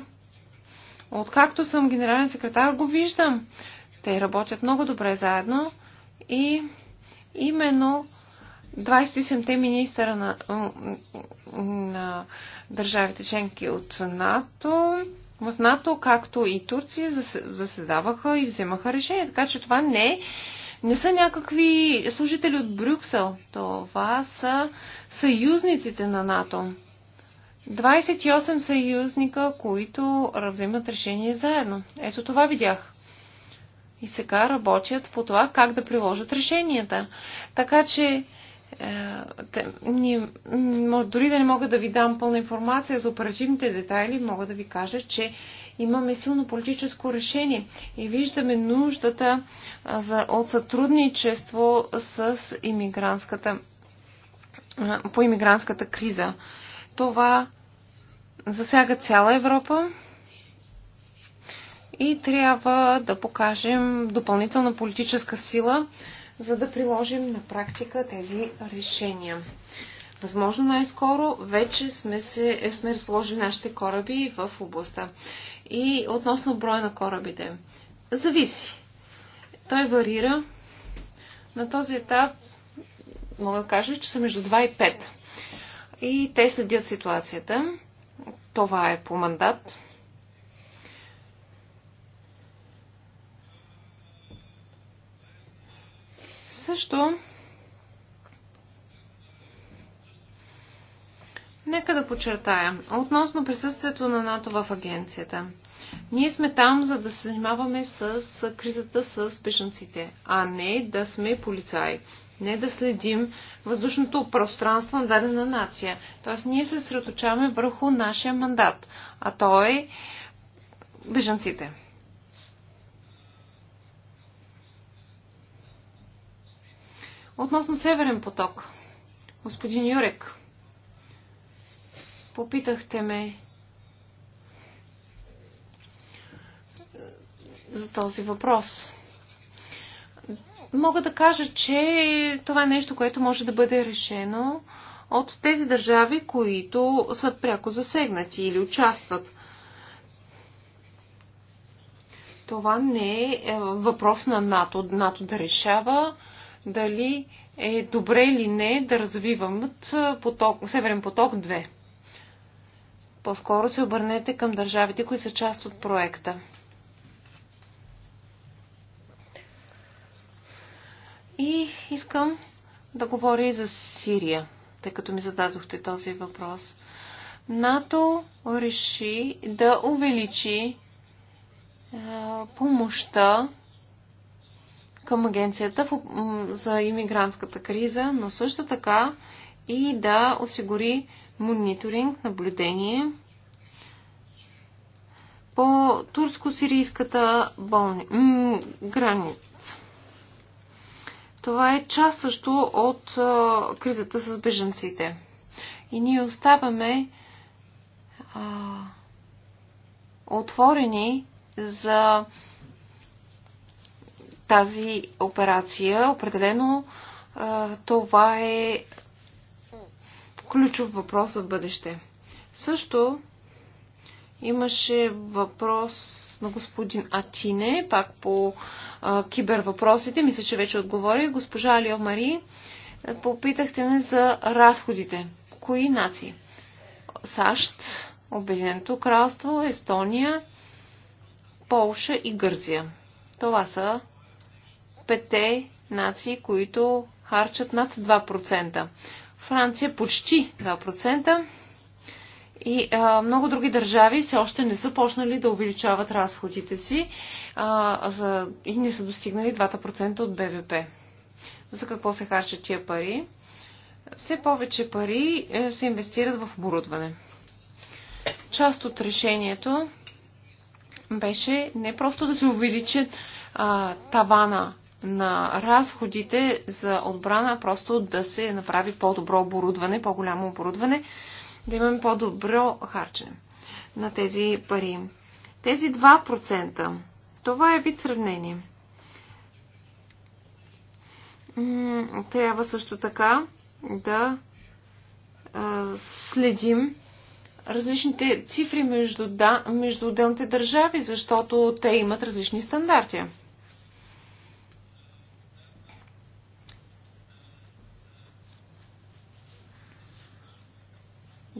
[SPEAKER 1] откакто съм генерален секретар, го виждам. Те работят много добре заедно и именно 28-те министра на, на държавите членки от НАТО в НАТО, както и Турция, заседаваха и вземаха решение. Така че това не не са някакви служители от Брюксел. Това са съюзниците на НАТО. 28 съюзника, които вземат решение заедно. Ето това видях. И сега работят по това как да приложат решенията. Така че е, те, ние, дори да не мога да ви дам пълна информация за оперативните детайли, мога да ви кажа, че имаме силно политическо решение и виждаме нуждата за, от сътрудничество с иммигрантската, по иммигрантската криза. Това засяга цяла Европа и трябва да покажем допълнителна политическа сила, за да приложим на практика тези решения. Възможно най-скоро вече сме, се, сме разположили нашите кораби в областта. И относно броя на корабите. Зависи. Той варира. На този етап мога да кажа, че са между 2 и 5. И те следят ситуацията. Това е по мандат. Също Нека да подчертая. Относно присъствието на НАТО в агенцията. Ние сме там, за да се занимаваме с кризата с бежанците, а не да сме полицаи. Не да следим въздушното пространство на дадена нация. Тоест, ние се средочаваме върху нашия мандат, а то е бежанците. Относно Северен поток, господин Юрек, попитахте ме за този въпрос. Мога да кажа, че това е нещо, което може да бъде решено от тези държави, които са пряко засегнати или участват. Това не е въпрос на НАТО. НАТО да решава дали е добре или не да развиват поток, Северен поток 2. По-скоро се обърнете към държавите, които са част от проекта. И искам да говоря и за Сирия, тъй като ми зададохте този въпрос. НАТО реши да увеличи помощта към агенцията за иммигрантската криза, но също така и да осигури мониторинг, наблюдение по турско-сирийската болни... граница. Това е част също от а, кризата с беженците. И ние оставаме а, отворени за тази операция. Определено това е ключов въпрос за бъдеще. Също имаше въпрос на господин Атине, пак по кибер въпросите. Мисля, че вече отговори. Госпожа Алио Мари, е, попитахте ме за разходите. Кои нации? САЩ, Обединеното кралство, Естония, Полша и Гърция. Това са петте нации, които харчат над 2%. Франция почти 2%. И а, много други държави все още не са почнали да увеличават разходите си а, за, и не са достигнали 2% от БВП. За какво се харчат тия пари? Все повече пари е, се инвестират в оборудване. Част от решението беше не просто да се увеличат а, тавана на разходите за отбрана, просто да се направи по-добро оборудване, по-голямо оборудване, да имаме по-добро харчене на тези пари. Тези 2%, това е вид сравнение. Трябва също така да следим различните цифри между, да, между отделните държави, защото те имат различни стандарти.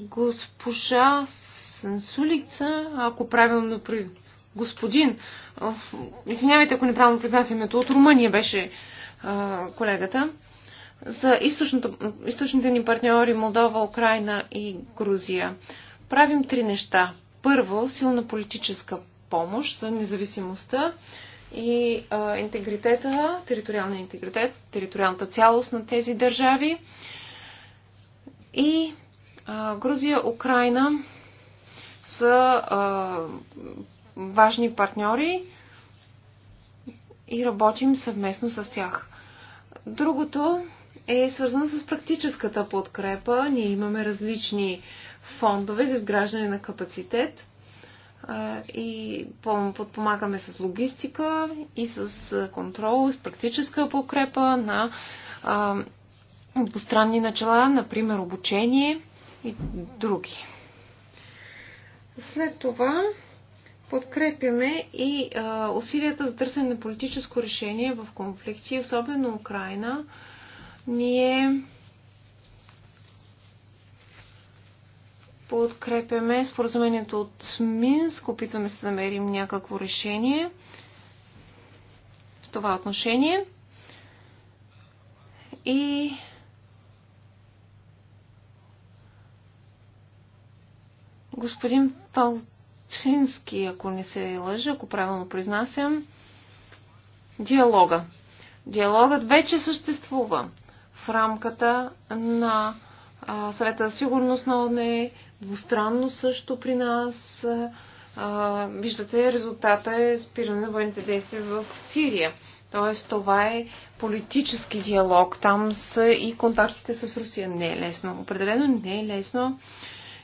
[SPEAKER 1] Госпожа Сансулица, ако правилно при... Господин, извинявайте, ако неправилно произнасям името, от Румъния беше колегата, за източните ни партньори Молдова, Украина и Грузия. Правим три неща. Първо, силна политическа помощ за независимостта и а, интегритета, териториалния интегритет, териториалната цялост на тези държави. И Грузия, Украина са важни партньори и работим съвместно с тях. Другото е свързано с практическата подкрепа. Ние имаме различни фондове за изграждане на капацитет и подпомагаме с логистика и с контрол, с практическа подкрепа на двустранни начала, например обучение и други. След това подкрепяме и а, усилията за търсене на политическо решение в конфликти, особено Украина. Ние подкрепяме споразумението от Минск, опитваме се да намерим някакво решение в това отношение. И Господин Палчински, ако не се лъжа, ако правилно произнасям, диалога. Диалогът вече съществува в рамката на Съвета за сигурност на ОНЕ, двустранно също при нас. виждате, резултата е спиране на военните действия в Сирия. Тоест, това е политически диалог. Там са и контактите с Русия. Не е лесно. Определено не е лесно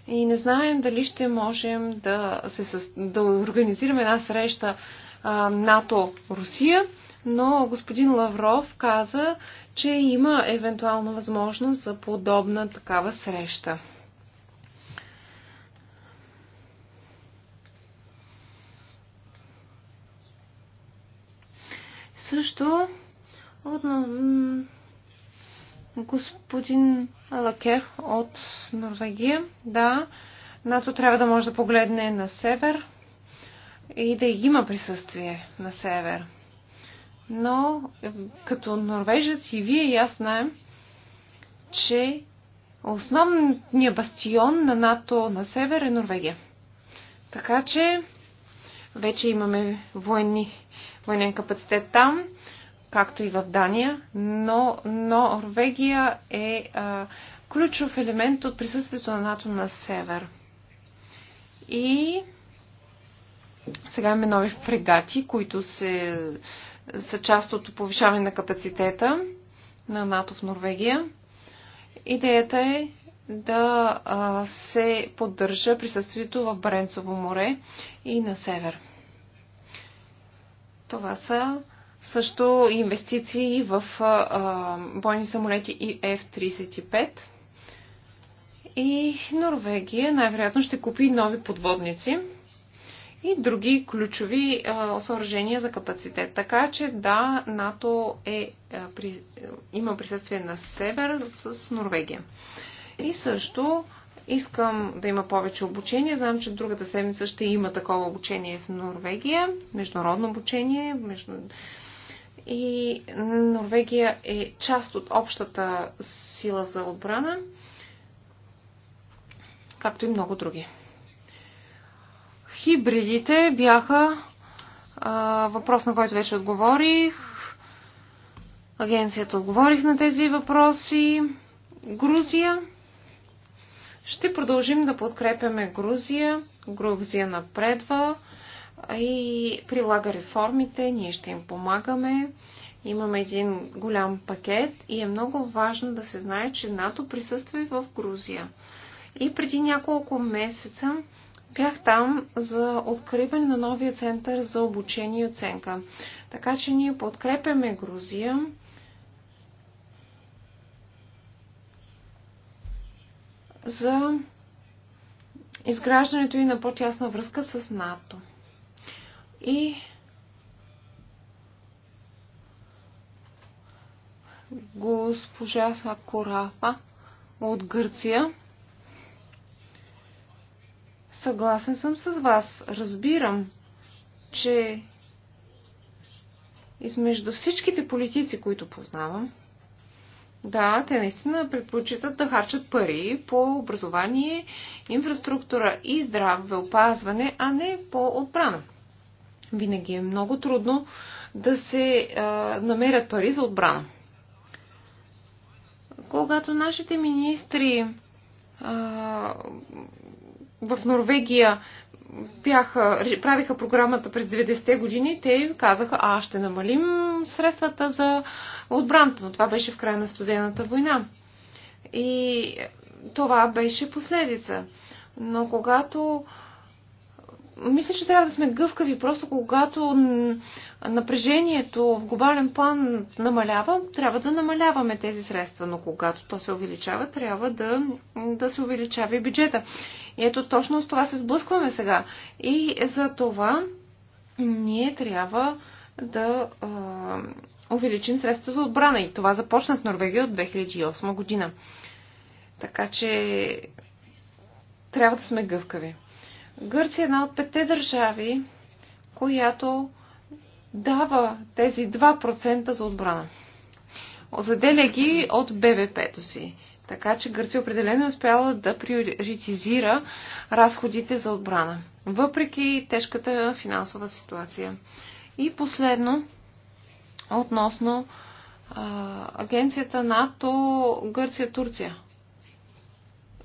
[SPEAKER 1] и не знаем дали ще можем да, се, да организираме една среща НАТО-Русия, но господин Лавров каза, че има евентуална възможност за подобна такава среща. Също от господин Лакер от Норвегия. Да, НАТО трябва да може да погледне на север и да има присъствие на север. Но е, като норвежец и вие и аз знаем, че основният бастион на НАТО на север е Норвегия. Така че вече имаме военни, военен капацитет там както и в Дания, но Норвегия е а, ключов елемент от присъствието на НАТО на север. И сега имаме нови фрегати, които се, са част от повишаване на капацитета на НАТО в Норвегия. Идеята е да а, се поддържа присъствието в Баренцово море и на север. Това са също инвестиции в бойни самолети и F-35. И Норвегия най-вероятно ще купи нови подводници и други ключови а, съоръжения за капацитет. Така че да, НАТО е, а, при, има присъствие на север с Норвегия. И също искам да има повече обучение. Знам, че другата седмица ще има такова обучение в Норвегия, международно обучение, между и Норвегия е част от общата сила за отбрана, както и много други. Хибридите бяха а, въпрос, на който вече отговорих. Агенцията отговорих на тези въпроси. Грузия. Ще продължим да подкрепяме Грузия. Грузия напредва и прилага реформите, ние ще им помагаме. Имаме един голям пакет и е много важно да се знае, че НАТО присъства и в Грузия. И преди няколко месеца бях там за откриване на новия център за обучение и оценка. Така че ние подкрепяме Грузия. за изграждането и на по-тясна връзка с НАТО и госпожа Сакорафа от Гърция. Съгласен съм с вас. Разбирам, че измежду всичките политици, които познавам, да, те наистина предпочитат да харчат пари по образование, инфраструктура и здраве опазване, а не по отбрана. Винаги е много трудно да се а, намерят пари за отбрана. Когато нашите министри а, в Норвегия бяха, правиха програмата през 90-те години, те казаха, а ще намалим средствата за отбраната, но това беше в края на студената война. И това беше последица. Но когато мисля, че трябва да сме гъвкави. Просто когато напрежението в глобален план намалява, трябва да намаляваме тези средства, но когато то се увеличава, трябва да, да се увеличава и бюджета. И ето точно с това се сблъскваме сега. И за това ние трябва да а, увеличим средства за отбрана. И това започна в Норвегия от 2008 година. Така че трябва да сме гъвкави. Гърция е една от петте държави, която дава тези 2% за отбрана. Заделя ги от БВП-то си. Така че Гърция определено е успяла да приоритизира разходите за отбрана, въпреки тежката финансова ситуация. И последно, относно а, агенцията НАТО Гърция-Турция.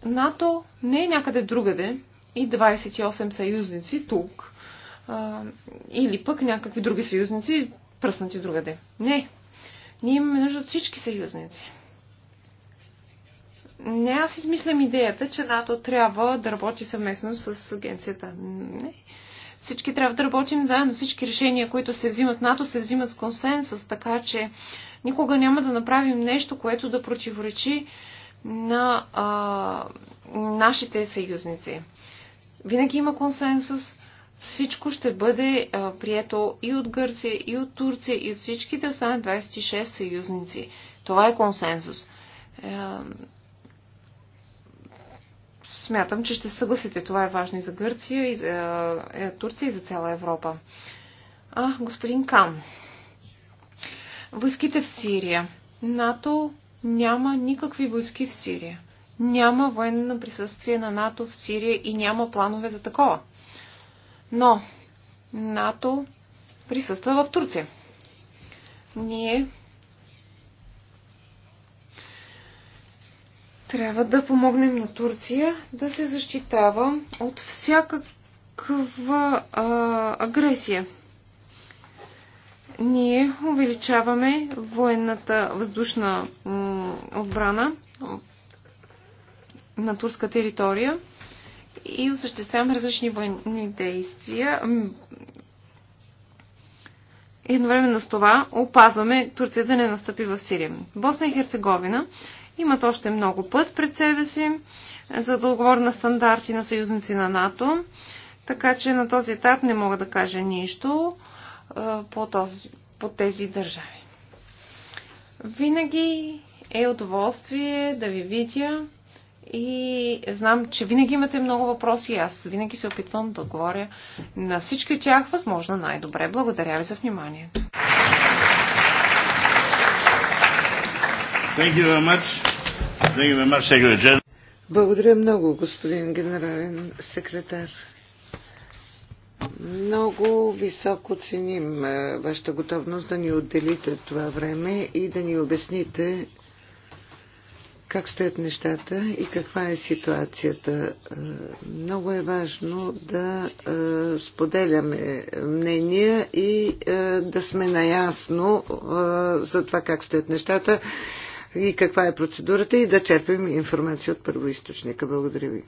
[SPEAKER 1] НАТО не е някъде другаде, и 28 съюзници тук. А, или пък някакви други съюзници, пръснати другаде. Не. Ние имаме нужда от всички съюзници. Не аз измислям идеята, че НАТО трябва да работи съвместно с агенцията. Не. Всички трябва да работим заедно. Всички решения, които се взимат в НАТО, се взимат с консенсус, така че никога няма да направим нещо, което да противоречи на а, нашите съюзници винаги има консенсус, всичко ще бъде а, прието и от Гърция, и от Турция, и от всичките останали 26 съюзници. Това е консенсус. А, е, смятам, че ще съгласите. Това е важно и за Гърция, и за е, Турция, и за цяла Европа. А, господин Кам. Войските в Сирия. НАТО няма никакви войски в Сирия няма военно присъствие на НАТО в Сирия и няма планове за такова. Но НАТО присъства в Турция. Ние трябва да помогнем на Турция да се защитава от всякаква а, агресия. Ние увеличаваме военната въздушна отбрана на турска територия и осъществяваме различни военни действия. Едновременно с това опазваме Турция да не настъпи в Сирия. Босна и Херцеговина имат още много път пред себе си, за да отговорят на стандарти на съюзници на НАТО, така че на този етап не мога да кажа нищо по, този, по тези държави. Винаги е удоволствие да ви видя и знам, че винаги имате много въпроси и аз винаги се опитвам да отговоря на всички от тях възможно най-добре. Благодаря ви за вниманието.
[SPEAKER 2] Благодаря много, господин генерален секретар. Много високо ценим е, вашата готовност да ни отделите това време и да ни обясните как стоят нещата и каква е ситуацията. Е, много е важно да е, споделяме мнения и е, да сме наясно за това как стоят нещата и каква е процедурата и да черпим информация от първоисточника. Благодаря ви.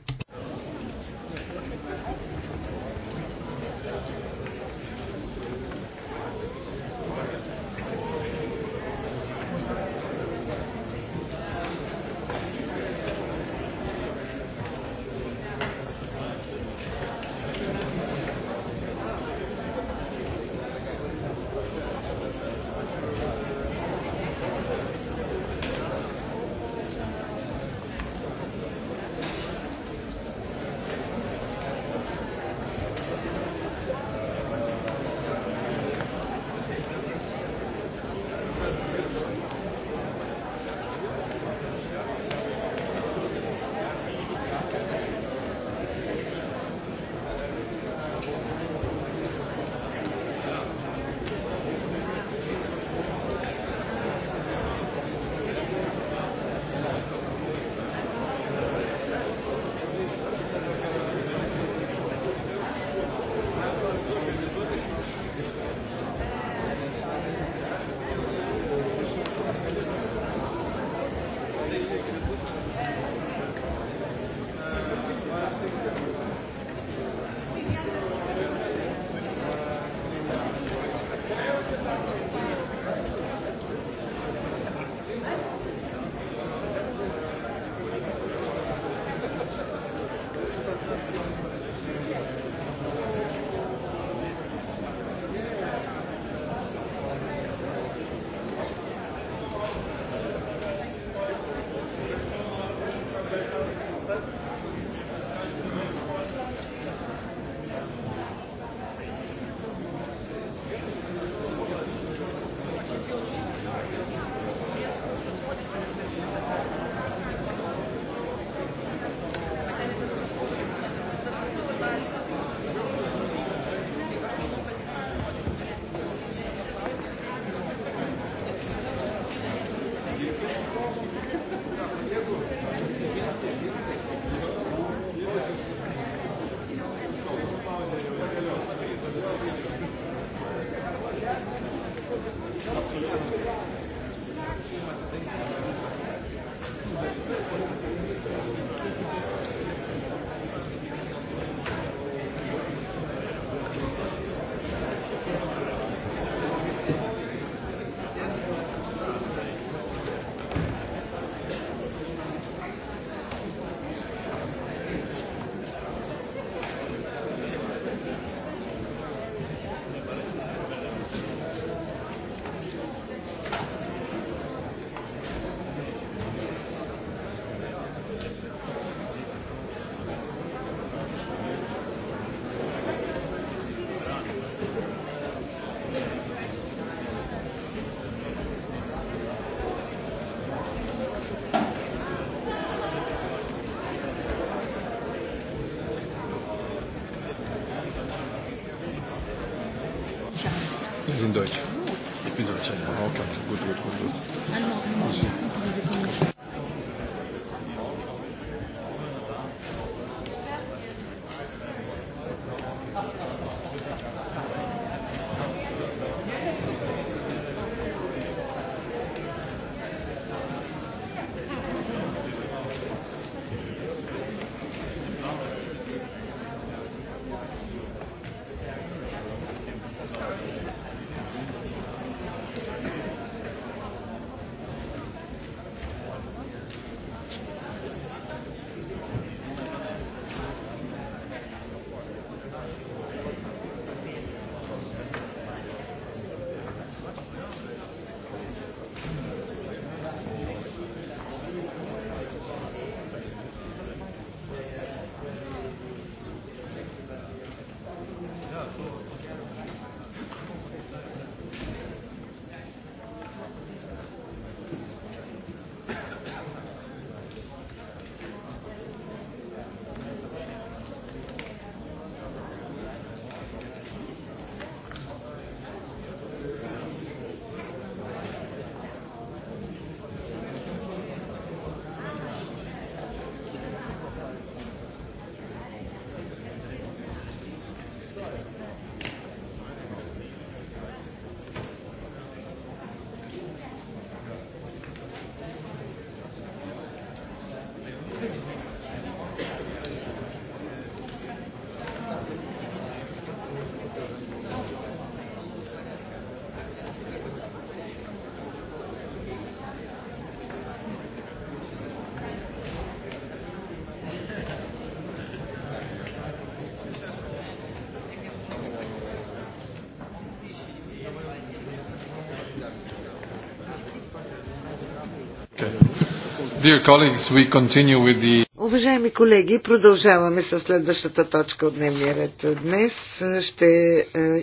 [SPEAKER 2] Уважаеми колеги, продължаваме с следващата точка от дневния ред. Днес ще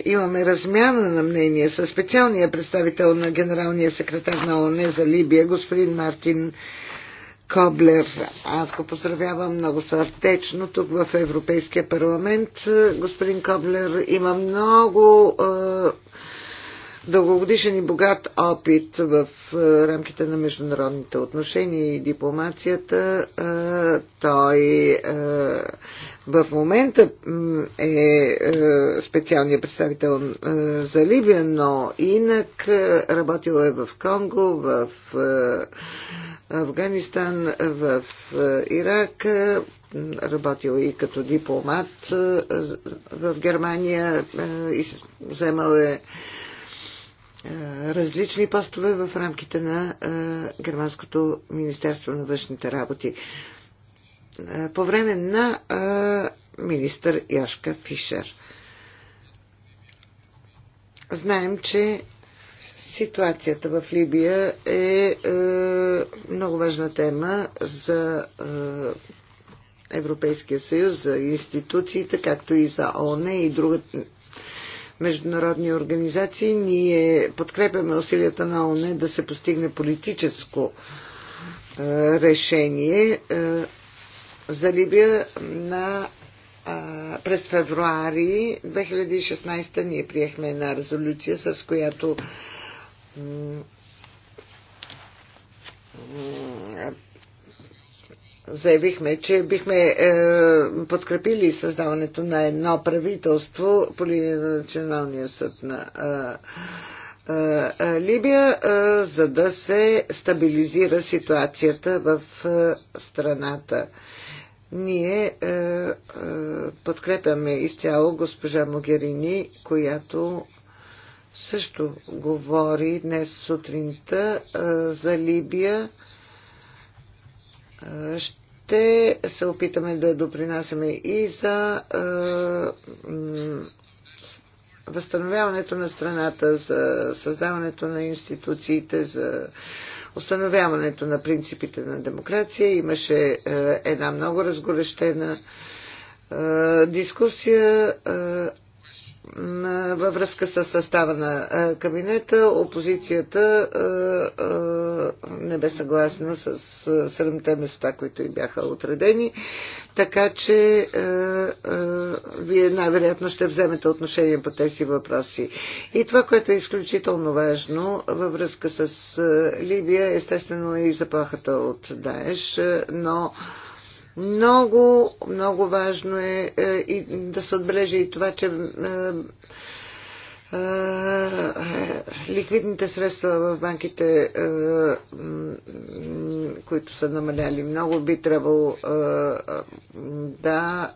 [SPEAKER 2] имаме размяна на мнение с специалния представител на генералния секретар на ОНЕ за Либия, господин Мартин Коблер. Аз го поздравявам много сърдечно тук в Европейския парламент. Господин Коблер има много е, дългогодишен и богат опит в е, рамките на международните отношения и дипломацията. Е, той е, в момента е специалният представител за Ливия, но инак работил е в Конго, в Афганистан, в Ирак, работил и като дипломат в Германия, и вземал е е, различни постове в рамките на е, Германското Министерство на външните работи. Е, по време на министър Яшка Фишер. Знаем, че ситуацията в Либия е, е много важна тема за е, Европейския съюз, за институциите, както и за ОНЕ и другата международни организации. Ние подкрепяме усилията на ОНЕ да се постигне политическо е, решение е, за Либия на е, през февруари 2016 ние приехме една резолюция, с която заявихме, че бихме е, подкрепили създаването на едно правителство по линия на Националния съд на е, е, е, Либия, е, за да се стабилизира ситуацията в е, страната. Ние е, е, подкрепяме изцяло госпожа Могерини, която също говори днес сутринта е, за Либия. Ще се опитаме да допринасяме и за възстановяването на страната, за създаването на институциите, за установяването на принципите на демокрация. Имаше една много разгорещена дискусия във връзка с състава на кабинета. Опозицията не бе съгласна с седемте места, които и бяха отредени. Така че вие най-вероятно ще вземете отношение по тези въпроси. И това, което е изключително важно във връзка с Либия, естествено е и заплахата от Даеш, но много, много важно е, е и да се отбележи и това, че е, е ликвидните средства в банките, е, които са намаляли много, би трябвало е, да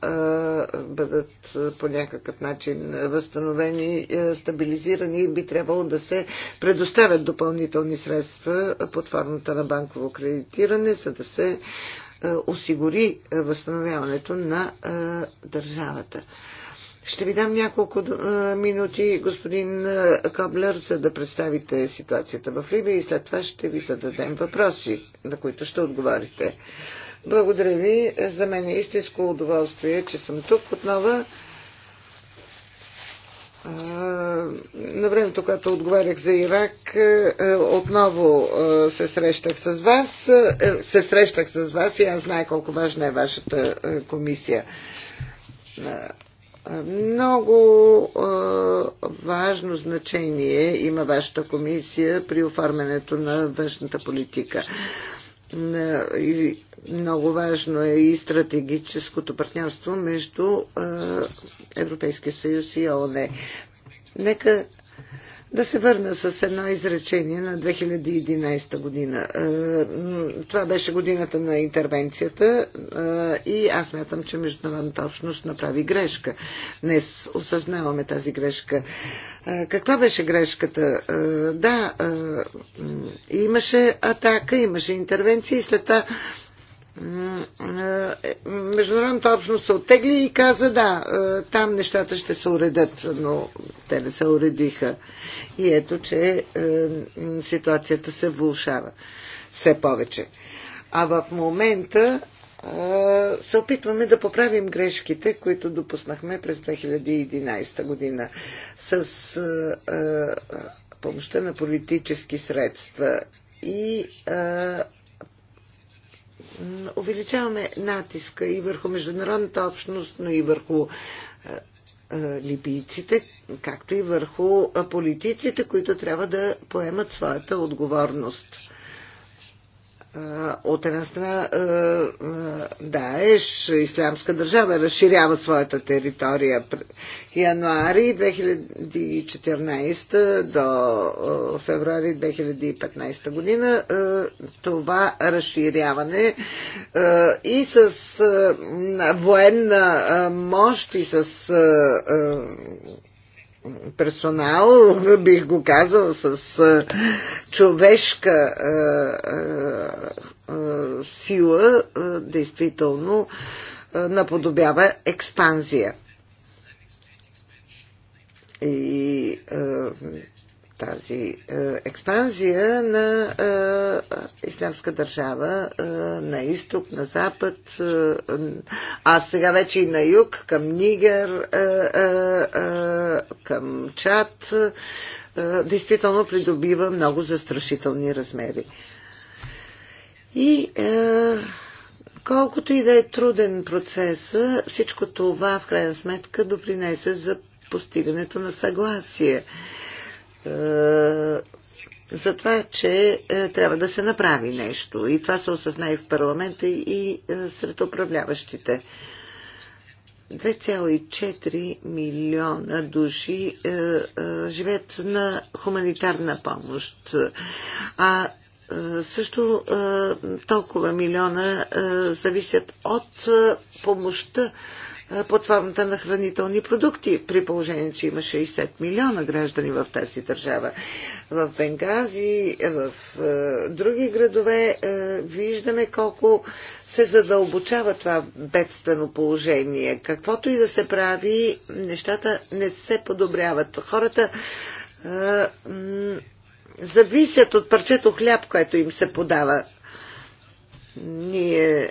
[SPEAKER 2] бъдат по някакъв начин възстановени, стабилизирани и би трябвало да се предоставят допълнителни средства под формата на банково кредитиране, за да се е, осигури е, възстановяването на е, държавата. Ще ви дам няколко минути, господин Коблер, за да представите ситуацията в Либия и след това ще ви зададем въпроси, на които ще отговорите. Благодаря ви. За мен е истинско удоволствие, че съм тук отново на времето, когато отговарях за Ирак, е, е, отново е, се срещах с вас. Се срещах с вас и аз знае колко важна е вашата комисия. Много важно значение има вашата комисия при оформянето на външната политика и много важно е и стратегическото партньорство между Европейския съюз и ООН. Нека да се върна с едно изречение на 2011 година. Е, това беше годината на интервенцията е, и аз мятам, че международната общност направи грешка. Днес осъзнаваме тази грешка. Е, каква беше грешката? Да, имаше атака, имаше интервенция и след това международната общност се оттегли и каза да, е, там нещата ще се уредят, но те не се уредиха. И ето, че е, ситуацията се влушава все повече. А в момента е, се опитваме да поправим грешките, които допуснахме през 2011 година с помощта на политически средства и увеличаваме натиска и върху международната общност, но и върху е, е, либийците, както и върху политиците, които трябва да поемат своята отговорност. Е, от една страна е, е, Даеш, Ислямска държава, разширява своята територия. Януари 2014 до февруари 2015 година това разширяване и с военна мощ и с персонал, бих го казал, с човешка сила, действително наподобява експанзия. И тази е, експанзия на е, ислямска държава е, на изток, на запад, е, е, а сега вече и на юг, към Нигер, е, е, е, към Чад, е, действително придобива много застрашителни размери. И е, колкото и да е труден процес, всичко това в крайна сметка допринесе за постигането на съгласие. Е, е, за това, че е, трябва да се направи нещо. И това се осъзна и в парламента, и е, сред управляващите. 2,4 милиона души е, е, живеят на хуманитарна помощ. А също толкова милиона зависят от помощта е, под формата на хранителни продукти, при положение, че има 60 милиона граждани в тази държава. В Бенгази, в е, други градове е, виждаме колко се задълбочава това бедствено положение. Каквото и да се прави, нещата не се подобряват. Хората зависят от парчето хляб, което им се подава. Ние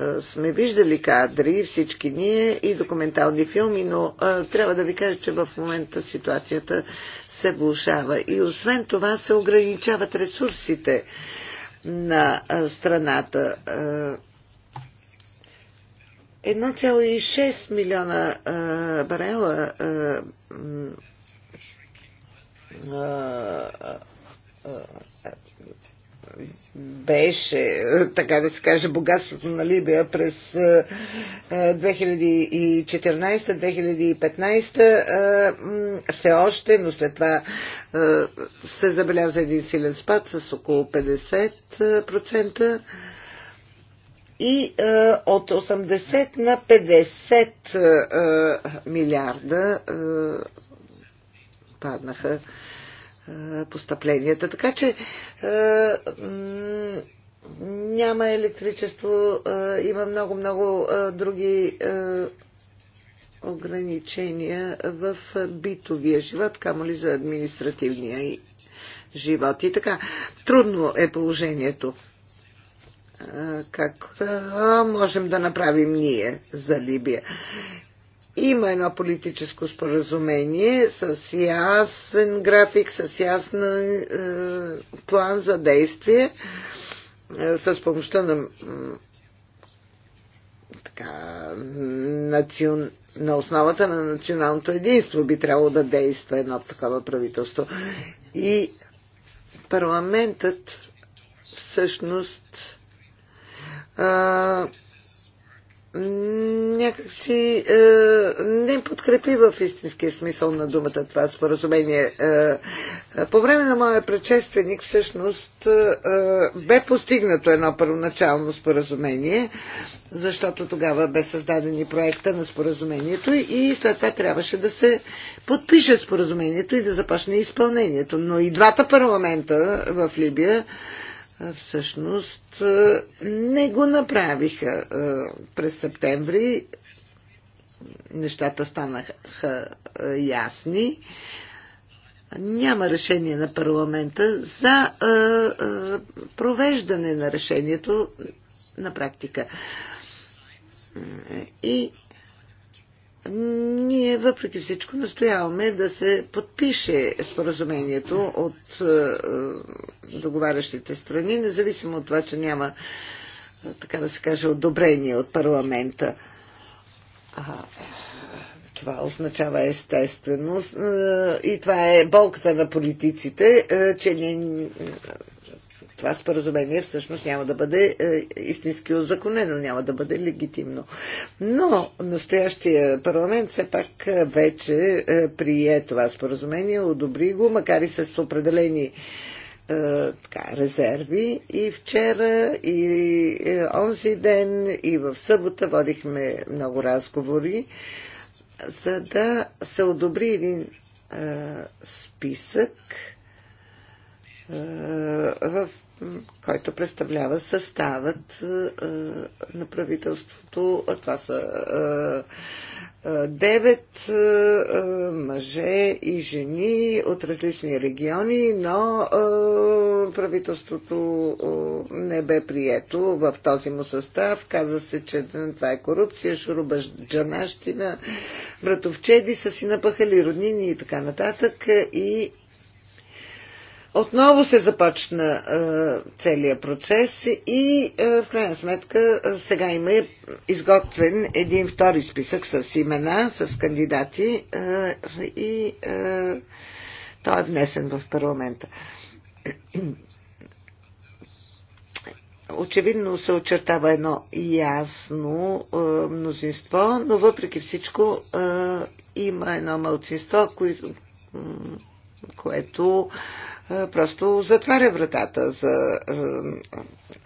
[SPEAKER 2] е, сме виждали кадри, всички ние и документални филми, но а, е, трябва да ви кажа, че в момента ситуацията се влушава. И освен това се ограничават ресурсите на а, е, страната. 1,6 милиона а, барела а, а, беше, така да се каже, богатството на Либия през 2014-2015 е, е, е, все още, но след това се забеляза един силен спад с около 50% и е, от 80 на 50 е, милиарда е, паднаха е, постъпленията. Така че е, няма електричество, е, има много-много други ограничения в битовия живот, камо ли за административния живот. И така, трудно е положението. Как можем да направим ние за Либия? има едно политическо споразумение с ясен график, с ясен план за действие, е, с помощта на така, национ... на основата на националното единство би трябвало да действа едно такова правителство. И парламентът всъщност е, някакси е, не подкрепи в истинския смисъл на думата това споразумение. Е, е по време на моя предшественик всъщност е, е, бе постигнато едно първоначално споразумение, защото тогава бе създаден и проекта на споразумението и след това трябваше да се подпише споразумението и да започне изпълнението. Но и двата парламента в Либия всъщност не го направиха през септември. Нещата станаха ясни. Няма решение на парламента за провеждане на решението на практика. И ние въпреки всичко настояваме да се подпише споразумението от е, е, договарящите страни, независимо от това, че няма, е, така да се каже, одобрение от парламента. А, това означава естествено и това е болката на политиците, че не това споразумение всъщност няма да бъде е, истински озаконено, няма да бъде легитимно. Но настоящия парламент все пак е, вече е, прие това споразумение, одобри го, макар и с определени е, така, резерви и вчера, и е, онзи ден, и в събота водихме много разговори, за да се одобри един а, списък, а, в който представлява съставът е, е, на правителството. Това са е, девет мъже и жени от различни региони, но правителството не бе прието в този му състав. Каза се, че това е корупция, Джанащина, братовчеди са си напахали роднини и така нататък. И отново се започна е, целият процес и е, в крайна сметка е, сега има изготвен един втори списък с имена, с кандидати е, и е, той е внесен в парламента. Очевидно се очертава едно ясно е, мнозинство, но въпреки всичко е, има едно мълцинство, което, което е, просто затваря вратата за е,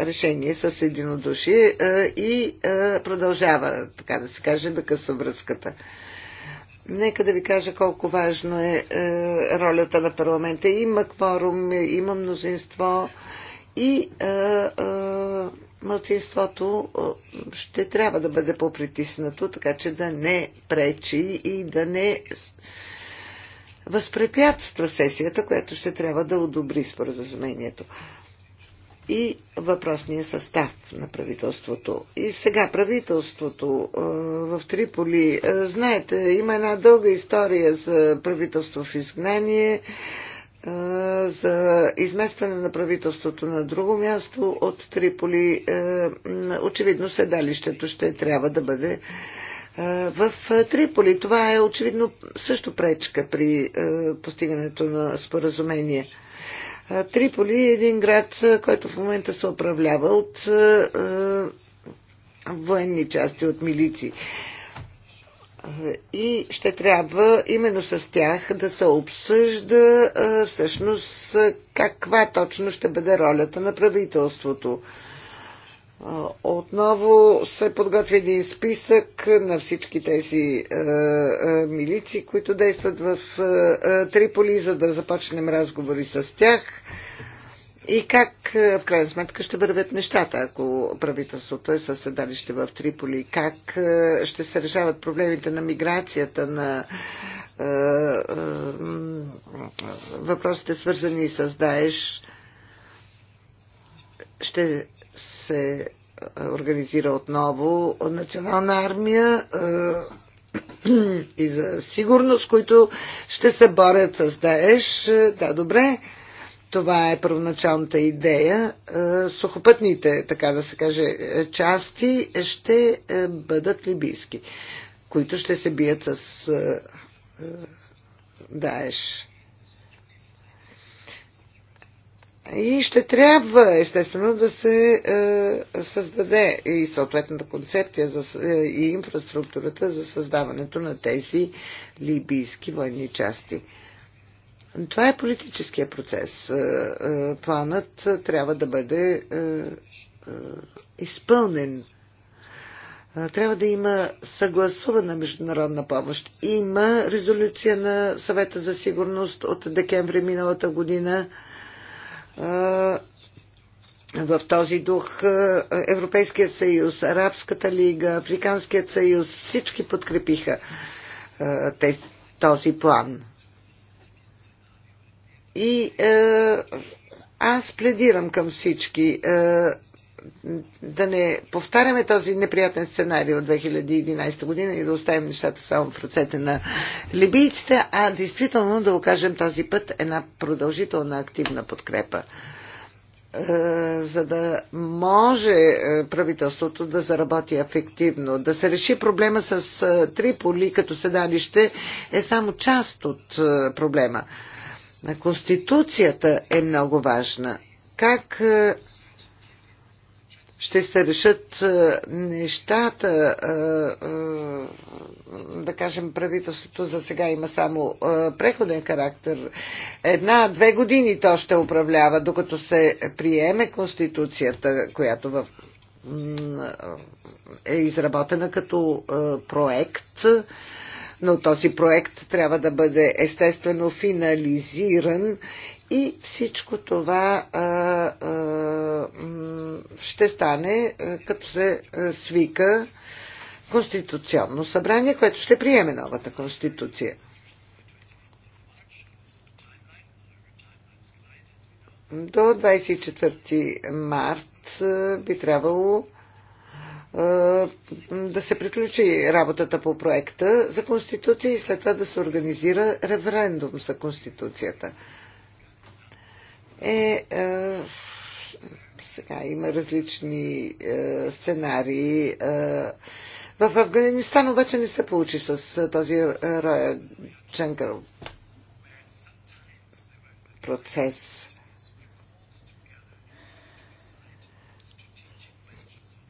[SPEAKER 2] решение с единодушие е, и продължава, така да се каже, да къса връзката. Нека да ви кажа колко важно е, ролята на парламента. Има кворум, има мнозинство и е, е, мълцинството ще трябва да бъде попритиснато, така че да не пречи и да не възпрепятства сесията, която ще трябва да одобри споразумението и въпросния състав на правителството. И сега правителството е, в Триполи, е, знаете, има една дълга история за правителство в изгнание, е, за изместване на правителството на друго място от Триполи. Очевидно седалището ще трябва да бъде е, в е, Триполи. Това е очевидно също пречка при е, постигането на споразумение. Триполи е един град, който в момента се управлява от военни части, от милиции. И ще трябва именно с тях да се обсъжда всъщност каква точно ще бъде ролята на правителството отново се подготви един списък на всички тези милици, които действат в Триполи, за да започнем разговори с тях. И как в крайна сметка ще вървят нещата, ако правителството е със седалище в Триполи? Как ще се решават проблемите на миграцията, на въпросите свързани с Даеш? ще се организира отново национална армия и за сигурност, които ще се борят с Даеш. Да, добре. Това е първоначалната идея. Сухопътните, така да се каже, части ще бъдат либийски, които ще се бият с Даеш. И ще трябва, естествено, да се е, създаде и съответната концепция за, е, и инфраструктурата за създаването на тези либийски военни части. Това е политическия процес. Е, е, планът трябва да бъде е, е, изпълнен. Е, трябва да има съгласувана международна помощ. Има резолюция на съвета за сигурност от декември миналата година. Е, в този дух е, Европейския съюз, Арабската лига, Африканският съюз, всички подкрепиха е, този план. И аз пледирам към всички да не повтаряме този неприятен сценарий от 2011 година и да оставим нещата само в ръцете на либийците, а действително да окажем този път една продължителна активна подкрепа е, за да може е, правителството да заработи ефективно. Да се реши проблема с е, Триполи като седалище е само част от проблема. Конституцията е много важна. Как ще се решат е, нещата. Е, е, да кажем, правителството за сега има само преходен характер. Една-две години то ще управлява, докато се приеме Конституцията, която в е изработена като проект, но този проект трябва да бъде естествено финализиран и всичко това а, а, ще стане, като се свика Конституционно събрание, което ще приеме новата Конституция. До 24 март би трябвало да се приключи работата по проекта за Конституция и след това да се организира референдум за Конституцията е, е сега има различни е, сценарии. Е, в Афганистан обаче не се получи с този роя е, Ченкър процес.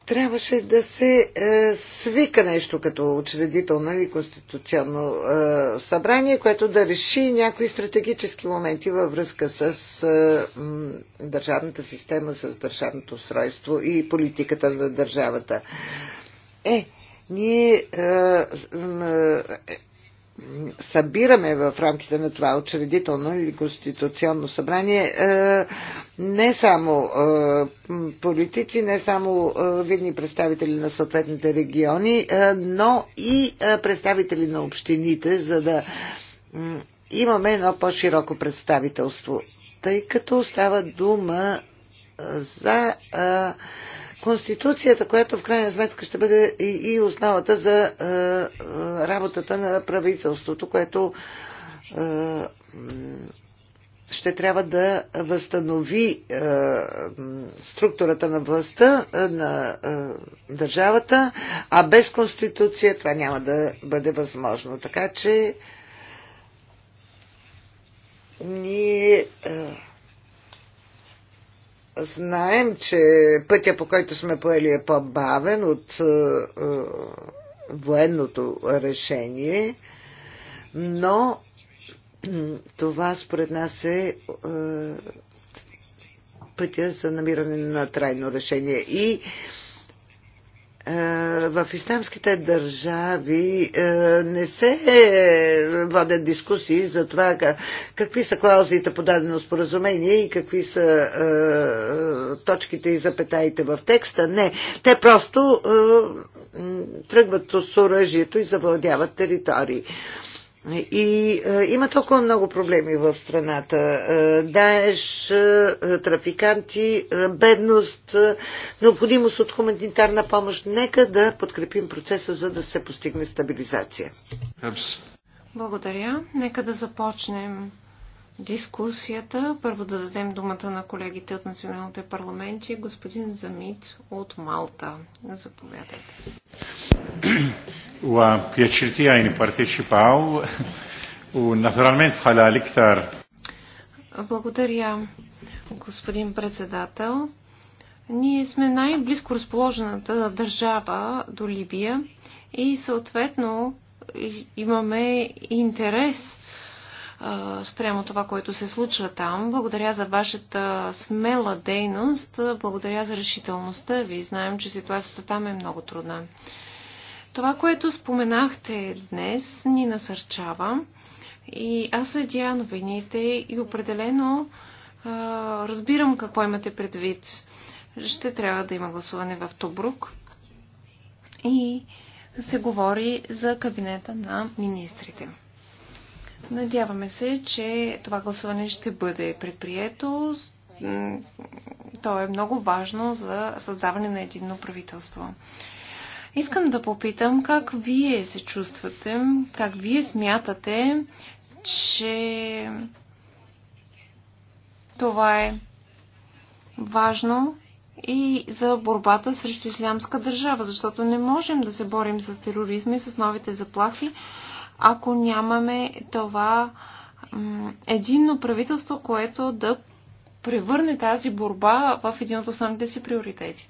[SPEAKER 2] трябваше да се е, свика нещо като учредително или конституционно е, събрание, което да реши някои стратегически моменти във връзка с е, м, държавната система, с държавното устройство и политиката на държавата. Е, ние е, е, събираме в рамките на това учредително или конституционно събрание е, не само е, политици, не само е, видни представители на съответните региони, но и представители на общините, за да имаме едно по-широко представителство. Тъй като става дума за Конституцията, която в крайна сметка ще бъде и, основата за е, е, работата на правителството, което е, ще трябва да възстанови е, структурата на властта на е, държавата, а без конституция това няма да бъде възможно. Така че ние е, Знаем, че пътя по който сме поели е по-бавен от е, е, военното решение, но това според нас е, е пътя за намиране на трайно решение. И е, в исламските държави е, не се водят дискусии за това какви са клаузите по дадено споразумение и какви са е, точките и запетаите в текста. Не, те просто тръгват с оръжието и завладяват територии. И е, има толкова много проблеми в страната. Е, Даеш, е, трафиканти, е, бедност, е, необходимост от хуманитарна помощ. Нека да подкрепим процеса, за да се постигне стабилизация.
[SPEAKER 1] Благодаря. Нека да започнем дискусията. Първо да дадем думата на колегите от националните парламенти. Господин Замит от Малта. Заповядайте
[SPEAKER 2] u pjaċir għajni nipparteċipaw u naturalment bħala liktar.
[SPEAKER 1] Благодаря, господин председател. Ние сме най-близко разположената държава до Либия и съответно имаме интерес спрямо това, което се случва там. Благодаря за вашата смела дейност, благодаря за решителността ви. Знаем, че ситуацията там е много трудна. Това, което споменахте днес, ни насърчава и аз следя новините и определено а, разбирам какво имате предвид. Ще трябва да има гласуване в Тобрук и се говори за кабинета на министрите. Надяваме се, че това гласуване ще бъде предприето. То е много важно за създаване на единно правителство. Искам да попитам как вие се чувствате, как вие смятате, че това е важно и за борбата срещу ислямска държава, защото не можем да се борим с тероризма и с новите заплахи, ако нямаме това единно правителство, което да превърне тази борба в един от основните си приоритети.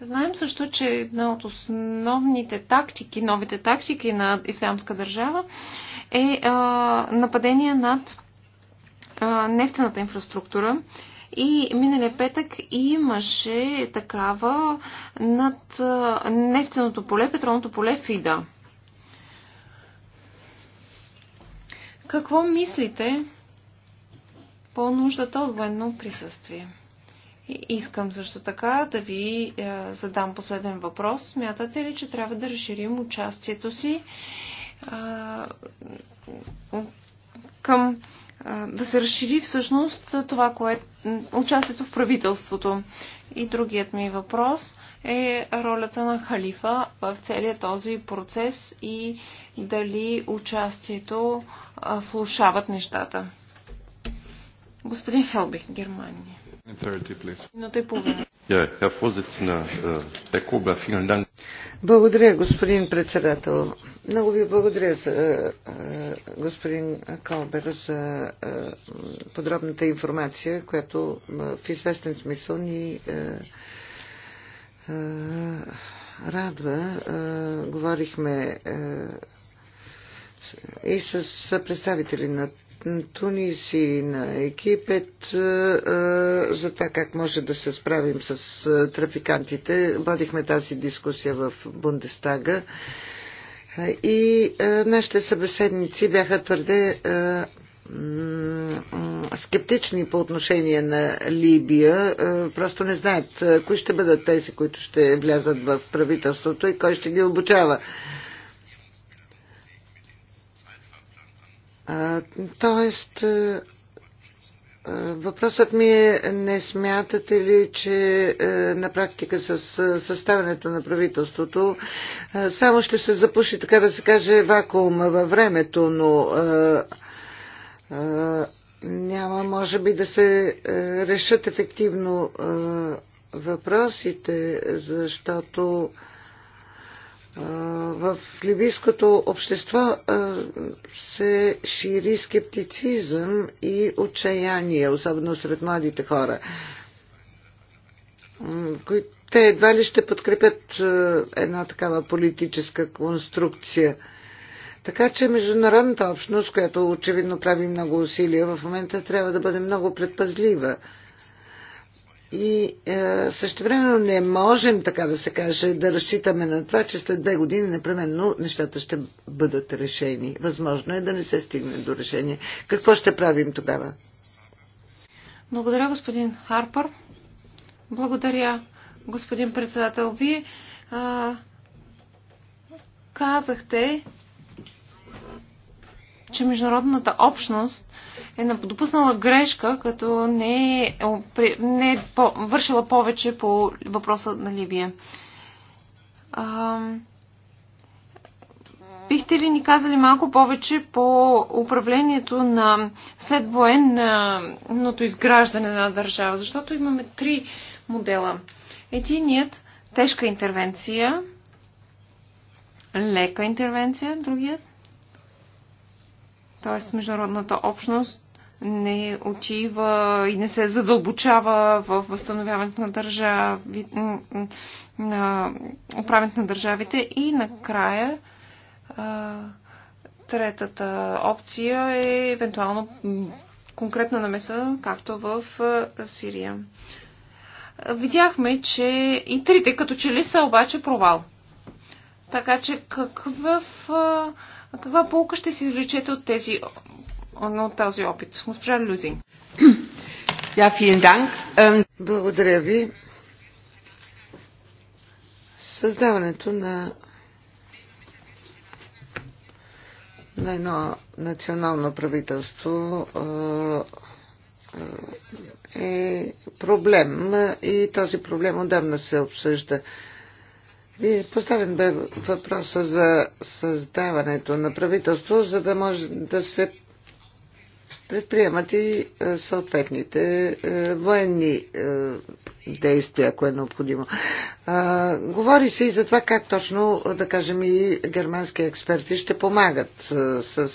[SPEAKER 1] Знаем също, че една от основните тактики, новите тактики на Ислямска държава е а, нападение над а, нефтената инфраструктура. И миналия петък имаше такава над нефтеното поле, петролното поле Фида. Какво мислите по нуждата от военно присъствие? Искам също така да ви е, задам последен въпрос. Смятате ли, че трябва да разширим участието си е, към е, да се разшири всъщност това, което участието в правителството? И другият ми въпрос е ролята на халифа в целия този процес и дали участието влушават нещата. Господин Хелбих, Германия
[SPEAKER 2] благодаря, господин председател. Много ви благодаря, за, господин Колбер, за подробната информация, която в известен смисъл ни радва. Говорихме и с представители на Тунис и на Екипет е, е, за това как може да се справим с е, трафикантите. Водихме тази дискусия в Бундестага и нашите събеседници бяха твърде скептични по отношение на Либия. Просто не знаят кои ще бъдат тези, които ще влязат в правителството и кой ще ги обучава Тоест, въпросът ми е, не смятате ли, че на практика с съставянето на правителството само ще се запуши, така да се каже, вакуума във времето, но няма, може би, да се решат ефективно въпросите, защото в либийското общество се шири скептицизъм и отчаяние, особено сред младите хора. Те едва ли ще подкрепят една такава политическа конструкция. Така че международната общност, която очевидно прави много усилия, в момента трябва да бъде много предпазлива. И е, също време не можем, така да се каже, да разчитаме на това, че след две години непременно нещата ще бъдат решени. Възможно е да не се стигне до решение. Какво ще правим тогава?
[SPEAKER 1] Благодаря, господин Харпър. Благодаря, господин председател. Вие а, е, казахте, че международната общност е допуснала грешка, като не е, не е по, вършила повече по въпроса на Либия. А, бихте ли ни казали малко повече по управлението на следвоенното изграждане на държава? Защото имаме три модела. Единият тежка интервенция, лека интервенция, другият Тоест международната общност не отива и не се задълбочава в възстановяването на държави, на управенето на държавите. И накрая третата опция е евентуално конкретна намеса, както в Сирия. Видяхме, че и трите като че ли са обаче провал. Така че какъв, каква полка ще си извлечете от тези този опит. Госпожа Люзин.
[SPEAKER 2] Благодаря ви. Създаването на на едно национално правителство е, е, е проблем и този проблем отдавна се обсъжда. И поставен бе въпроса за създаването на правителство, за да може да се предприемат и е, съответните е, военни е, действия, ако е необходимо. Говори се и за това как точно, да кажем, и германски експерти ще помагат с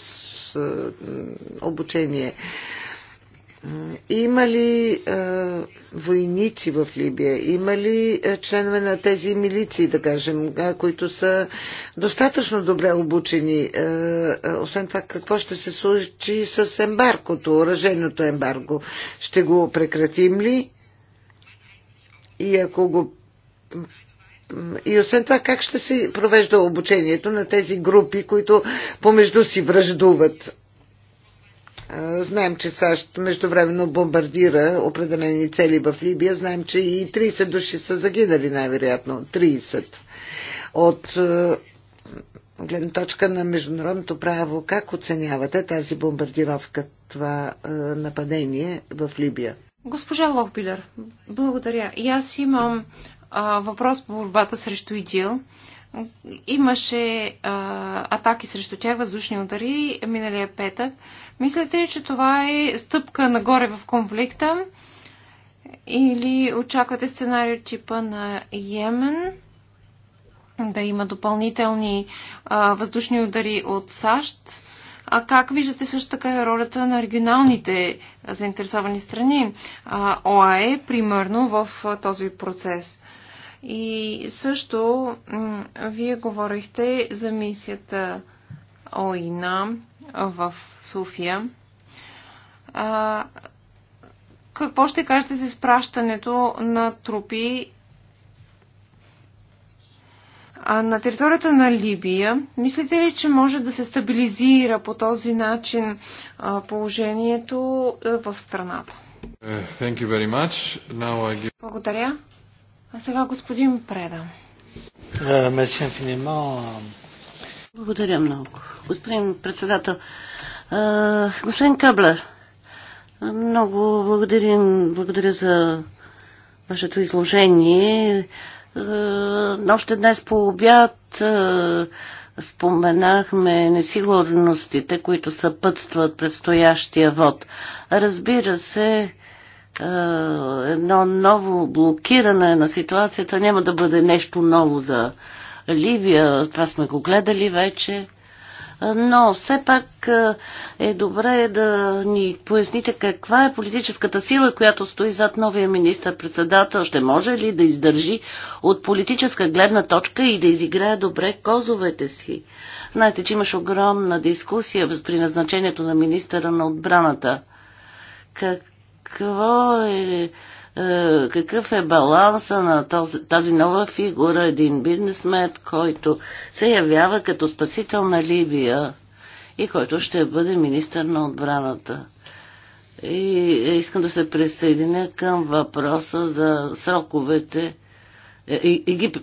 [SPEAKER 2] обучение има ли а, войници в Либия? Има ли а, членове на тези милиции, да кажем, а, които са достатъчно добре обучени? А, а, освен това, какво ще се случи с ембаркото, оръженото ембарго? Ще го прекратим ли? И ако го. И освен това, как ще се провежда обучението на тези групи, които помежду си връждуват? Е, знаем, че САЩ междувременно бомбардира определени цели в Либия. Знаем, че и 30 души са загинали, най-вероятно. 30. От е, гледна точка на международното право, как оценявате тази бомбардировка, това е, нападение в Либия?
[SPEAKER 1] Госпожа Лохбилер, благодаря. И аз имам а, въпрос по борбата срещу ИДИЛ. Имаше а, атаки срещу тях, въздушни удари миналия петък. Мислите ли, че това е стъпка нагоре в конфликта? Или очаквате сценарио типа на Йемен? да има допълнителни а, въздушни удари от САЩ. А как виждате също така и ролята на регионалните заинтересовани страни, а, ОАЕ, примерно, в този процес? И също вие говорихте за мисията ОИНА в София. А, какво ще кажете за изпращането на трупи а, на територията на Либия? Мислите ли, че може да се стабилизира по този начин а, положението в страната? Е, Благодаря. А сега господин Преда.
[SPEAKER 3] Е, благодаря много. Господин председател, е, господин Каблер, е, много благодарим, благодаря за вашето изложение. Още днес по обяд споменахме несигурностите, които съпътстват предстоящия вод. Разбира се, е, едно ново блокиране на ситуацията няма да бъде нещо ново за Ливия. Това сме го гледали вече. Но все пак е, е добре да ни поясните каква е политическата сила, която стои зад новия министър-председател. Ще може ли да издържи от политическа гледна точка и да изиграе добре козовете си? Знаете, че имаш огромна дискусия при назначението на министъра на отбраната. Как какво е, е, какъв е баланса на този, тази нова фигура, един бизнесмен, който се явява като спасител на Либия и който ще бъде министър на отбраната. И е, искам да се присъединя към въпроса за сроковете, е, егип,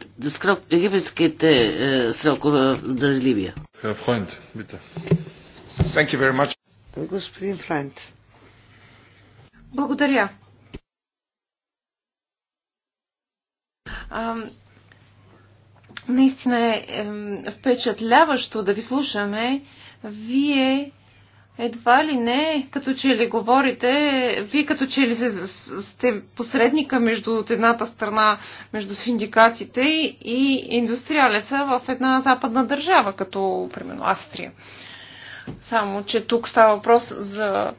[SPEAKER 3] египетските срокове за Ливия.
[SPEAKER 2] Господин Франт,
[SPEAKER 1] благодаря. А, наистина е, е впечатляващо да ви слушаме. Вие едва ли не, като че ли говорите, вие като че ли сте посредника между от едната страна, между синдикатите и индустриалеца в една западна държава, като примерно Австрия. Само, че тук става въпрос за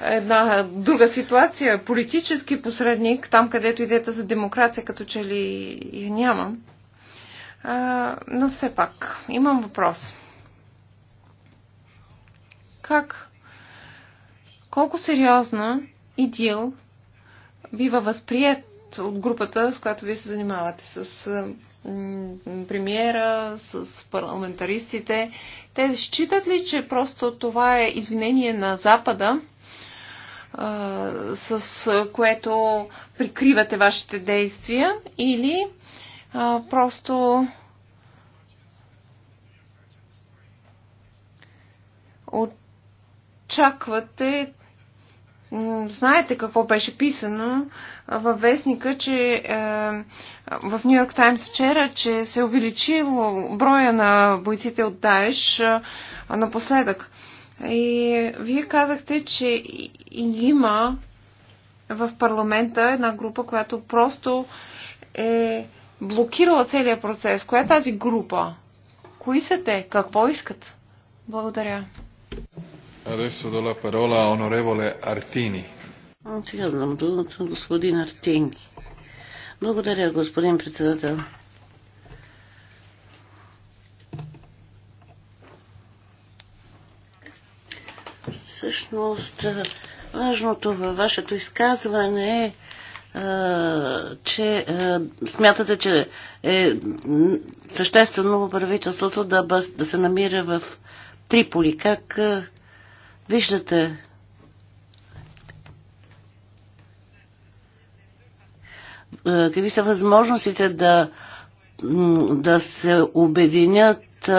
[SPEAKER 1] една друга ситуация, политически посредник, там където идеята за демокрация като че ли я няма. А, но все пак, имам въпрос. Как? Колко сериозна идил бива възприят от групата, с която вие се занимавате, с премиера, с парламентаристите. Те считат ли, че просто това е извинение на Запада с което прикривате вашите действия или а, просто очаквате знаете какво беше писано във вестника, че е, в Нью Йорк Таймс вчера, че се е увеличило броя на бойците от Даеш е, напоследък. И вие казахте, че и има в парламента една група, която просто е блокирала целият процес. Коя е тази група? Кои са те? Какво искат? Благодаря.
[SPEAKER 3] Adesso do la parola a onorevole Artini. Сега дам думата на господин Артини. Благодаря, господин председател. Всъщност, Важното във вашето изказване е, че смятате, че е съществено правителството да, бъс, да се намира в Триполи. Как виждате какви са възможностите да, да се обединят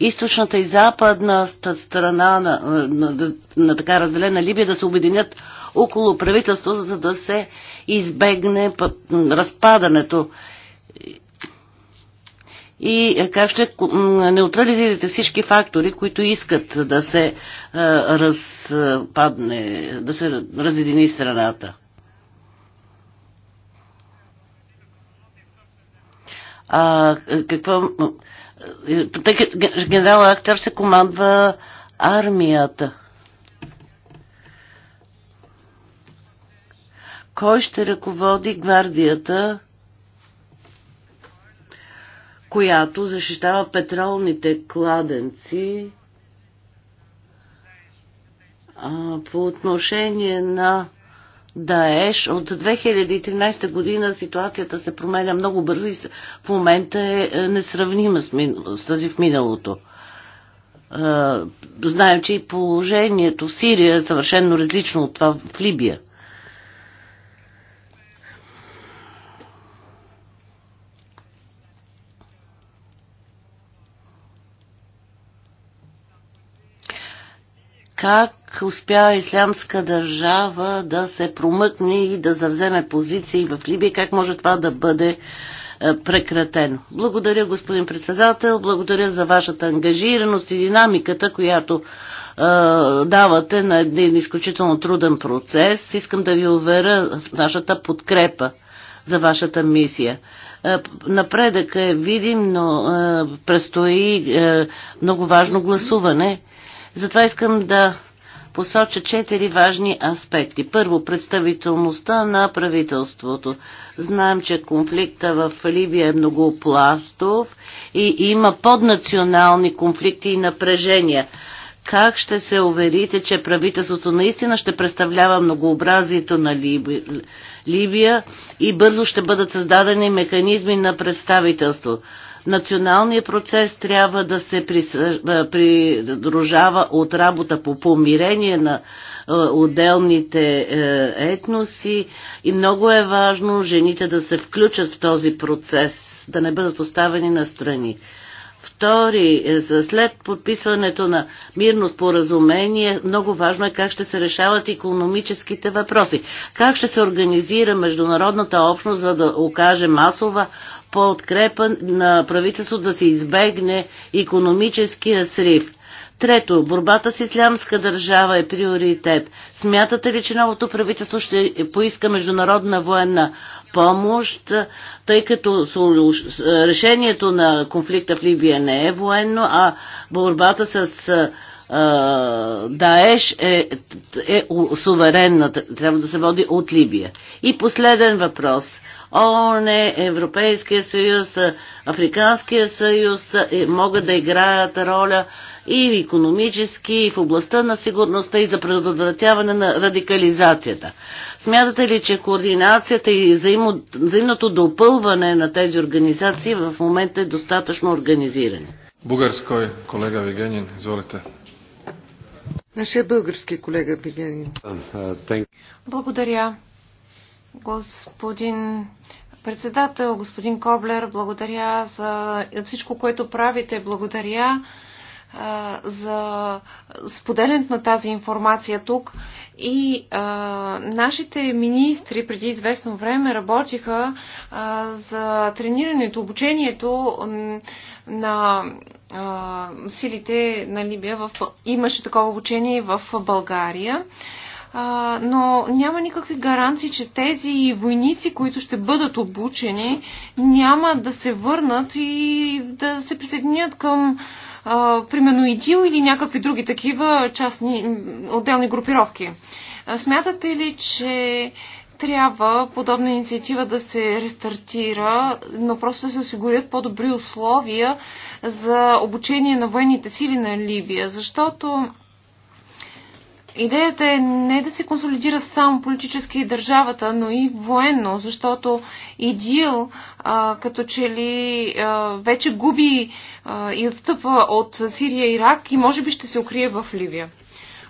[SPEAKER 3] източната и западна страна на, на, на, на така разделена Либия да се обединят около правителство, за да се избегне разпадането. И е, как ще неутрализирате всички фактори, които искат да се е, разпадне, да се разедини страната? А, е, какво, е, генерал Актер се командва армията. Кой ще ръководи гвардията, която защитава петролните кладенци а, по отношение на Даеш. От 2013 година ситуацията се променя много бързо и в момента е, е несравнима с, тази в миналото. Знаем, че и положението в Сирия е съвършенно различно от това в Либия. как успя ислямска държава да се промъкне и да завземе позиции в Либия, как може това да бъде е, прекратено. Благодаря, господин председател, благодаря за вашата ангажираност и динамиката, която е, давате на един изключително труден процес. Искам да ви уверя в нашата подкрепа за вашата мисия. Е, напредък е видим, но предстои много важно гласуване. Затова искам да посоча четири важни аспекти. Първо, представителността на правителството. Знаем, че конфликта в Либия е многопластов и има поднационални конфликти и напрежения. Как ще се уверите, че правителството наистина ще представлява многообразието на Либи... Либия и бързо ще бъдат създадени механизми на представителство? Националният процес трябва да се придружава от работа по помирение на отделните е, етноси и много е важно жените да се включат в този процес, да не бъдат оставени на страни. Втори, е, след подписването на мирно споразумение, много важно е как ще се решават економическите въпроси. Как ще се организира международната общност, за да окаже масова подкрепа на правителството да се избегне економическия срив. Трето, борбата с ислямска държава е приоритет. Смятате ли, че новото правителство ще поиска международна военна помощ, тъй като решението на конфликта в Либия не е военно, а борбата с а, Даеш е, е суверенна, трябва да се води от Либия. И последен въпрос – ООН, Европейския съюз, Африканския съюз е, могат да играят роля и в економически, и в областта на сигурността и за предотвратяване на радикализацията. Смятате ли, че координацията и взаимо, взаимното допълване на тези организации в момента е достатъчно организирани?
[SPEAKER 1] Бугарской колега Вигенин, изволите.
[SPEAKER 2] Нашия български колега Вигенин.
[SPEAKER 1] Благодаря. Господин председател, господин Коблер, благодаря за всичко, което правите. Благодаря за споделянето на тази информация тук. И а, нашите министри преди известно време работиха а, за тренирането, обучението на а, силите на Либия. В, имаше такова обучение в България а, но няма никакви гаранции, че тези войници, които ще бъдат обучени, няма да се върнат и да се присъединят към а, примерно ИДИЛ или някакви други такива частни отделни групировки. А, смятате ли, че трябва подобна инициатива да се рестартира, но просто да се осигурят по-добри условия за обучение на военните сили на Либия, защото Идеята е не да се консолидира само политически държавата, но и военно, защото ИДИЛ а, като че ли а, вече губи а, и отстъпва от Сирия и Ирак и може би ще се укрие в Ливия.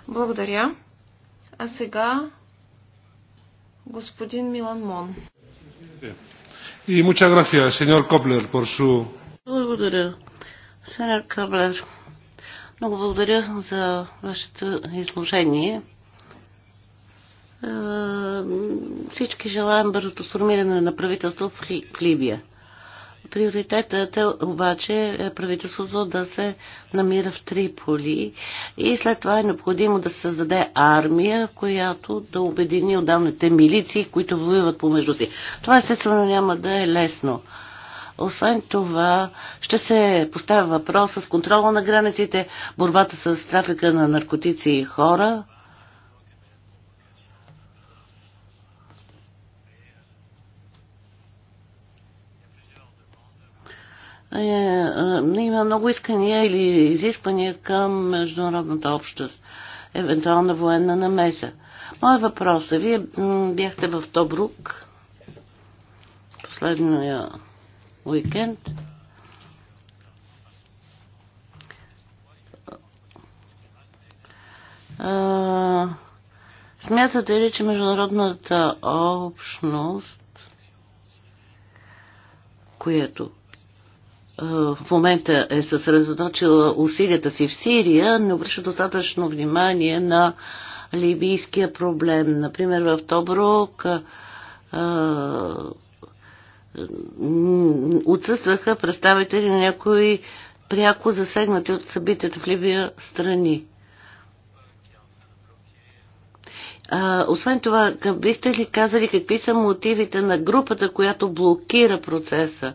[SPEAKER 1] Благодаря. А сега господин Милан Мон.
[SPEAKER 3] И muchas gracias, señor Коплер, por Благодаря, сеньор Коплер. Много благодаря за вашето изложение. Е, всички желаем бързото сформиране на правителство в Либия. Приоритетът е обаче е правителството да се намира в Триполи и след това е необходимо да се създаде армия, която да обедини отдалните милиции, които воюват помежду си. Това естествено няма да е лесно. Освен това, ще се поставя въпрос с контрола на границите, борбата с трафика на наркотици и хора. Е, е, има много искания или изисквания към международната общност, евентуална военна намеса. Моят въпрос е, вие бяхте в Тобрук, последния уикенд. смятате ли, че международната общност, която в момента е съсредоточила усилията си в Сирия, не обръща достатъчно внимание на либийския проблем. Например, в Тобрук отсъстваха представители на някои пряко засегнати от събитията в Либия страни. А, освен това, бихте ли казали какви са мотивите на групата, която блокира процеса?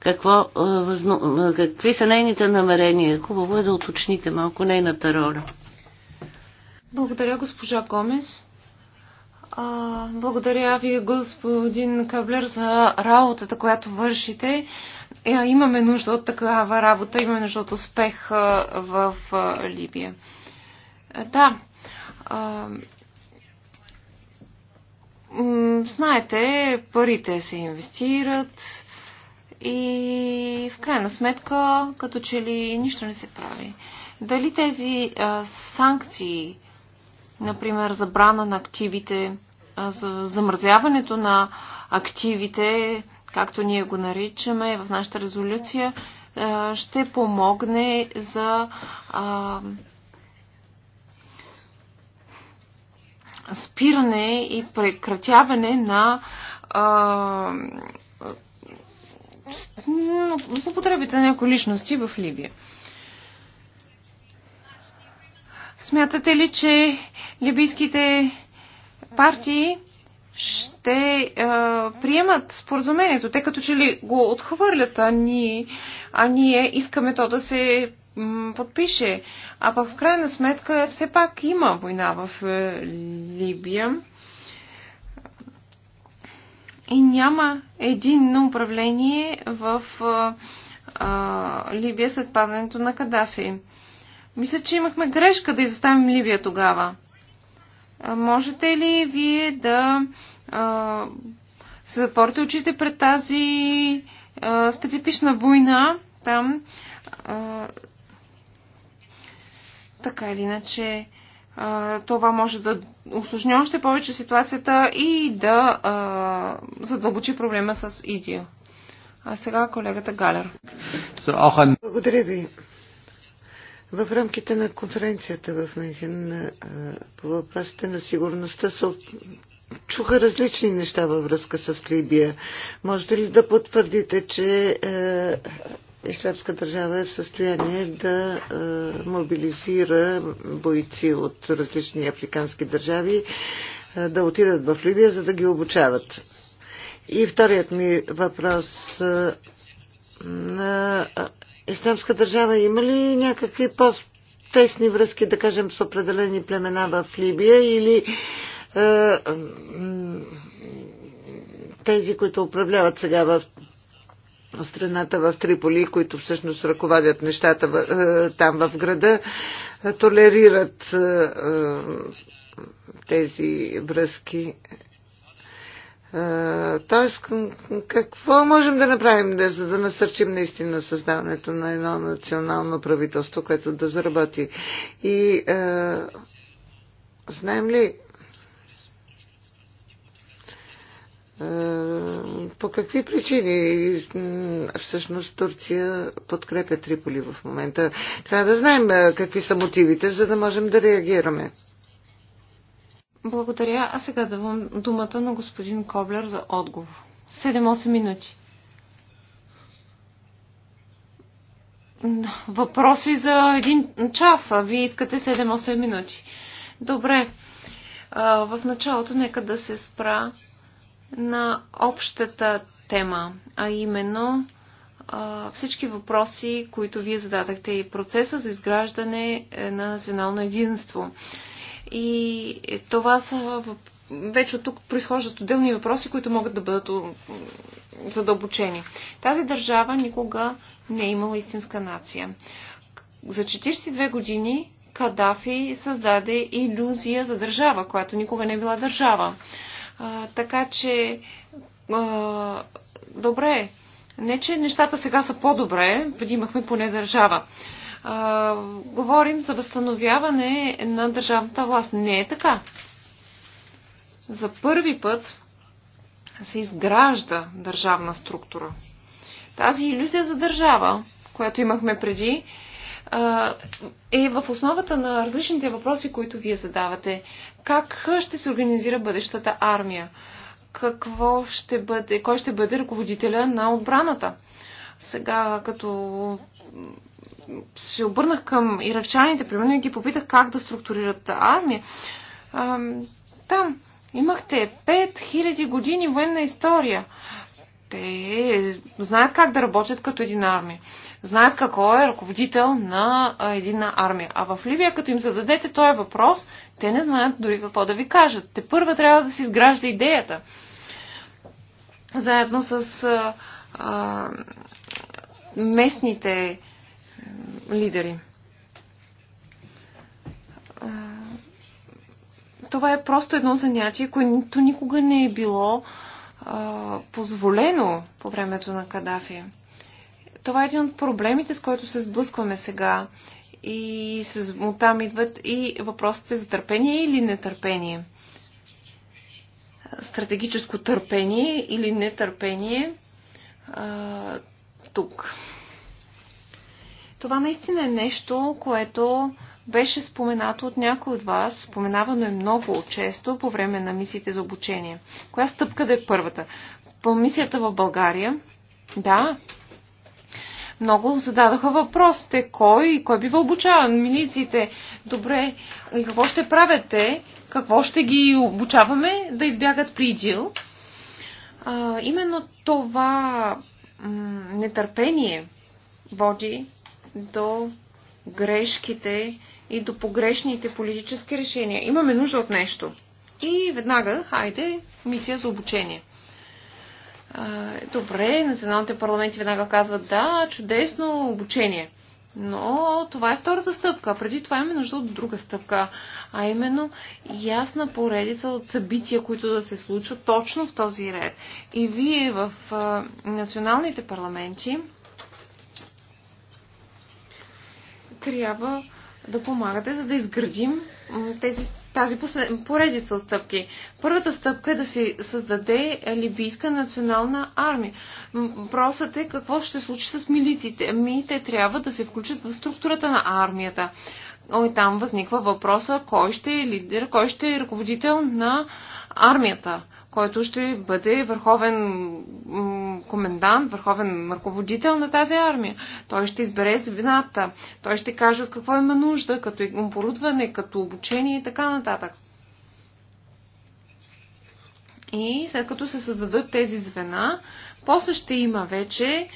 [SPEAKER 3] Какво, възно, какви са нейните намерения? Хубаво е да уточните малко нейната роля.
[SPEAKER 1] Благодаря, госпожа Комес. А, благодаря ви, господин Каблер, за работата, която вършите. Е, имаме нужда от такава работа, имаме нужда от успех в Либия. да. А, знаете, парите се инвестират и в крайна сметка, като че ли нищо не се прави. Дали тези а, санкции, Например, забрана на активите, за замразяването на активите, както ние го наричаме в нашата резолюция, ще помогне за спиране и прекратяване на злопотребите на някои личности в Либия. Смятате ли, че либийските партии ще е, приемат споразумението? Тъй като че ли го отхвърлят, а ние, а ние искаме то да се подпише. А пък в крайна сметка все пак има война в е, Либия. И няма един на управление в е, Либия след падането на Кадафи. Мисля, че имахме грешка да изоставим Ливия тогава. Можете ли вие да а, се затворите очите пред тази а, специфична война там? А, така или иначе, а, това може да осложни още повече ситуацията и да а, задълбочи проблема с Идия. А сега колегата Галер. Благодаря ви. В рамките на конференцията
[SPEAKER 2] в Мюнхен по въпросите на сигурността се чуха различни неща във връзка с Либия. Можете ли да потвърдите, че е, Ислямска държава е в състояние да е, мобилизира бойци от различни африкански държави е, да отидат в Либия, за да ги обучават. И вторият ми въпрос е, на. Исламска държава има ли някакви по-тесни връзки, да кажем, с определени племена в Либия или е, тези, които управляват сега в страната в Триполи, които всъщност ръководят нещата е, там в града, е, толерират е, тези връзки е, тоест, какво можем да направим, да, за да насърчим наистина създаването на едно национално правителство, което да заработи? И е, знаем ли е, по какви причини всъщност Турция подкрепя Триполи в момента? Трябва да знаем е, какви са мотивите, за да можем да реагираме.
[SPEAKER 1] Благодаря. А сега давам думата на господин Коблер за отговор. 7-8 минути. Въпроси за един час, а вие искате 7-8 минути. Добре. В началото нека да се спра на общата тема, а именно всички въпроси, които вие зададахте и процеса за изграждане е, на национално единство. И това са вече от тук произхождат отделни въпроси, които могат да бъдат задълбочени. Тази държава никога не е имала истинска нация. За 42 години Кадафи създаде иллюзия за държава, която никога не е била държава. А, така че, а, добре, не че нещата сега са по-добре, преди имахме поне държава а, говорим за възстановяване на държавната власт. Не е така. За първи път се изгражда държавна структура. Тази иллюзия за държава, която имахме преди, е в основата на различните въпроси, които вие задавате. Как ще се организира бъдещата армия? Какво ще бъде, кой ще бъде ръководителя на отбраната? Сега, като се обърнах към иракчаните, примерно, и ги попитах как да структурират армия. А, там имахте 5000 години военна история. Те знаят как да работят като един армия. Знаят какво е ръководител на една армия. А в Ливия, като им зададете този въпрос, те не знаят дори какво да ви кажат. Те първа трябва да се изгражда идеята. Заедно с а, а, местните лидери. Това е просто едно занятие, което никога не е било позволено по времето на Кадафи. Това е един от проблемите, с който се сблъскваме сега. И там оттам идват и въпросите за търпение или нетърпение. Стратегическо търпение или нетърпение а, тук. Това наистина е нещо, което беше споменато от някой от вас, споменавано е много често по време на мисиите за обучение. Коя стъпка да е първата? По мисията в България, да, много зададоха въпросите. Кой? Кой бива обучаван? Милициите. Добре, и какво ще правят Какво ще ги обучаваме да избягат придил? А, именно това нетърпение води до грешките и до погрешните политически решения. Имаме нужда от нещо. И веднага, хайде, мисия за обучение. Добре, националните парламенти веднага казват да, чудесно обучение. Но това е втората стъпка. Преди това имаме нужда от друга стъпка, а именно ясна поредица от събития, които да се случат точно в този ред. И вие в националните парламенти трябва да помагате, за да изградим тези, тази послед... поредица от стъпки. Първата стъпка е да се създаде либийска национална армия. Въпросът е какво ще случи с милиците. Ми те трябва да се включат в структурата на армията. И там възниква въпроса кой ще е лидер, кой ще е ръководител на армията който ще бъде върховен комендант, върховен ръководител на тази армия. Той ще избере звената, той ще каже от какво има нужда, като оборудване, като обучение и така нататък. И след като се създадат тези звена, после ще има вече е,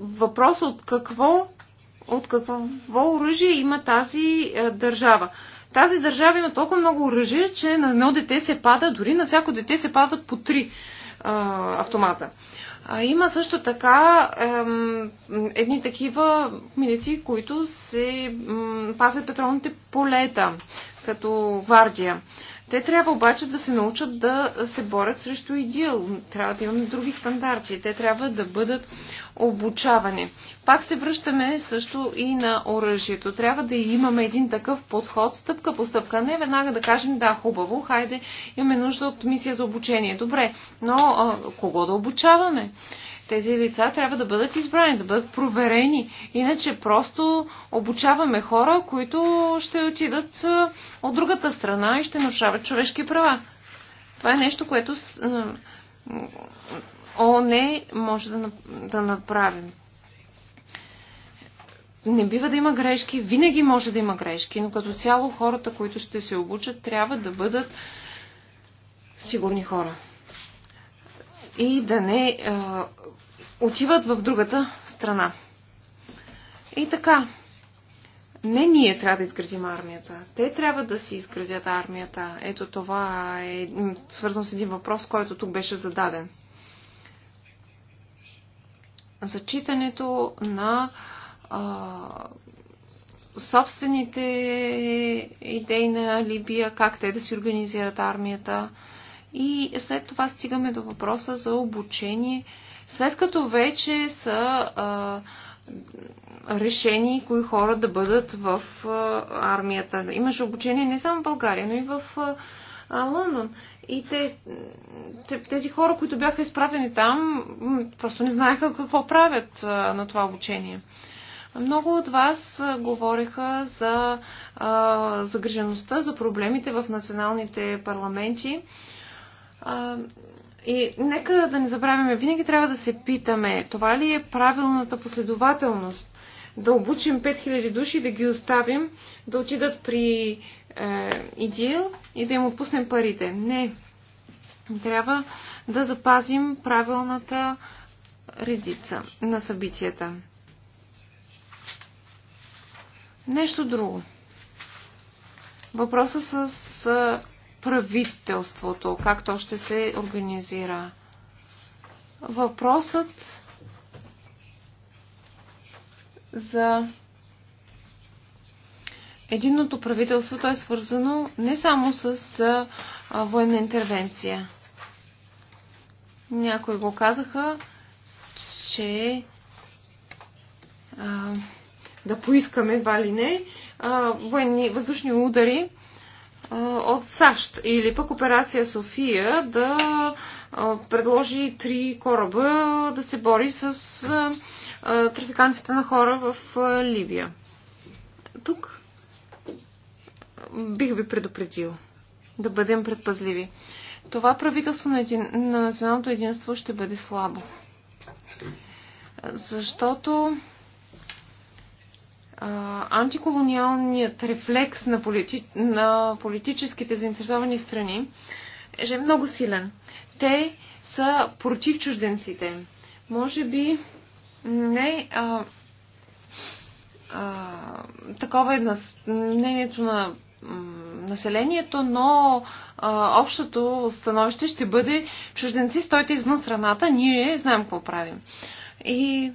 [SPEAKER 1] въпрос от какво, от какво оръжие има тази е, държава. Тази държава има толкова много оръжие, че на едно дете се пада, дори на всяко дете се падат по три а, автомата. А, има също така ем, едни такива милиции, които се м, пазят петролните полета като гвардия. Те трябва обаче да се научат да се борят срещу идеал. Трябва да имаме други стандарти. Те трябва да бъдат обучавани. Пак се връщаме също и на оръжието. Трябва да имаме един такъв подход, стъпка по стъпка. Не веднага да кажем, да, хубаво, хайде, имаме нужда от мисия за обучение. Добре, но а, кого да обучаваме? Тези лица трябва да бъдат избрани, да бъдат проверени. Иначе просто обучаваме хора, които ще отидат от другата страна и ще нарушават човешки права. Това е нещо, което ООН може да, да направим. Не бива да има грешки, винаги може да има грешки, но като цяло хората, които ще се обучат, трябва да бъдат сигурни хора и да не а, отиват в другата страна. И така, не ние трябва да изградим армията. Те трябва да си изградят армията. Ето това е свързано с един въпрос, който тук беше зададен. Зачитането на а, собствените идеи на Либия, как те да си организират армията. И след това стигаме до въпроса за обучение. След като вече са а, решени кои хора да бъдат в а, армията. Имаше обучение не само в България, но и в а, Лондон. И те, тези хора, които бяха изпратени там, просто не знаеха какво правят а, на това обучение. Много от вас говориха за загрижеността, за проблемите в националните парламенти. А, а, и нека да не забравяме, винаги трябва да се питаме, това ли е правилната последователност? Да обучим 5000 души, да ги оставим, да отидат при е, идил и да им отпуснем парите. Не. Трябва да запазим правилната редица на събитията. Нещо друго. Въпроса с правителството, как то ще се организира. Въпросът за единното правителство е свързано не само с военна интервенция. Някои го казаха, че а, да поискаме, два, ли не, а, военни въздушни удари от САЩ или пък операция София да предложи три кораба да се бори с трафикантите на хора в Ливия. Тук бих ви предупредил да бъдем предпазливи. Това правителство на, един, на националното единство ще бъде слабо. Защото антиколониалният рефлекс на, полити... на политическите заинтересовани страни е, е много силен. Те са против чужденците. Може би не а, а, такова е нас... мнението на населението, но а, общото становище ще бъде чужденци, стойте извън страната, ние знаем какво правим. И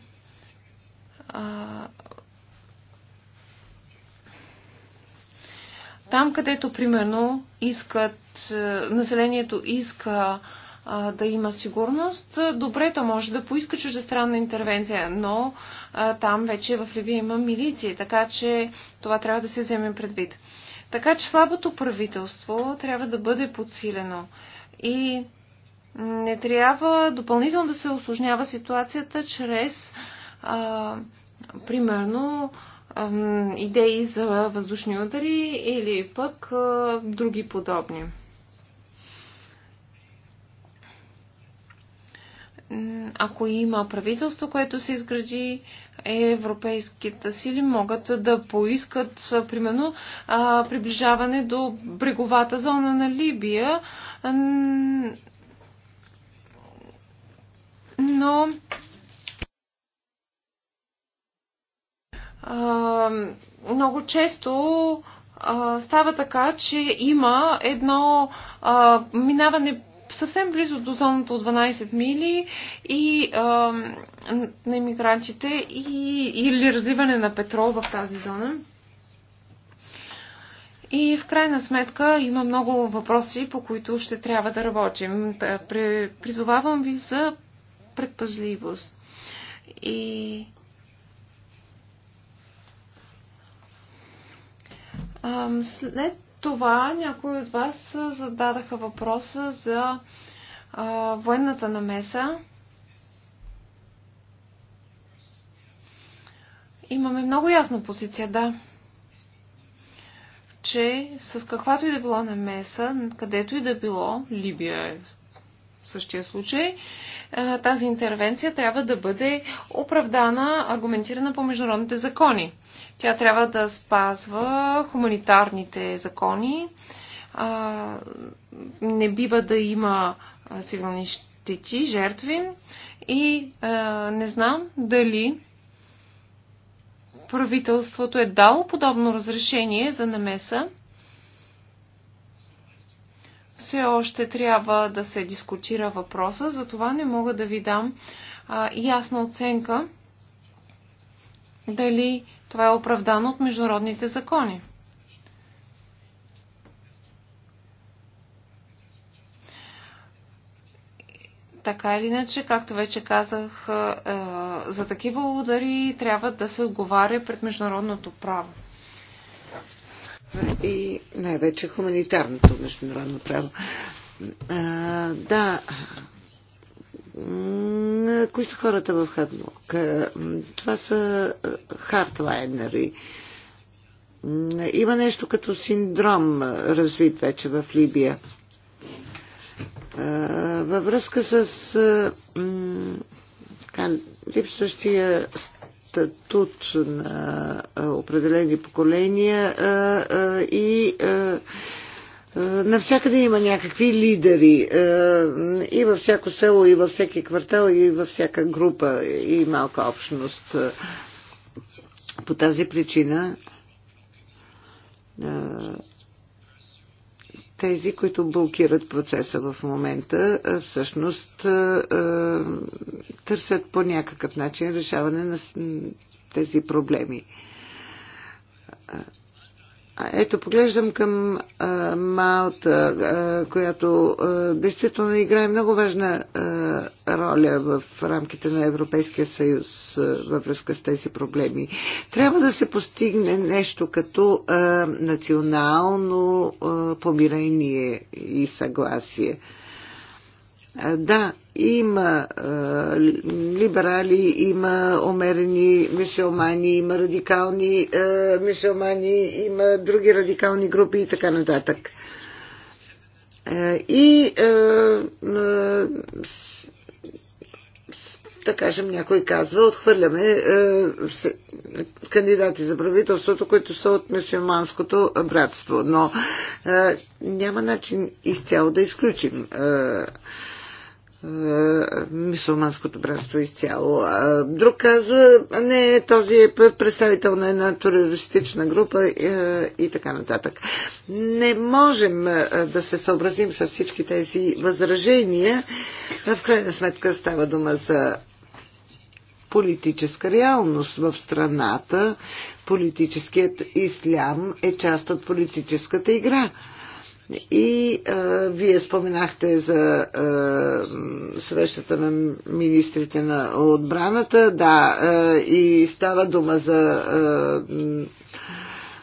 [SPEAKER 1] а, Там, където, примерно, искат, е, населението иска а, е, да има сигурност, е, добре, то може да поиска чуждестранна интервенция, но а, там вече в Ливия има милиции, така че това трябва да се вземе предвид. Така че слабото правителство трябва да бъде подсилено и не трябва допълнително да се осложнява ситуацията чрез, а, примерно, идеи за въздушни удари или пък други подобни. Ако има правителство, което се изгради, е европейските сили могат да поискат, примерно, приближаване до бреговата зона на Либия, но много често а, става така, че има едно а, минаване съвсем близо до зоната от 12 мили и а, на иммигрантите или развиване на петрол в тази зона. И в крайна сметка има много въпроси, по които ще трябва да работим. Призовавам ви за предпазливост. И След това някои от вас зададаха въпроса за военната намеса. Имаме много ясна позиция, да. Че с каквато и да било намеса, където и да било, Либия е в същия случай, е, тази интервенция трябва да бъде оправдана, аргументирана по международните закони. Тя трябва да спазва хуманитарните закони. Не бива да има цивилни щети, жертви. И не знам дали правителството е дало подобно разрешение за намеса все още трябва да се дискутира въпроса, затова не мога да ви дам а, ясна оценка дали това е оправдано от международните закони. така или иначе, както вече казах, за такива удари трябва да се отговаря пред международното право
[SPEAKER 2] и най-вече хуманитарното международно право. А, да, кои са хората в Хадмок? Това са хардлайнери. Има нещо като синдром развит вече в Либия. Във връзка с така, липсващия статут на определени поколения и навсякъде има някакви лидери. И във всяко село, и във всеки квартал, и във всяка група, и малка общност. По тази причина тези, които блокират процеса в момента, всъщност търсят по някакъв начин решаване на тези проблеми. Ето, поглеждам към а, Малта, а, която а, действително играе много важна а, роля в рамките на Европейския съюз а, във връзка с тези проблеми. Трябва да се постигне нещо като а, национално а, помирение и съгласие. А, да, има е, либерали, има умерени мишелмани, има радикални е, мишелмани, има други радикални групи и така нататък. Е, и е, е, да кажем, някой казва, отхвърляме е, кандидати за правителството, които са от мусулманското братство. Но е, няма начин изцяло да изключим. Е, е, мисулманското братство изцяло. Друг казва, не, този е представител на една терористична група е, и така нататък. Не можем е, да се съобразим с всички тези възражения. В крайна сметка става дума за политическа реалност в страната. Политическият ислям е част от политическата игра. И а, вие споменахте за а, срещата на министрите на отбраната, да, а, и става дума за а,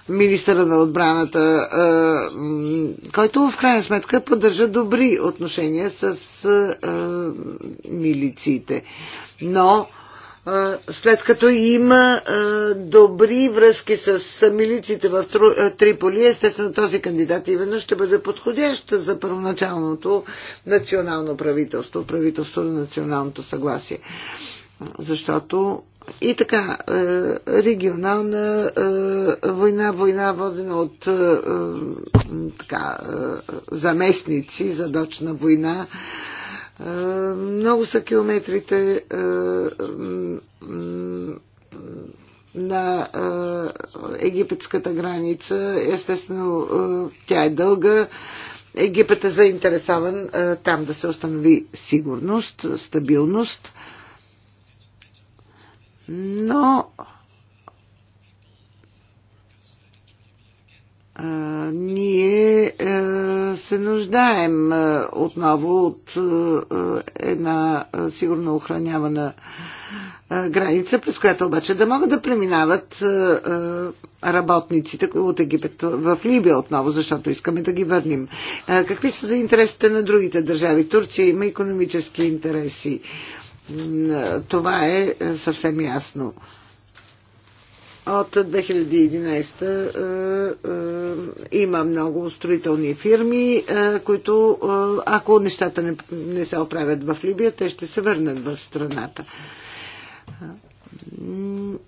[SPEAKER 2] министра на отбраната, а, който в крайна сметка поддържа добри отношения с а, милициите. Но а, след като има добри връзки с милиците в Триполи, естествено този кандидат именно ще бъде подходящ за първоначалното национално правителство, правителство на националното съгласие. Защото и така, регионална война, война водена от така, заместници, дочна война, е, много са километрите е, на е, египетската граница. Естествено, тя е дълга. Египет е заинтересован там да се установи сигурност, стабилност. Но ние е, се нуждаем е, отново от е, една сигурно охранявана граница, през която обаче да могат да преминават работниците от Египет в Либия отново, защото искаме да ги върнем. Какви са интересите на другите държави? Турция има економически интереси. Това е съвсем ясно. От 2011 е, е, има много строителни фирми, е, които е, ако нещата не, не се оправят в Либия, те ще се върнат в страната.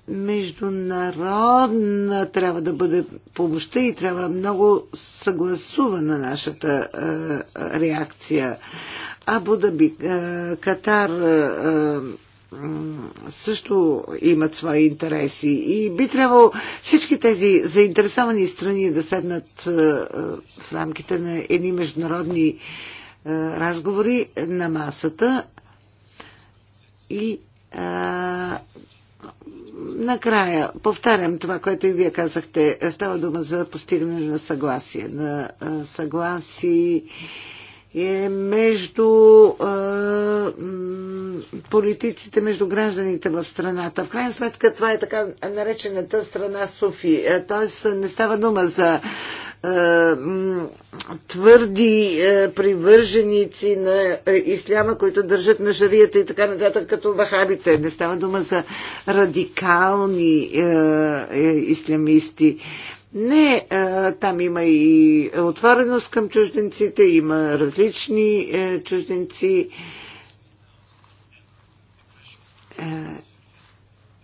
[SPEAKER 2] Международна трябва да бъде помощта и трябва много съгласувана нашата е, е, реакция. Абу Даби, Катар, също имат свои интереси и би трябвало всички тези заинтересовани страни да седнат е, е, в рамките на едни международни е, разговори на масата и а, накрая повтарям това, което и вие казахте. Става дума за постигане на съгласие. На а, съгласие е между е, политиците, между гражданите в страната. В крайна сметка това е така наречената страна Софи. Е, тоест не става дума за е, твърди е, привърженици на исляма, които държат на жарията и така нататък, като вахабите. Не става дума за радикални е, е, ислямисти. Не, е, там има и отвореност към чужденците, има различни е, чужденци е,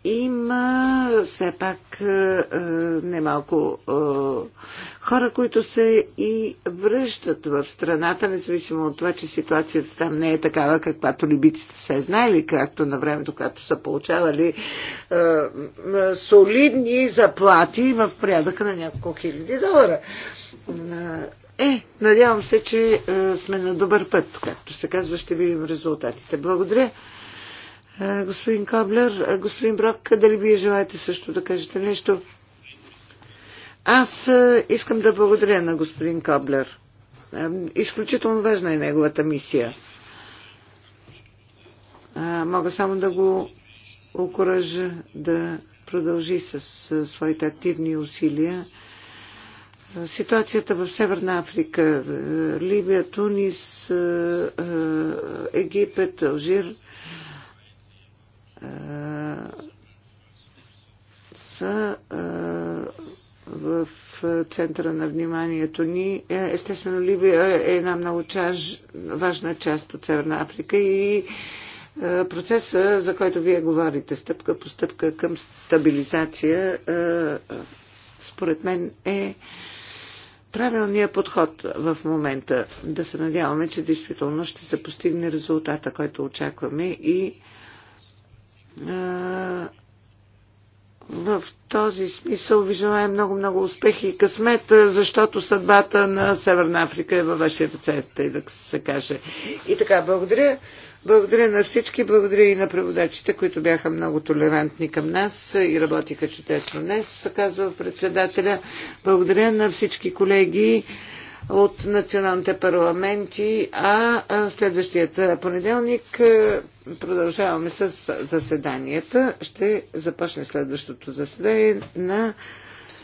[SPEAKER 2] има все пак е, е, немалко е, хора, които се и връщат в страната, независимо от това, че ситуацията там не е такава, каквато либиците се е знаели, както на времето, когато са получавали солидни заплати в порядъка на няколко хиляди долара. Е, надявам се, че сме на добър път, както се казва, ще видим резултатите. Благодаря. Господин Каблер, господин Брок, дали вие желаете също да кажете нещо? Аз искам да благодаря на господин Каблер. Изключително важна е неговата мисия. Мога само да го окоръжа да продължи с своите активни усилия. Ситуацията в Северна Африка, Либия, Тунис, Египет, Алжир – са в центъра на вниманието ни. Е, естествено, Либия е една много чаж, важна част от Северна Африка и процеса, за който вие говорите, стъпка по стъпка към стабилизация, според мен е правилният подход в момента. Да се надяваме, че действително ще се постигне резултата, който очакваме и е, в този смисъл ви желая много-много успехи и късмет, е, защото съдбата на Северна Африка е във ваши ръце, тъй да се каже. И така, благодаря. Благодаря на всички, благодаря и на преводачите, които бяха много толерантни към нас и работиха чудесно днес, казва председателя. Благодаря на всички колеги от националните парламенти, а следващият понеделник е, продължаваме с заседанията. Ще започне следващото заседание на